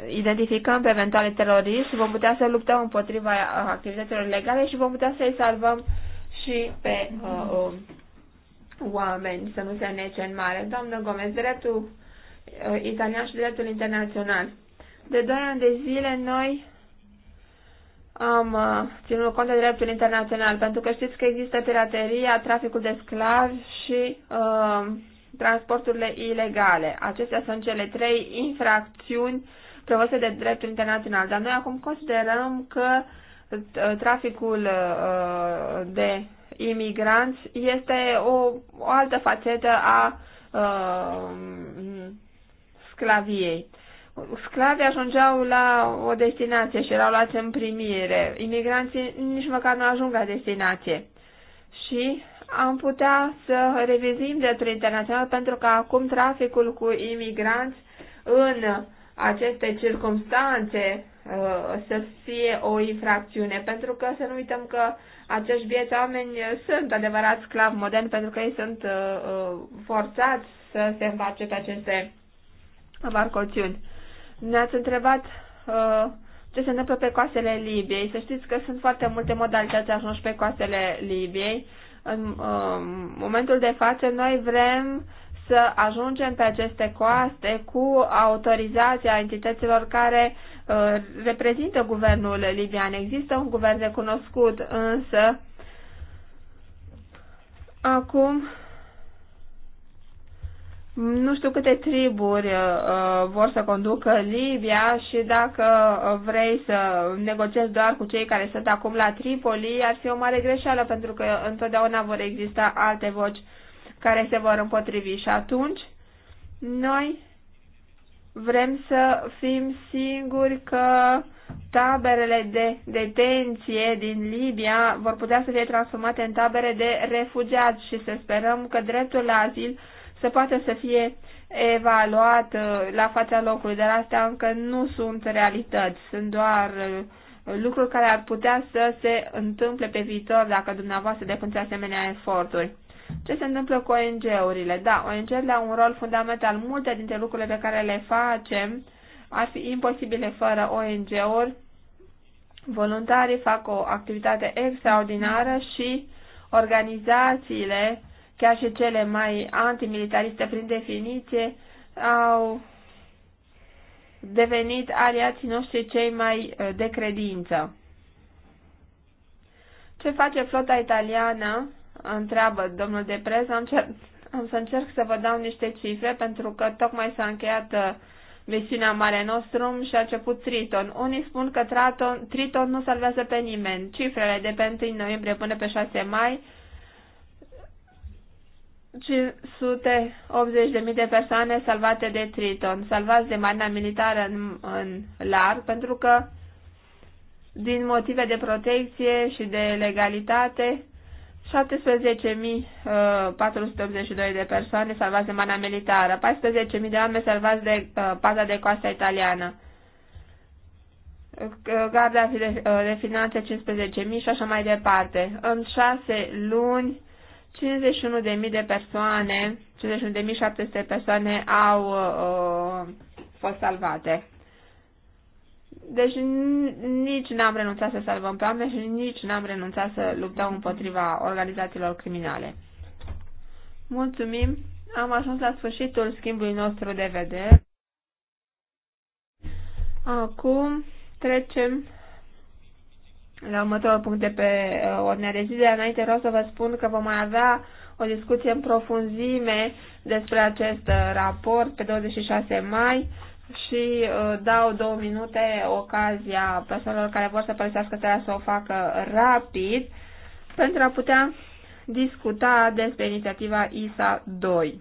identificăm pe eventuale teroriști, vom putea să luptăm împotriva activităților legale și vom putea să-i salvăm și pe uh, uh, oameni să nu se nece în mare. Doamnă Gomez, dreptul uh, italian și dreptul internațional. De doi ani de zile noi am uh, ținut cont de dreptul internațional, pentru că știți că există pirateria, traficul de sclavi și uh, transporturile ilegale. Acestea sunt cele trei infracțiuni prevăzute de dreptul internațional. Dar noi acum considerăm că uh, traficul uh, de imigranți este o, o altă fațetă a uh, sclaviei. Sclavii ajungeau la o destinație și erau luați în primire. Imigranții nici măcar nu ajung la destinație. Și am putea să revizim dreptul internațional pentru că acum traficul cu imigranți în aceste circumstanțe uh, să fie o infracțiune, pentru că să nu uităm că acești vieți oameni sunt adevărat sclav modern pentru că ei sunt uh, uh, forțați să se învațe pe aceste varcoțiuni. Ne-ați întrebat ce se întâmplă pe coastele Libiei. Să știți că sunt foarte multe modalități de pe coastele Libiei în um, momentul de față, noi vrem să ajungem pe aceste coaste cu autorizația entităților care uh, reprezintă guvernul libian. Există un guvern recunoscut, însă acum nu știu câte triburi uh, uh, vor să conducă Libia și dacă uh, vrei să negociezi doar cu cei care sunt acum la Tripoli, ar fi o mare greșeală pentru că întotdeauna vor exista alte voci care se vor împotrivi și atunci noi vrem să fim singuri că taberele de detenție din Libia vor putea să fie transformate în tabere de refugiați și să sperăm că dreptul la azil să poată să fie evaluat uh, la fața locului, dar astea încă nu sunt realități, sunt doar uh, lucruri care ar putea să se întâmple pe viitor dacă dumneavoastră depunți asemenea eforturi. Ce se întâmplă cu ONG-urile? Da, ONG-urile au un rol fundamental. Multe dintre lucrurile pe care le facem ar fi imposibile fără ONG-uri. Voluntarii fac o activitate extraordinară și organizațiile chiar și cele mai antimilitariste prin definiție, au devenit aliații noștri cei mai uh, de credință. Ce face flota italiană? Întreabă domnul de preză. Am, cer- am să încerc să vă dau niște cifre pentru că tocmai s-a încheiat uh, misiunea Mare Nostrum și a început Triton. Unii spun că Triton, Triton nu salvează pe nimeni. Cifrele de pe 1 noiembrie până pe 6 mai 580.000 de persoane salvate de Triton, salvați de marina militară în, în larg, pentru că din motive de protecție și de legalitate, 17.482 uh, de persoane salvați de marina militară, 14.000 de oameni salvați de uh, paza de coastă italiană, uh, garda de finanțe 15.000 și așa mai departe. În șase luni, 51.000 de persoane, 51.700 de persoane au uh, uh, fost salvate. Deci nici n-am renunțat să salvăm pe oameni și nici n-am renunțat să luptăm împotriva organizațiilor criminale. Mulțumim! Am ajuns la sfârșitul schimbului nostru de vedere. Acum trecem la următorul punct de pe uh, ordinea de zi, de înainte vreau să vă spun că vom mai avea o discuție în profunzime despre acest uh, raport pe 26 mai și uh, dau două minute ocazia persoanelor care vor să părăsească țara să o facă rapid pentru a putea discuta despre inițiativa ISA 2.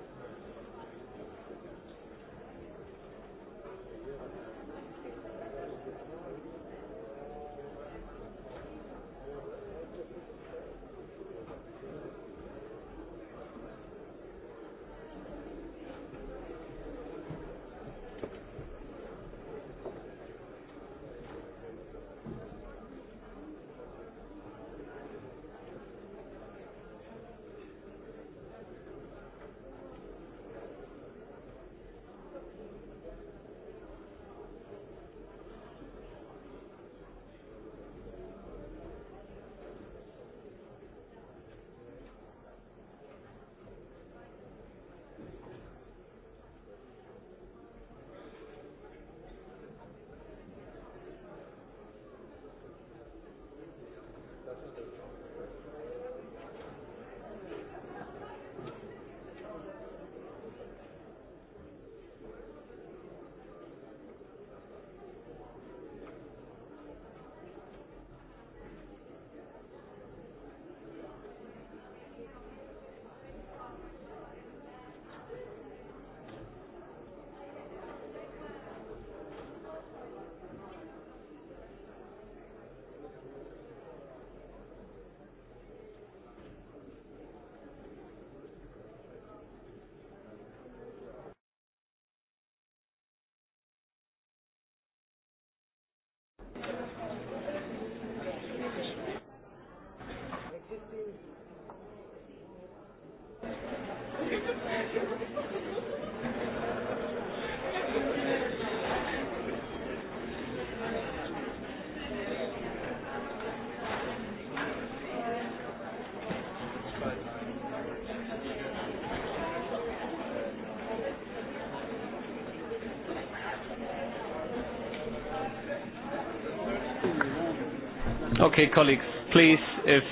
Okay, colleagues, please, if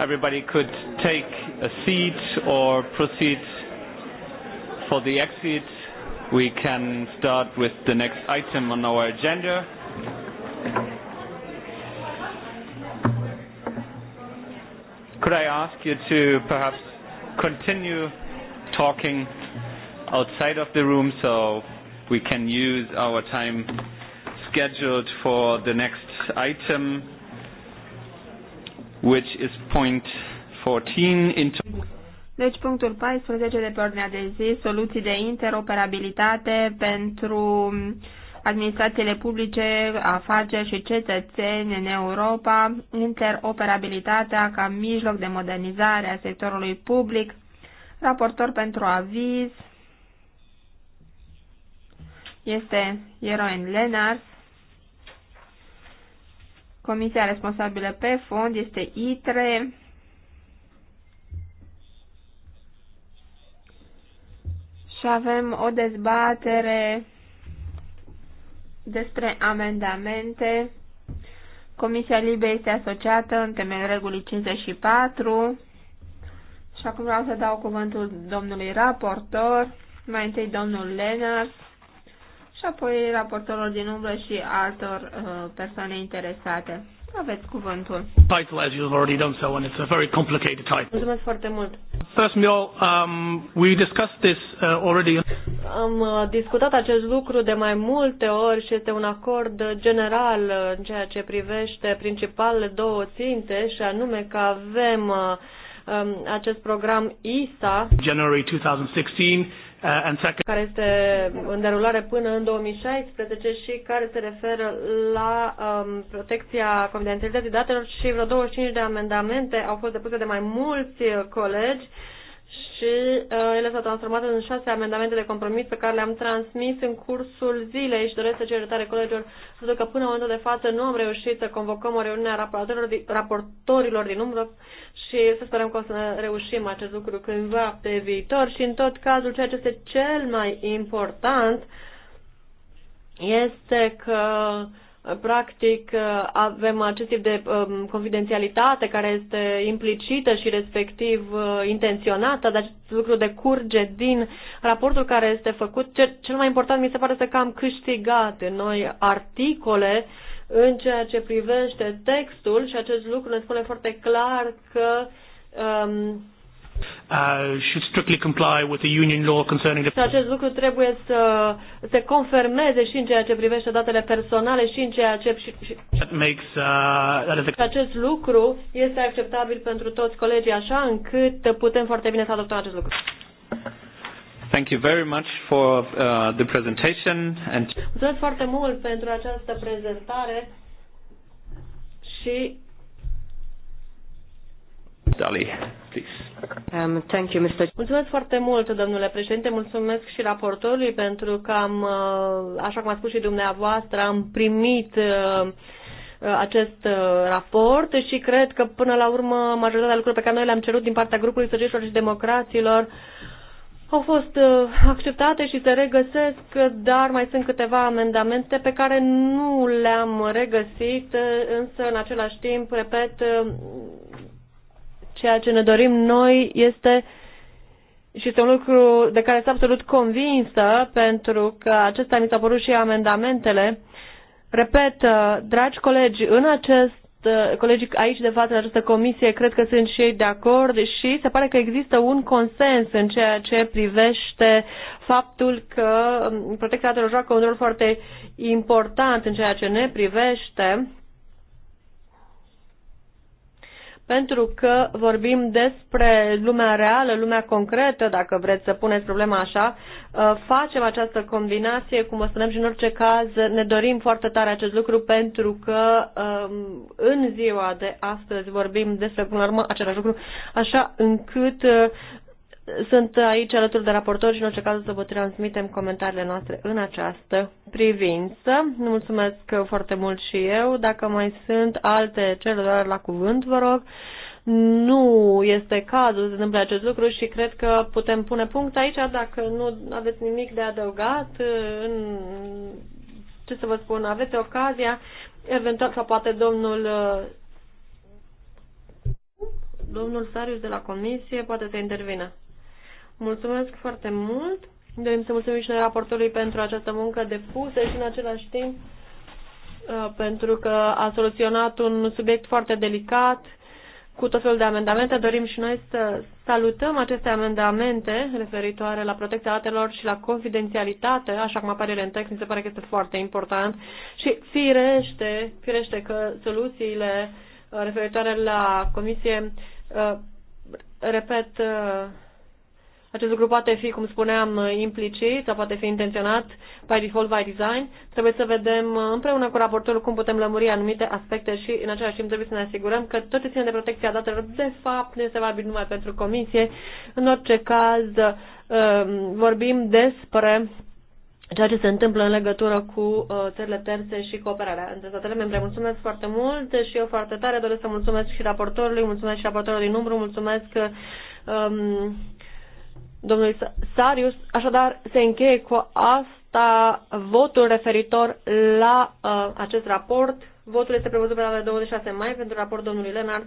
everybody could take a seat or proceed for the exit, we can start with the next item on our agenda. Could I ask you to perhaps continue talking outside of the room so we can use our time scheduled for the next item, which is point 14. Inter- deci punctul 14 de pe ordinea de zi, soluții de interoperabilitate pentru administrațiile publice, afaceri și cetățeni în Europa, interoperabilitatea ca mijloc de modernizare a sectorului public, raportor pentru aviz, este Jeroen Lenars, Comisia responsabilă pe fond este ITRE. Și avem o dezbatere despre amendamente. Comisia Libe este asociată în temeiul regulii 54. Și acum vreau să dau cuvântul domnului raportor, mai întâi domnul Lenars și apoi raportorul din umbră și altor uh, persoane interesate. Aveți cuvântul. Title, as you've already done so, and it's a very complicated title. Mulțumesc foarte mult. First, all, um, we discussed this uh, already. Am uh, discutat acest lucru de mai multe ori și este un acord general uh, în ceea ce privește principalele două ținte, și anume că avem uh, um, acest program ISA. January 2016 Uh, care este în derulare până în 2016 și care se referă la um, protecția confidențialității datelor și vreo 25 de amendamente au fost depuse de mai mulți colegi și uh, ele s-au transformat în șase amendamente de compromis pe care le-am transmis în cursul zilei și doresc să cer iertare colegilor pentru că până în momentul de față nu am reușit să convocăm o reuniune a raportorilor din, raportorilor din umbră și să sperăm că o să reușim acest lucru cândva pe viitor și în tot cazul ceea ce este cel mai important este că uh, Practic, avem acest tip de um, confidențialitate care este implicită și respectiv uh, intenționată, dar acest lucru decurge din raportul care este făcut. Ce Cel mai important mi se pare este că am câștigat noi articole în ceea ce privește textul și acest lucru ne spune foarte clar că um, Uh, should strictly comply with the union law concerning the... Acest lucru trebuie să se confirmeze și în ceea ce privește datele personale și în ceea ce... That makes, uh, that is Acest lucru este acceptabil pentru toți colegii așa încât putem foarte bine să adoptăm acest lucru. Thank you very much for uh, the presentation and Mulțumesc foarte mult pentru această prezentare și Dali, please. Um, thank you, Mr. Mulțumesc foarte mult, domnule președinte. Mulțumesc și raportorului pentru că am, uh, așa cum a spus și dumneavoastră, am primit uh, uh, acest raport și cred că până la urmă majoritatea lucrurilor pe care noi le-am cerut din partea grupului Săgeșilor și Democraților au fost acceptate și se regăsesc, dar mai sunt câteva amendamente pe care nu le-am regăsit, însă în același timp, repet, Ceea ce ne dorim noi este și este un lucru de care sunt absolut convinsă, pentru că acesta mi s-a părut și amendamentele. Repet, dragi colegi, în acest colegii aici de față, în această comisie, cred că sunt și ei de acord și se pare că există un consens în ceea ce privește faptul că protecția datelor joacă un rol foarte important în ceea ce ne privește pentru că vorbim despre lumea reală, lumea concretă, dacă vreți să puneți problema așa, uh, facem această combinație, cum vă spunem și în orice caz, ne dorim foarte tare acest lucru pentru că um, în ziua de astăzi vorbim despre, până la urmă, același lucru, așa încât uh, sunt aici alături de raportor și în orice caz să vă transmitem comentariile noastre în această privință. Mulțumesc foarte mult și eu. Dacă mai sunt alte celelalte la cuvânt, vă rog nu este cazul să întâmple acest lucru și cred că putem pune punct aici dacă nu aveți nimic de adăugat în ce să vă spun, aveți ocazia eventual sau poate domnul domnul Sarius de la comisie poate să intervină. Mulțumesc foarte mult. Dorim să mulțumim și noi raportorului pentru această muncă depusă și în același timp uh, pentru că a soluționat un subiect foarte delicat cu tot felul de amendamente. Dorim și noi să salutăm aceste amendamente referitoare la protecția datelor și la confidențialitate, așa cum apare în text, mi se pare că este foarte important și firește, firește că soluțiile uh, referitoare la comisie, uh, repet, acest lucru poate fi, cum spuneam, implicit sau poate fi intenționat, by default, by design. Trebuie să vedem uh, împreună cu raportorul cum putem lămuri anumite aspecte și, în același timp, trebuie să ne asigurăm că tot ce ține de protecția datelor, de fapt, nu este valabil numai pentru comisie. În orice caz, uh, vorbim despre ceea ce se întâmplă în legătură cu uh, țările terțe și cooperarea între statele membre. Mulțumesc foarte mult și eu foarte tare doresc să mulțumesc și raportorului, mulțumesc și raportorului din umbru, mulțumesc um, domnului Sarius. Așadar, se încheie cu asta votul referitor la uh, acest raport. Votul este prevăzut pe data 26 mai pentru raport domnului Lenar